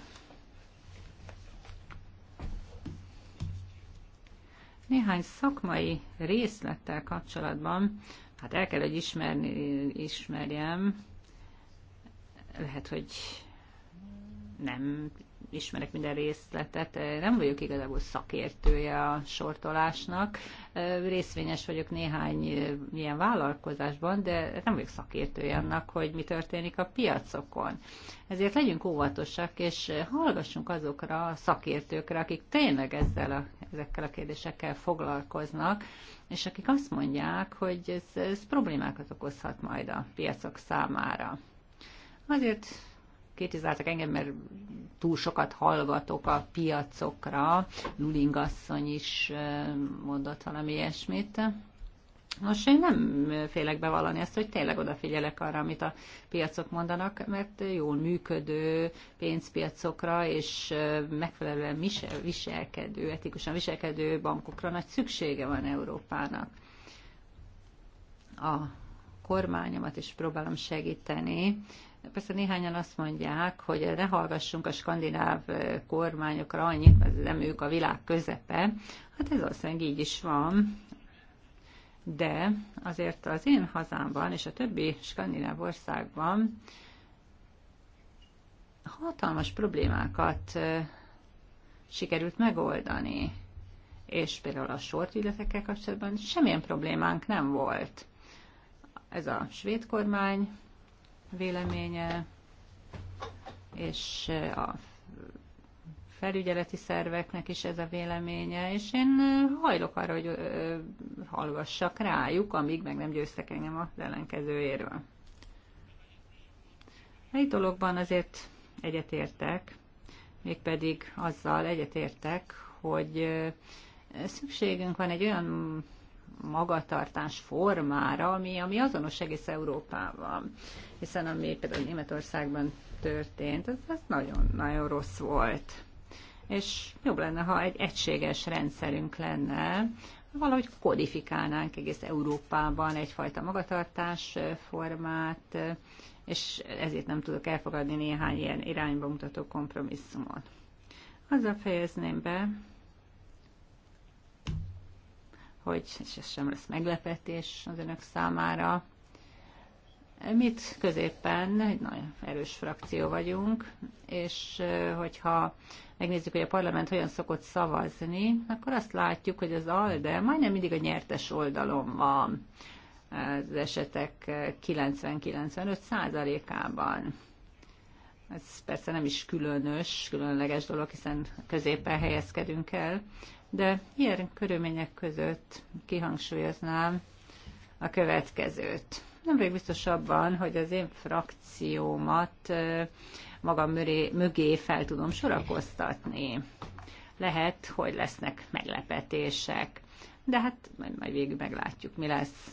Néhány szakmai részlettel kapcsolatban, hát el kell, hogy ismerni, ismerjem, lehet, hogy nem ismerek minden részletet, nem vagyok igazából szakértője a sortolásnak. Részvényes vagyok néhány ilyen vállalkozásban, de nem vagyok szakértője annak, hogy mi történik a piacokon. Ezért legyünk óvatosak, és hallgassunk azokra a szakértőkre, akik tényleg ezzel a, ezekkel a kérdésekkel foglalkoznak, és akik azt mondják, hogy ez, ez problémákat okozhat majd a piacok számára. Azért kritizáltak engem, mert túl sokat hallgatok a piacokra. Luling asszony is mondott valami ilyesmit. Most én nem félek bevallani ezt, hogy tényleg odafigyelek arra, amit a piacok mondanak, mert jól működő pénzpiacokra és megfelelően viselkedő, etikusan viselkedő bankokra nagy szüksége van Európának. A kormányomat is próbálom segíteni Persze néhányan azt mondják, hogy ne hallgassunk a skandináv eh, kormányokra annyit, mert nem ők a világ közepe. Hát ez valószínűleg így is van. De azért az én hazámban és a többi skandináv országban hatalmas problémákat eh, sikerült megoldani. És például a sortügyletekkel kapcsolatban semmilyen problémánk nem volt. Ez a svéd kormány véleménye, és a felügyeleti szerveknek is ez a véleménye, és én hajlok arra, hogy hallgassak rájuk, amíg meg nem győztek engem az ellenkezőjéről. Egy dologban azért egyetértek, mégpedig azzal egyetértek, hogy szükségünk van egy olyan magatartás formára, ami, ami azonos egész Európában. Hiszen ami például Németországban történt, az nagyon-nagyon rossz volt. És jobb lenne, ha egy egységes rendszerünk lenne, valahogy kodifikálnánk egész Európában egyfajta magatartás formát, és ezért nem tudok elfogadni néhány ilyen irányba mutató kompromisszumot. Azzal fejezném be, hogy és ez sem lesz meglepetés az önök számára. Mit középpen egy nagyon erős frakció vagyunk, és hogyha megnézzük, hogy a parlament hogyan szokott szavazni, akkor azt látjuk, hogy az ALDE majdnem mindig a nyertes oldalon van az esetek 90-95 százalékában. Ez persze nem is különös, különleges dolog, hiszen középen helyezkedünk el, de ilyen körülmények között kihangsúlyoznám a következőt. Nem vagyok biztos abban, hogy az én frakciómat magam mögé, fel tudom sorakoztatni. Lehet, hogy lesznek meglepetések, de hát majd, majd végül meglátjuk, mi lesz.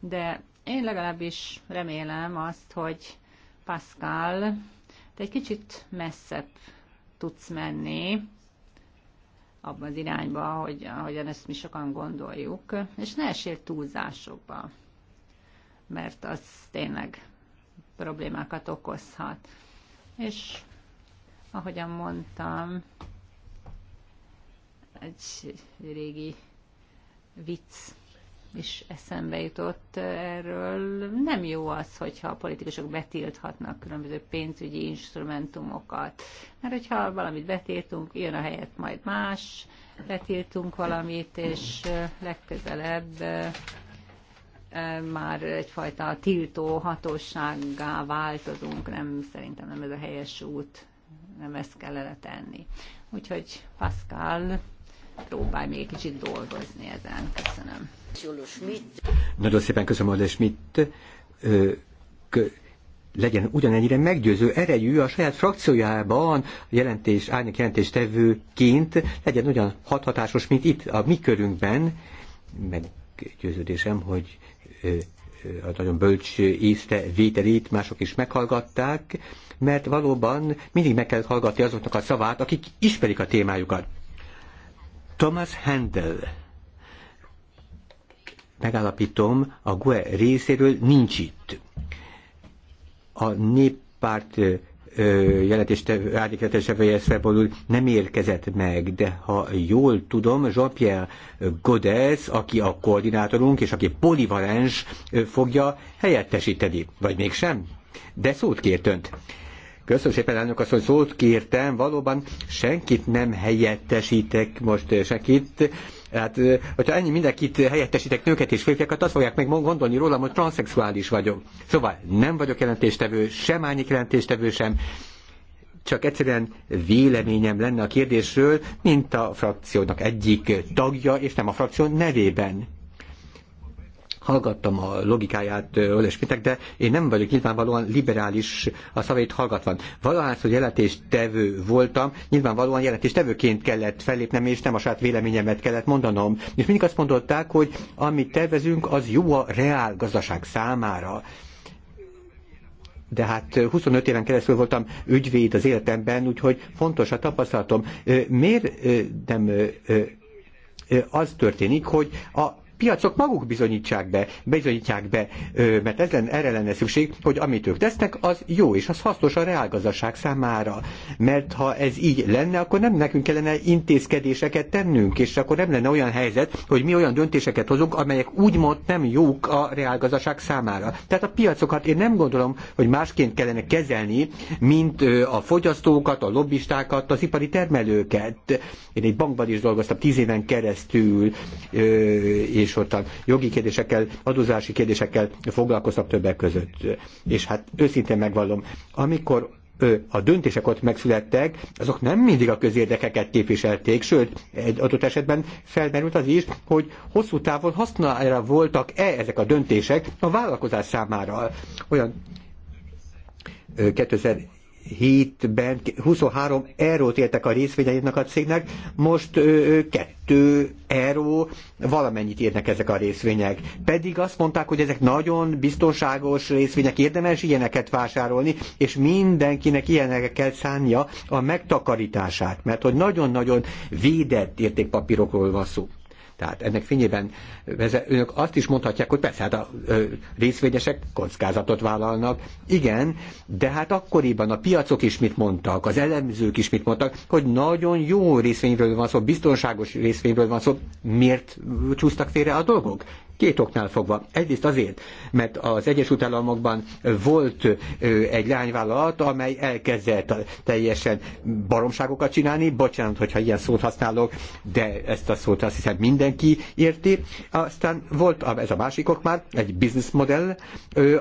De én legalábbis remélem azt, hogy Pascal, te egy kicsit messzebb tudsz menni, abban az irányba, hogy, ahogyan ezt mi sokan gondoljuk, és ne esél túlzásokba, mert az tényleg problémákat okozhat. És ahogyan mondtam, egy régi vicc is eszembe jutott erről. Nem jó az, hogyha a politikusok betilthatnak különböző pénzügyi instrumentumokat. Mert hogyha valamit betiltunk, jön a helyet majd más, betiltunk valamit, és legközelebb már egyfajta tiltó hatósággá változunk. Nem, szerintem nem ez a helyes út, nem ezt kellene tenni. Úgyhogy Pascal, próbálj még kicsit dolgozni ezen. Köszönöm. Nagyon szépen köszönöm, Olle Schmidt. Ö, legyen ugyanennyire meggyőző erejű a saját frakciójában jelentés, árnyék tevőként, legyen ugyan hathatásos, mint itt a mi körünkben. Meggyőződésem, hogy ö, a nagyon bölcs észre vételét mások is meghallgatták, mert valóban mindig meg kell hallgatni azoknak a szavát, akik ismerik a témájukat. Thomas Handel megállapítom, a GUE részéről nincs itt. A néppárt jelentéstevő, árnyékjelentéstevője Szebol nem érkezett meg, de ha jól tudom, Jean-Pierre Godez, aki a koordinátorunk, és aki polivalens fogja helyettesíteni, vagy mégsem? De szót kért önt. Köszönöm szépen, elnök hogy szót kértem, valóban senkit nem helyettesítek most senkit, Hát, hogyha ennyi mindenkit helyettesítek nőket és férfiakat, azt fogják meg gondolni rólam, hogy transzexuális vagyok. Szóval nem vagyok jelentéstevő, sem ányik jelentéstevő sem, csak egyszerűen véleményem lenne a kérdésről, mint a frakciónak egyik tagja, és nem a frakció nevében hallgattam a logikáját Olesmitek, de én nem vagyok nyilvánvalóan liberális a szavait hallgatva. Valahányszor jelentéstevő voltam, nyilvánvalóan jelentéstevőként kellett fellépnem, és nem a saját véleményemet kellett mondanom. És mindig azt mondották, hogy amit tervezünk, az jó a reál gazdaság számára de hát 25 éven keresztül voltam ügyvéd az életemben, úgyhogy fontos a tapasztalatom. Miért nem az történik, hogy a piacok maguk bizonyítsák be, bizonyítják be, mert lenne, erre lenne szükség, hogy amit ők tesznek, az jó, és az hasznos a reálgazdaság számára. Mert ha ez így lenne, akkor nem nekünk kellene intézkedéseket tennünk, és akkor nem lenne olyan helyzet, hogy mi olyan döntéseket hozunk, amelyek úgymond nem jók a reálgazdaság számára. Tehát a piacokat én nem gondolom, hogy másként kellene kezelni, mint a fogyasztókat, a lobbistákat, az ipari termelőket. Én egy bankban is dolgoztam tíz éven keresztül, és is ottan jogi kérdésekkel, adózási kérdésekkel foglalkoztak többek között. És hát őszintén megvallom, amikor a döntések ott megszülettek, azok nem mindig a közérdekeket képviselték, sőt, egy adott esetben felmerült az is, hogy hosszú távon használára voltak-e ezek a döntések a vállalkozás számára. Olyan 2000 2017-ben 23 eurót értek a részvényeinek a cégnek, most 2 euró valamennyit érnek ezek a részvények. Pedig azt mondták, hogy ezek nagyon biztonságos részvények, érdemes ilyeneket vásárolni, és mindenkinek ilyeneket kell szánnia a megtakarítását, mert hogy nagyon-nagyon védett értékpapírokról van szó. Tehát ennek fényében önök azt is mondhatják, hogy persze, hát a részvényesek kockázatot vállalnak. Igen, de hát akkoriban a piacok is mit mondtak, az elemzők is mit mondtak, hogy nagyon jó részvényről van szó, biztonságos részvényről van szó. Miért csúsztak félre a dolgok? Két oknál fogva. Egyrészt azért, mert az Egyesült Államokban volt egy lányvállalat, amely elkezdett teljesen baromságokat csinálni, bocsánat, hogyha ilyen szót használok, de ezt a szót azt hiszem mindenki érti. Aztán volt ez a másik ok már, egy business model,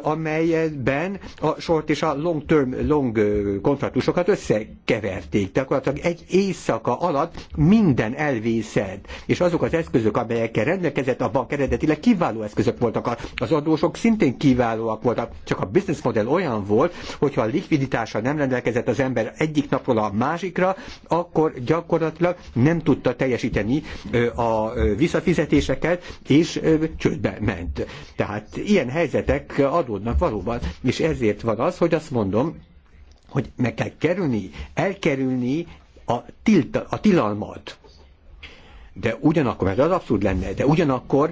amelyben a short és a long term, long kontraktusokat összekeverték. Tehát egy éjszaka alatt minden elvészed, és azok az eszközök, amelyekkel rendelkezett a bank eredetileg kiváló eszközök voltak, az adósok szintén kiválóak voltak, csak a business model olyan volt, hogyha a likviditással nem rendelkezett az ember egyik napról a másikra, akkor gyakorlatilag nem tudta teljesíteni a visszafizetéseket, és csődbe ment. Tehát ilyen helyzetek adódnak valóban, és ezért van az, hogy azt mondom, hogy meg kell kerülni, elkerülni a, tilt, a tilalmat. De ugyanakkor, mert az abszurd lenne, de ugyanakkor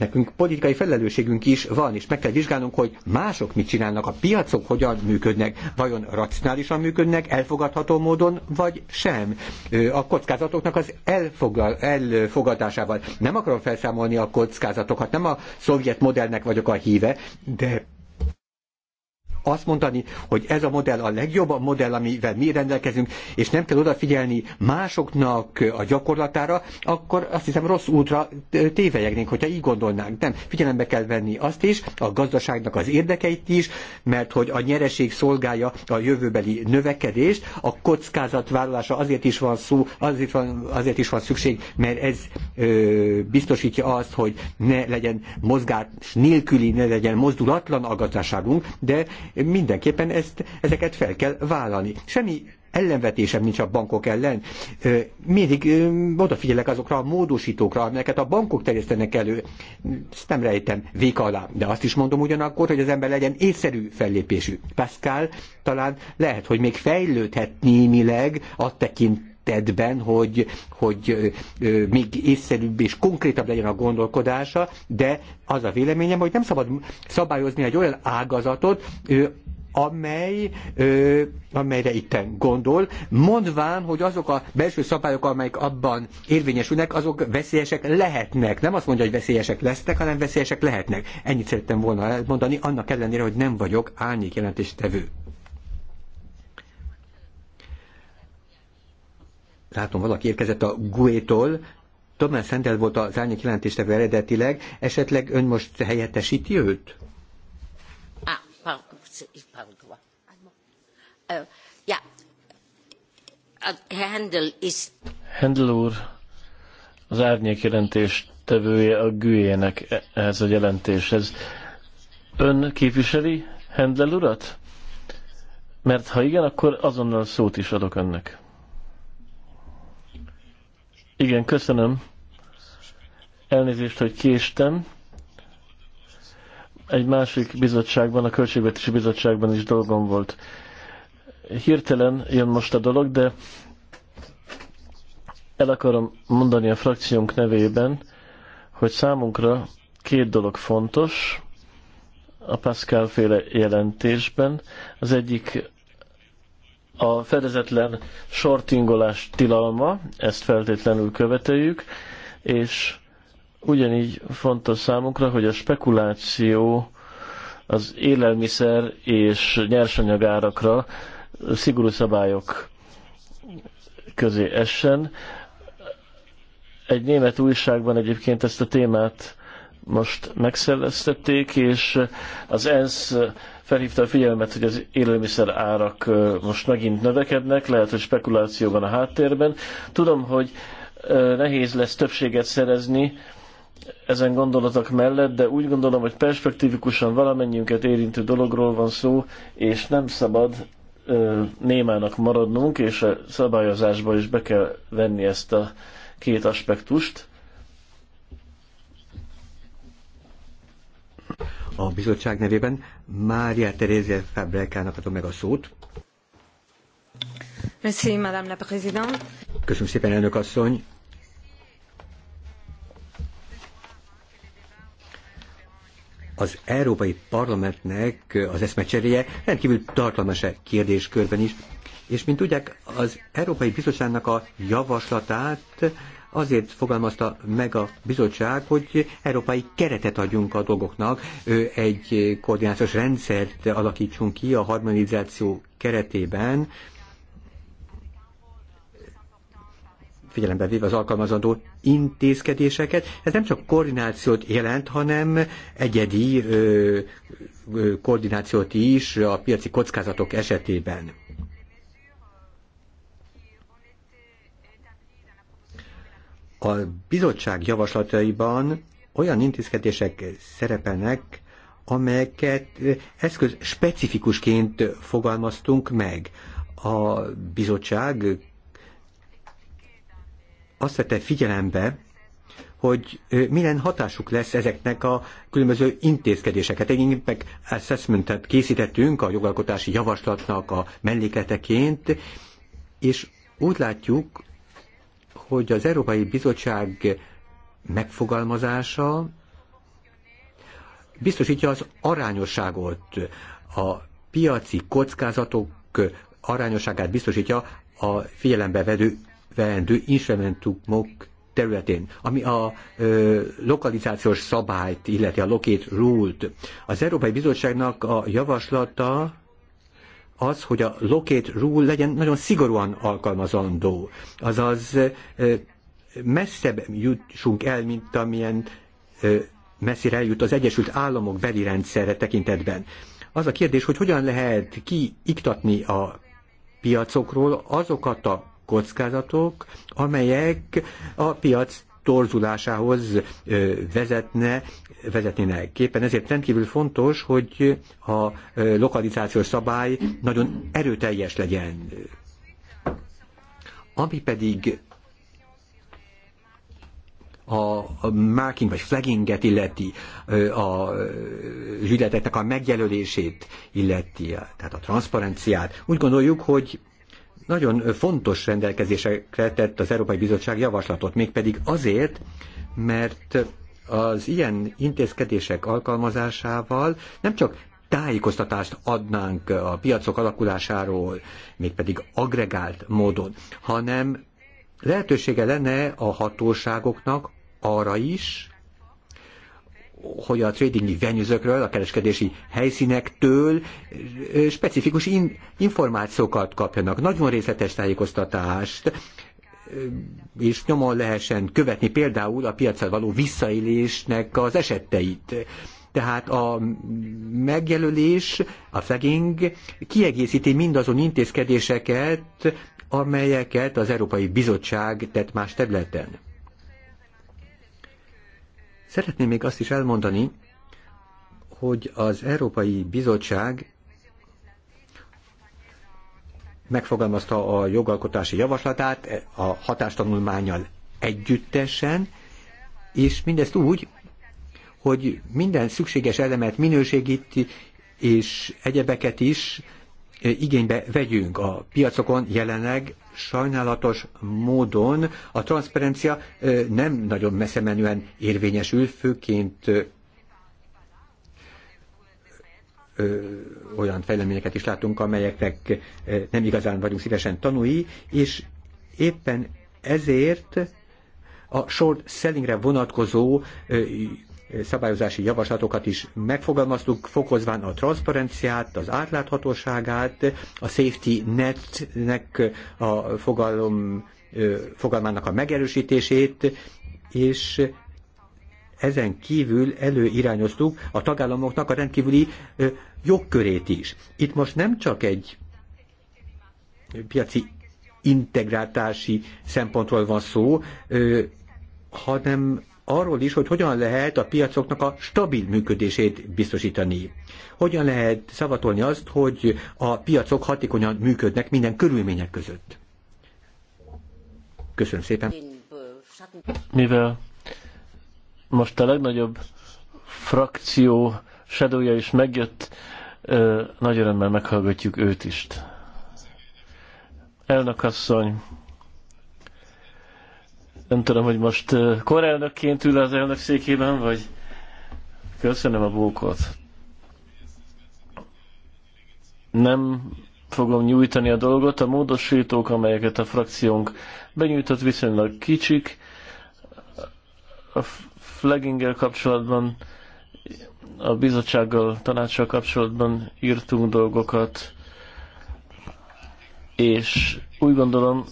nekünk politikai felelősségünk is van, és meg kell vizsgálnunk, hogy mások mit csinálnak, a piacok hogyan működnek, vajon racionálisan működnek, elfogadható módon, vagy sem. A kockázatoknak az elfogal, elfogadásával. Nem akarom felszámolni a kockázatokat, nem a szovjet modellnek vagyok a híve, de azt mondani, hogy ez a modell a legjobb a modell, amivel mi rendelkezünk, és nem kell odafigyelni másoknak a gyakorlatára, akkor azt hiszem rossz útra tévejegnénk, hogyha így gondolnánk. Nem, figyelembe kell venni azt is, a gazdaságnak az érdekeit is, mert hogy a nyereség szolgálja a jövőbeli növekedést, a kockázatvállalása azért is van szó, azért, van, azért is van szükség, mert ez ö, biztosítja azt, hogy ne legyen mozgás nélküli, ne legyen mozdulatlan a gazdaságunk, de mindenképpen ezt, ezeket fel kell vállalni. Semmi ellenvetésem nincs a bankok ellen. Mindig odafigyelek azokra a módosítókra, amelyeket a bankok terjesztenek elő. Ezt nem rejtem vék alá, de azt is mondom ugyanakkor, hogy az ember legyen észszerű fellépésű. Pascal talán lehet, hogy még fejlődhet némileg a tekint tekintetben, hogy, hogy még észszerűbb és konkrétabb legyen a gondolkodása, de az a véleményem, hogy nem szabad szabályozni egy olyan ágazatot, amely, ö, amelyre itten gondol, mondván, hogy azok a belső szabályok, amelyek abban érvényesülnek, azok veszélyesek lehetnek. Nem azt mondja, hogy veszélyesek lesznek, hanem veszélyesek lehetnek. Ennyit szerettem volna elmondani, annak ellenére, hogy nem vagyok árnyék jelentéstevő. látom, valaki érkezett a Guétól. tól Tomás Szendel volt az árnyék jelentéstevő eredetileg, esetleg ön most helyettesíti őt? Ah, pardon, pardon. Euh, Handel is... Handel úr az árnyék jelentés tevője a gűjének e- ehhez a jelentéshez. Ön képviseli Handel urat? Mert ha igen, akkor azonnal szót is adok önnek. Igen, köszönöm. Elnézést, hogy késtem. Egy másik bizottságban, a Költségvetési Bizottságban is dolgom volt. Hirtelen jön most a dolog, de el akarom mondani a frakciónk nevében, hogy számunkra két dolog fontos a Pascal féle jelentésben. Az egyik a fedezetlen sortingolás tilalma, ezt feltétlenül követeljük, és ugyanígy fontos számunkra, hogy a spekuláció az élelmiszer és nyersanyagárakra szigorú szabályok közé essen. Egy német újságban egyébként ezt a témát most megszelleztették, és az ENSZ felhívta a figyelmet, hogy az élelmiszer árak most megint növekednek, lehet, hogy spekuláció van a háttérben. Tudom, hogy nehéz lesz többséget szerezni ezen gondolatok mellett, de úgy gondolom, hogy perspektívikusan valamennyiünket érintő dologról van szó, és nem szabad némának maradnunk, és a szabályozásba is be kell venni ezt a két aspektust. A bizottság nevében Mária Terézia Fábrekának adom meg a szót. Merci, Madame la Présidente. Köszönöm szépen, elnök asszony. az Európai Parlamentnek az eszmecseréje rendkívül tartalmas kérdéskörben is, és mint tudják, az Európai Bizottságnak a javaslatát azért fogalmazta meg a bizottság, hogy európai keretet adjunk a dolgoknak, egy koordinációs rendszert alakítsunk ki a harmonizáció keretében, figyelembe véve az alkalmazandó intézkedéseket. Ez nem csak koordinációt jelent, hanem egyedi ö, ö, koordinációt is a piaci kockázatok esetében. A bizottság javaslataiban olyan intézkedések szerepelnek, amelyeket eszköz specifikusként fogalmaztunk meg. A bizottság azt vette figyelembe, hogy milyen hatásuk lesz ezeknek a különböző intézkedéseket. Egy impact assessmentet készítettünk a jogalkotási javaslatnak a mellékleteként, és úgy látjuk, hogy az Európai Bizottság megfogalmazása biztosítja az arányosságot, a piaci kockázatok arányosságát biztosítja a figyelembe vedő, veendő instrumentumok területén, ami a ö, lokalizációs szabályt, illeti a locate rule-t. Az Európai Bizottságnak a javaslata az, hogy a locate rule legyen nagyon szigorúan alkalmazandó. Azaz messzebb jutsunk el, mint amilyen messzire eljut az Egyesült Államok beli rendszerre tekintetben. Az a kérdés, hogy hogyan lehet kiiktatni a piacokról azokat a kockázatok, amelyek a piac torzulásához vezetne, vezetnének képen. Ezért rendkívül fontos, hogy a lokalizációs szabály nagyon erőteljes legyen. Ami pedig a marking vagy flagginget illeti, a ügyleteknek a megjelölését illeti, tehát a transzparenciát. Úgy gondoljuk, hogy nagyon fontos rendelkezésekre tett az Európai Bizottság javaslatot, mégpedig azért, mert az ilyen intézkedések alkalmazásával nem csak tájékoztatást adnánk a piacok alakulásáról, mégpedig agregált módon, hanem lehetősége lenne a hatóságoknak arra is, hogy a tradingi venues a kereskedési helyszínektől specifikus in, információkat kapjanak, nagyon részletes tájékoztatást, és nyomon lehessen követni például a piacsal való visszaélésnek az eseteit. Tehát a megjelölés, a flagging kiegészíti mindazon intézkedéseket, amelyeket az Európai Bizottság tett más területen. Szeretném még azt is elmondani, hogy az Európai Bizottság megfogalmazta a jogalkotási javaslatát a hatástanulmányal együttesen, és mindezt úgy, hogy minden szükséges elemet minősít, és egyebeket is igénybe vegyünk. A piacokon jelenleg sajnálatos módon a transzparencia nem nagyon messze menően érvényesül, főként olyan fejleményeket is látunk, amelyeknek nem igazán vagyunk szívesen tanúi, és éppen ezért a short sellingre vonatkozó szabályozási javaslatokat is megfogalmaztuk, fokozván a transzparenciát, az átláthatóságát, a safety netnek a fogalom, fogalmának a megerősítését, és ezen kívül előirányoztuk a tagállamoknak a rendkívüli jogkörét is. Itt most nem csak egy piaci integrátási szempontról van szó, hanem arról is, hogy hogyan lehet a piacoknak a stabil működését biztosítani. Hogyan lehet szavatolni azt, hogy a piacok hatékonyan működnek minden körülmények között. Köszönöm szépen. Mivel most a legnagyobb frakció shadowja is megjött, nagy örömmel meghallgatjuk őt is. Elnök asszony, nem tudom, hogy most korelnökként ül az elnök székében, vagy köszönöm a bókot. Nem fogom nyújtani a dolgot. A módosítók, amelyeket a frakciónk benyújtott, viszonylag kicsik. A flagginggel kapcsolatban, a bizottsággal, tanácssal kapcsolatban írtunk dolgokat, és úgy gondolom,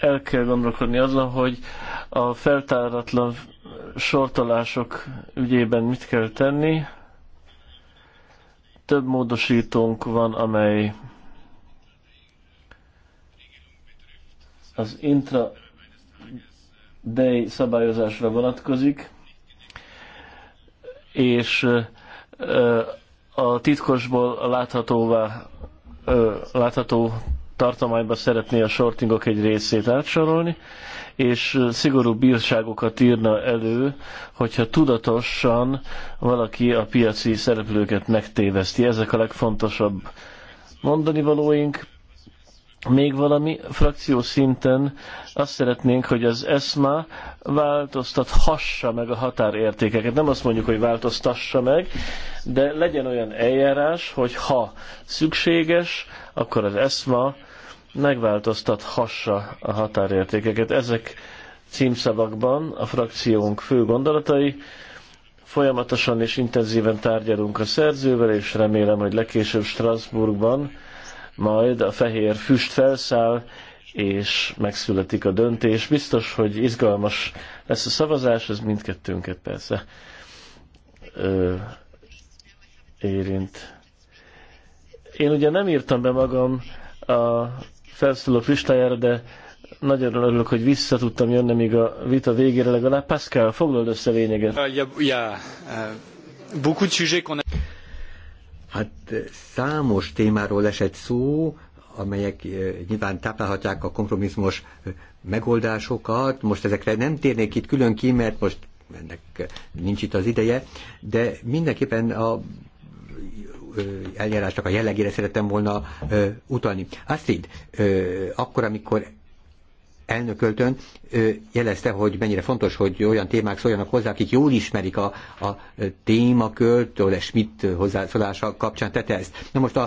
el kell gondolkodni azon, hogy a feltáratlan sortolások ügyében mit kell tenni. Több módosítónk van, amely az intra day szabályozásra vonatkozik, és a titkosból láthatóvá, látható tartományba szeretné a shortingok egy részét átsorolni, és szigorú bírságokat írna elő, hogyha tudatosan valaki a piaci szereplőket megtéveszti. Ezek a legfontosabb mondani valóink. Még valami frakció szinten azt szeretnénk, hogy az ESMA változtathassa meg a határértékeket. Nem azt mondjuk, hogy változtassa meg, de legyen olyan eljárás, hogy ha szükséges, akkor az ESMA megváltoztathassa a határértékeket. Ezek címszavakban a frakciónk fő gondolatai. Folyamatosan és intenzíven tárgyalunk a szerzővel, és remélem, hogy legkésőbb Strasbourgban majd a fehér füst felszáll, és megszületik a döntés. Biztos, hogy izgalmas lesz a szavazás, ez mindkettőnket persze ö, érint. Én ugye nem írtam be magam a felszólók listájára, de nagyon örülök, hogy vissza tudtam jönni még a vita végére legalább. Pascal, foglald össze lényeget. Hát számos témáról esett szó, amelyek eh, nyilván táplálhatják a kompromisszumos eh, megoldásokat. Most ezekre nem térnék itt külön ki, mert most ennek eh, nincs itt az ideje, de mindenképpen a eljárásnak a jellegére szerettem volna utalni. Astrid, akkor, amikor elnököltön, jelezte, hogy mennyire fontos, hogy olyan témák szóljanak hozzá, akik jól ismerik a, a témakört, Ole Schmidt hozzászólása kapcsán tette ezt. Na most a,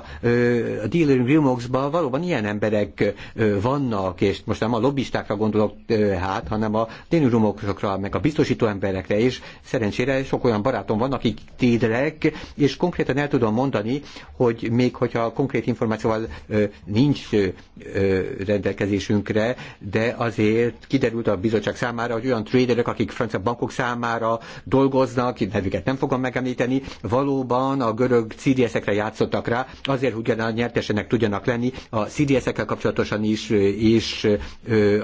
a Dealer Remox-ban valóban ilyen emberek vannak, és most nem a lobbistákra gondolok hát, hanem a Dealer Remoxokra, meg a biztosító emberekre, és szerencsére sok olyan barátom van, akik tédrek, és konkrétan el tudom mondani, hogy még hogyha konkrét információval nincs rendelkezésünkre, de azért kiderül, kiderült a bizottság számára, hogy olyan traderek, akik francia bankok számára dolgoznak, itt nevüket nem fogom megemlíteni, valóban a görög CDS-ekre játszottak rá, azért, hogy a nyertesenek tudjanak lenni a CDS-ekkel kapcsolatosan is, és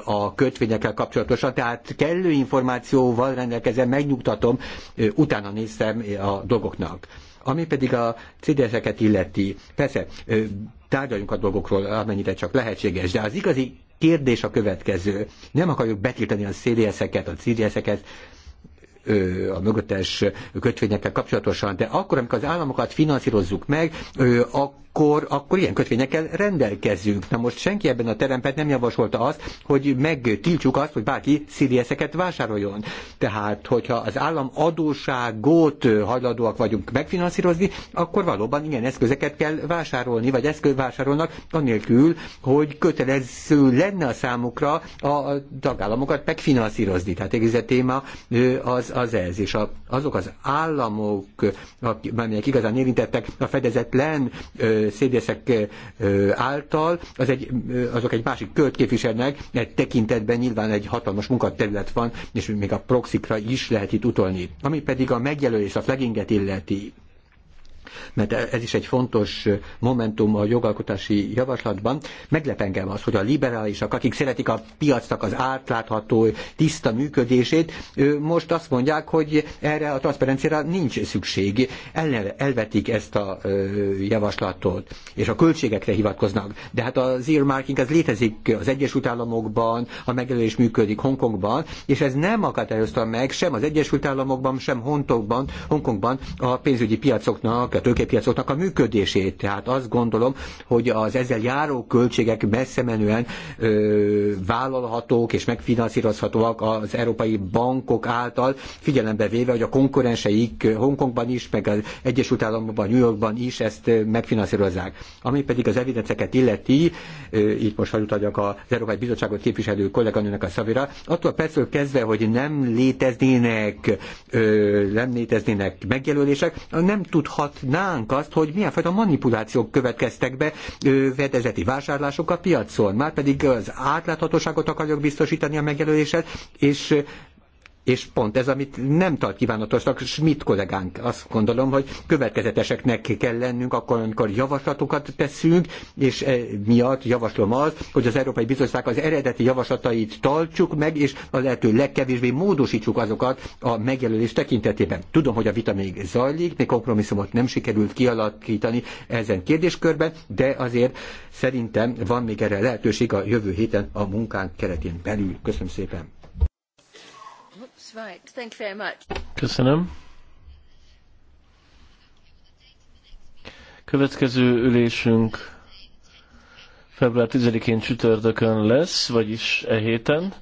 a kötvényekkel kapcsolatosan. Tehát kellő információval rendelkezem, megnyugtatom, utána néztem a dolgoknak. Ami pedig a CDS-eket illeti, persze tárgyaljunk a dolgokról, amennyire csak lehetséges, de az igazi kérdés a következő. Nem akarjuk betiltani a CDS-eket, a CDS-eket, a mögöttes kötvényekkel kapcsolatosan, de akkor, amikor az államokat finanszírozzuk meg, akkor, akkor ilyen kötvényekkel rendelkezünk. Na most senki ebben a teremben nem javasolta azt, hogy megtiltsuk azt, hogy bárki CDS-eket vásároljon. Tehát, hogyha az állam adóságot hajlandóak vagyunk megfinanszírozni, akkor valóban ilyen eszközeket kell vásárolni, vagy eszköz vásárolnak, anélkül, hogy kötelező lenne a számukra a tagállamokat megfinanszírozni. Tehát egész a téma az az ez, és a, azok az államok, amelyek igazán érintettek a fedezetlen szédészek által, az egy, azok egy másik költ képviselnek, egy tekintetben nyilván egy hatalmas munkaterület van, és még a proxikra is lehet itt utolni. Ami pedig a megjelölés, a flagginget illeti mert ez is egy fontos momentum a jogalkotási javaslatban. Meglep engem az, hogy a liberálisak, akik szeretik a piacnak az átlátható, tiszta működését, most azt mondják, hogy erre a transzparenciára nincs szükség. elvetik ezt a javaslatot, és a költségekre hivatkoznak. De hát az earmarking az létezik az Egyesült Államokban, a megjelölés működik Hongkongban, és ez nem akadályozta meg sem az Egyesült Államokban, sem Hongkongban, Hongkongban a pénzügyi piacoknak a tőkepiacoknak a működését. Tehát azt gondolom, hogy az ezzel járó költségek messze menően ö, vállalhatók és megfinanszírozhatóak az európai bankok által, figyelembe véve, hogy a konkurenseik Hongkongban is, meg az Egyesült Államokban, New Yorkban is ezt megfinanszírozzák. Ami pedig az evidenceket illeti, ö, itt most adjak az Európai Bizottságot képviselő kolléganőnek a szavira, attól persze kezdve, hogy nem léteznének, ö, nem léteznének megjelölések, nem tudhat látnánk azt, hogy milyen fajta manipulációk következtek be vedezeti vásárlások a piacon. Már pedig az átláthatóságot akarjuk biztosítani a megjelöléssel, és és pont ez, amit nem tart kívánatosnak Schmidt kollégánk. Azt gondolom, hogy következeteseknek kell lennünk akkor, amikor javaslatokat teszünk, és e, miatt javaslom az, hogy az Európai Bizottság az eredeti javaslatait tartsuk meg, és a lehető legkevésbé módosítsuk azokat a megjelölés tekintetében. Tudom, hogy a vita még zajlik, még kompromisszumot nem sikerült kialakítani ezen kérdéskörben, de azért szerintem van még erre lehetőség a jövő héten a munkánk keretén belül. Köszönöm szépen! Right, thank you very much. Köszönöm. Következő ülésünk február 10-én csütörtökön lesz, vagyis e héten.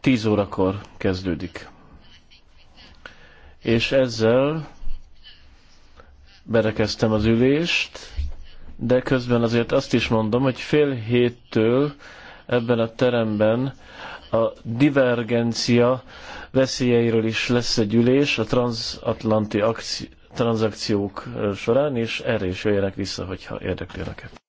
10 órakor kezdődik. És ezzel berekeztem az ülést, de közben azért azt is mondom, hogy fél héttől ebben a teremben a divergencia veszélyeiről is lesz egy ülés a transatlanti akci- tranzakciók során, és erre is jöjjenek vissza, hogyha érdekli önöket.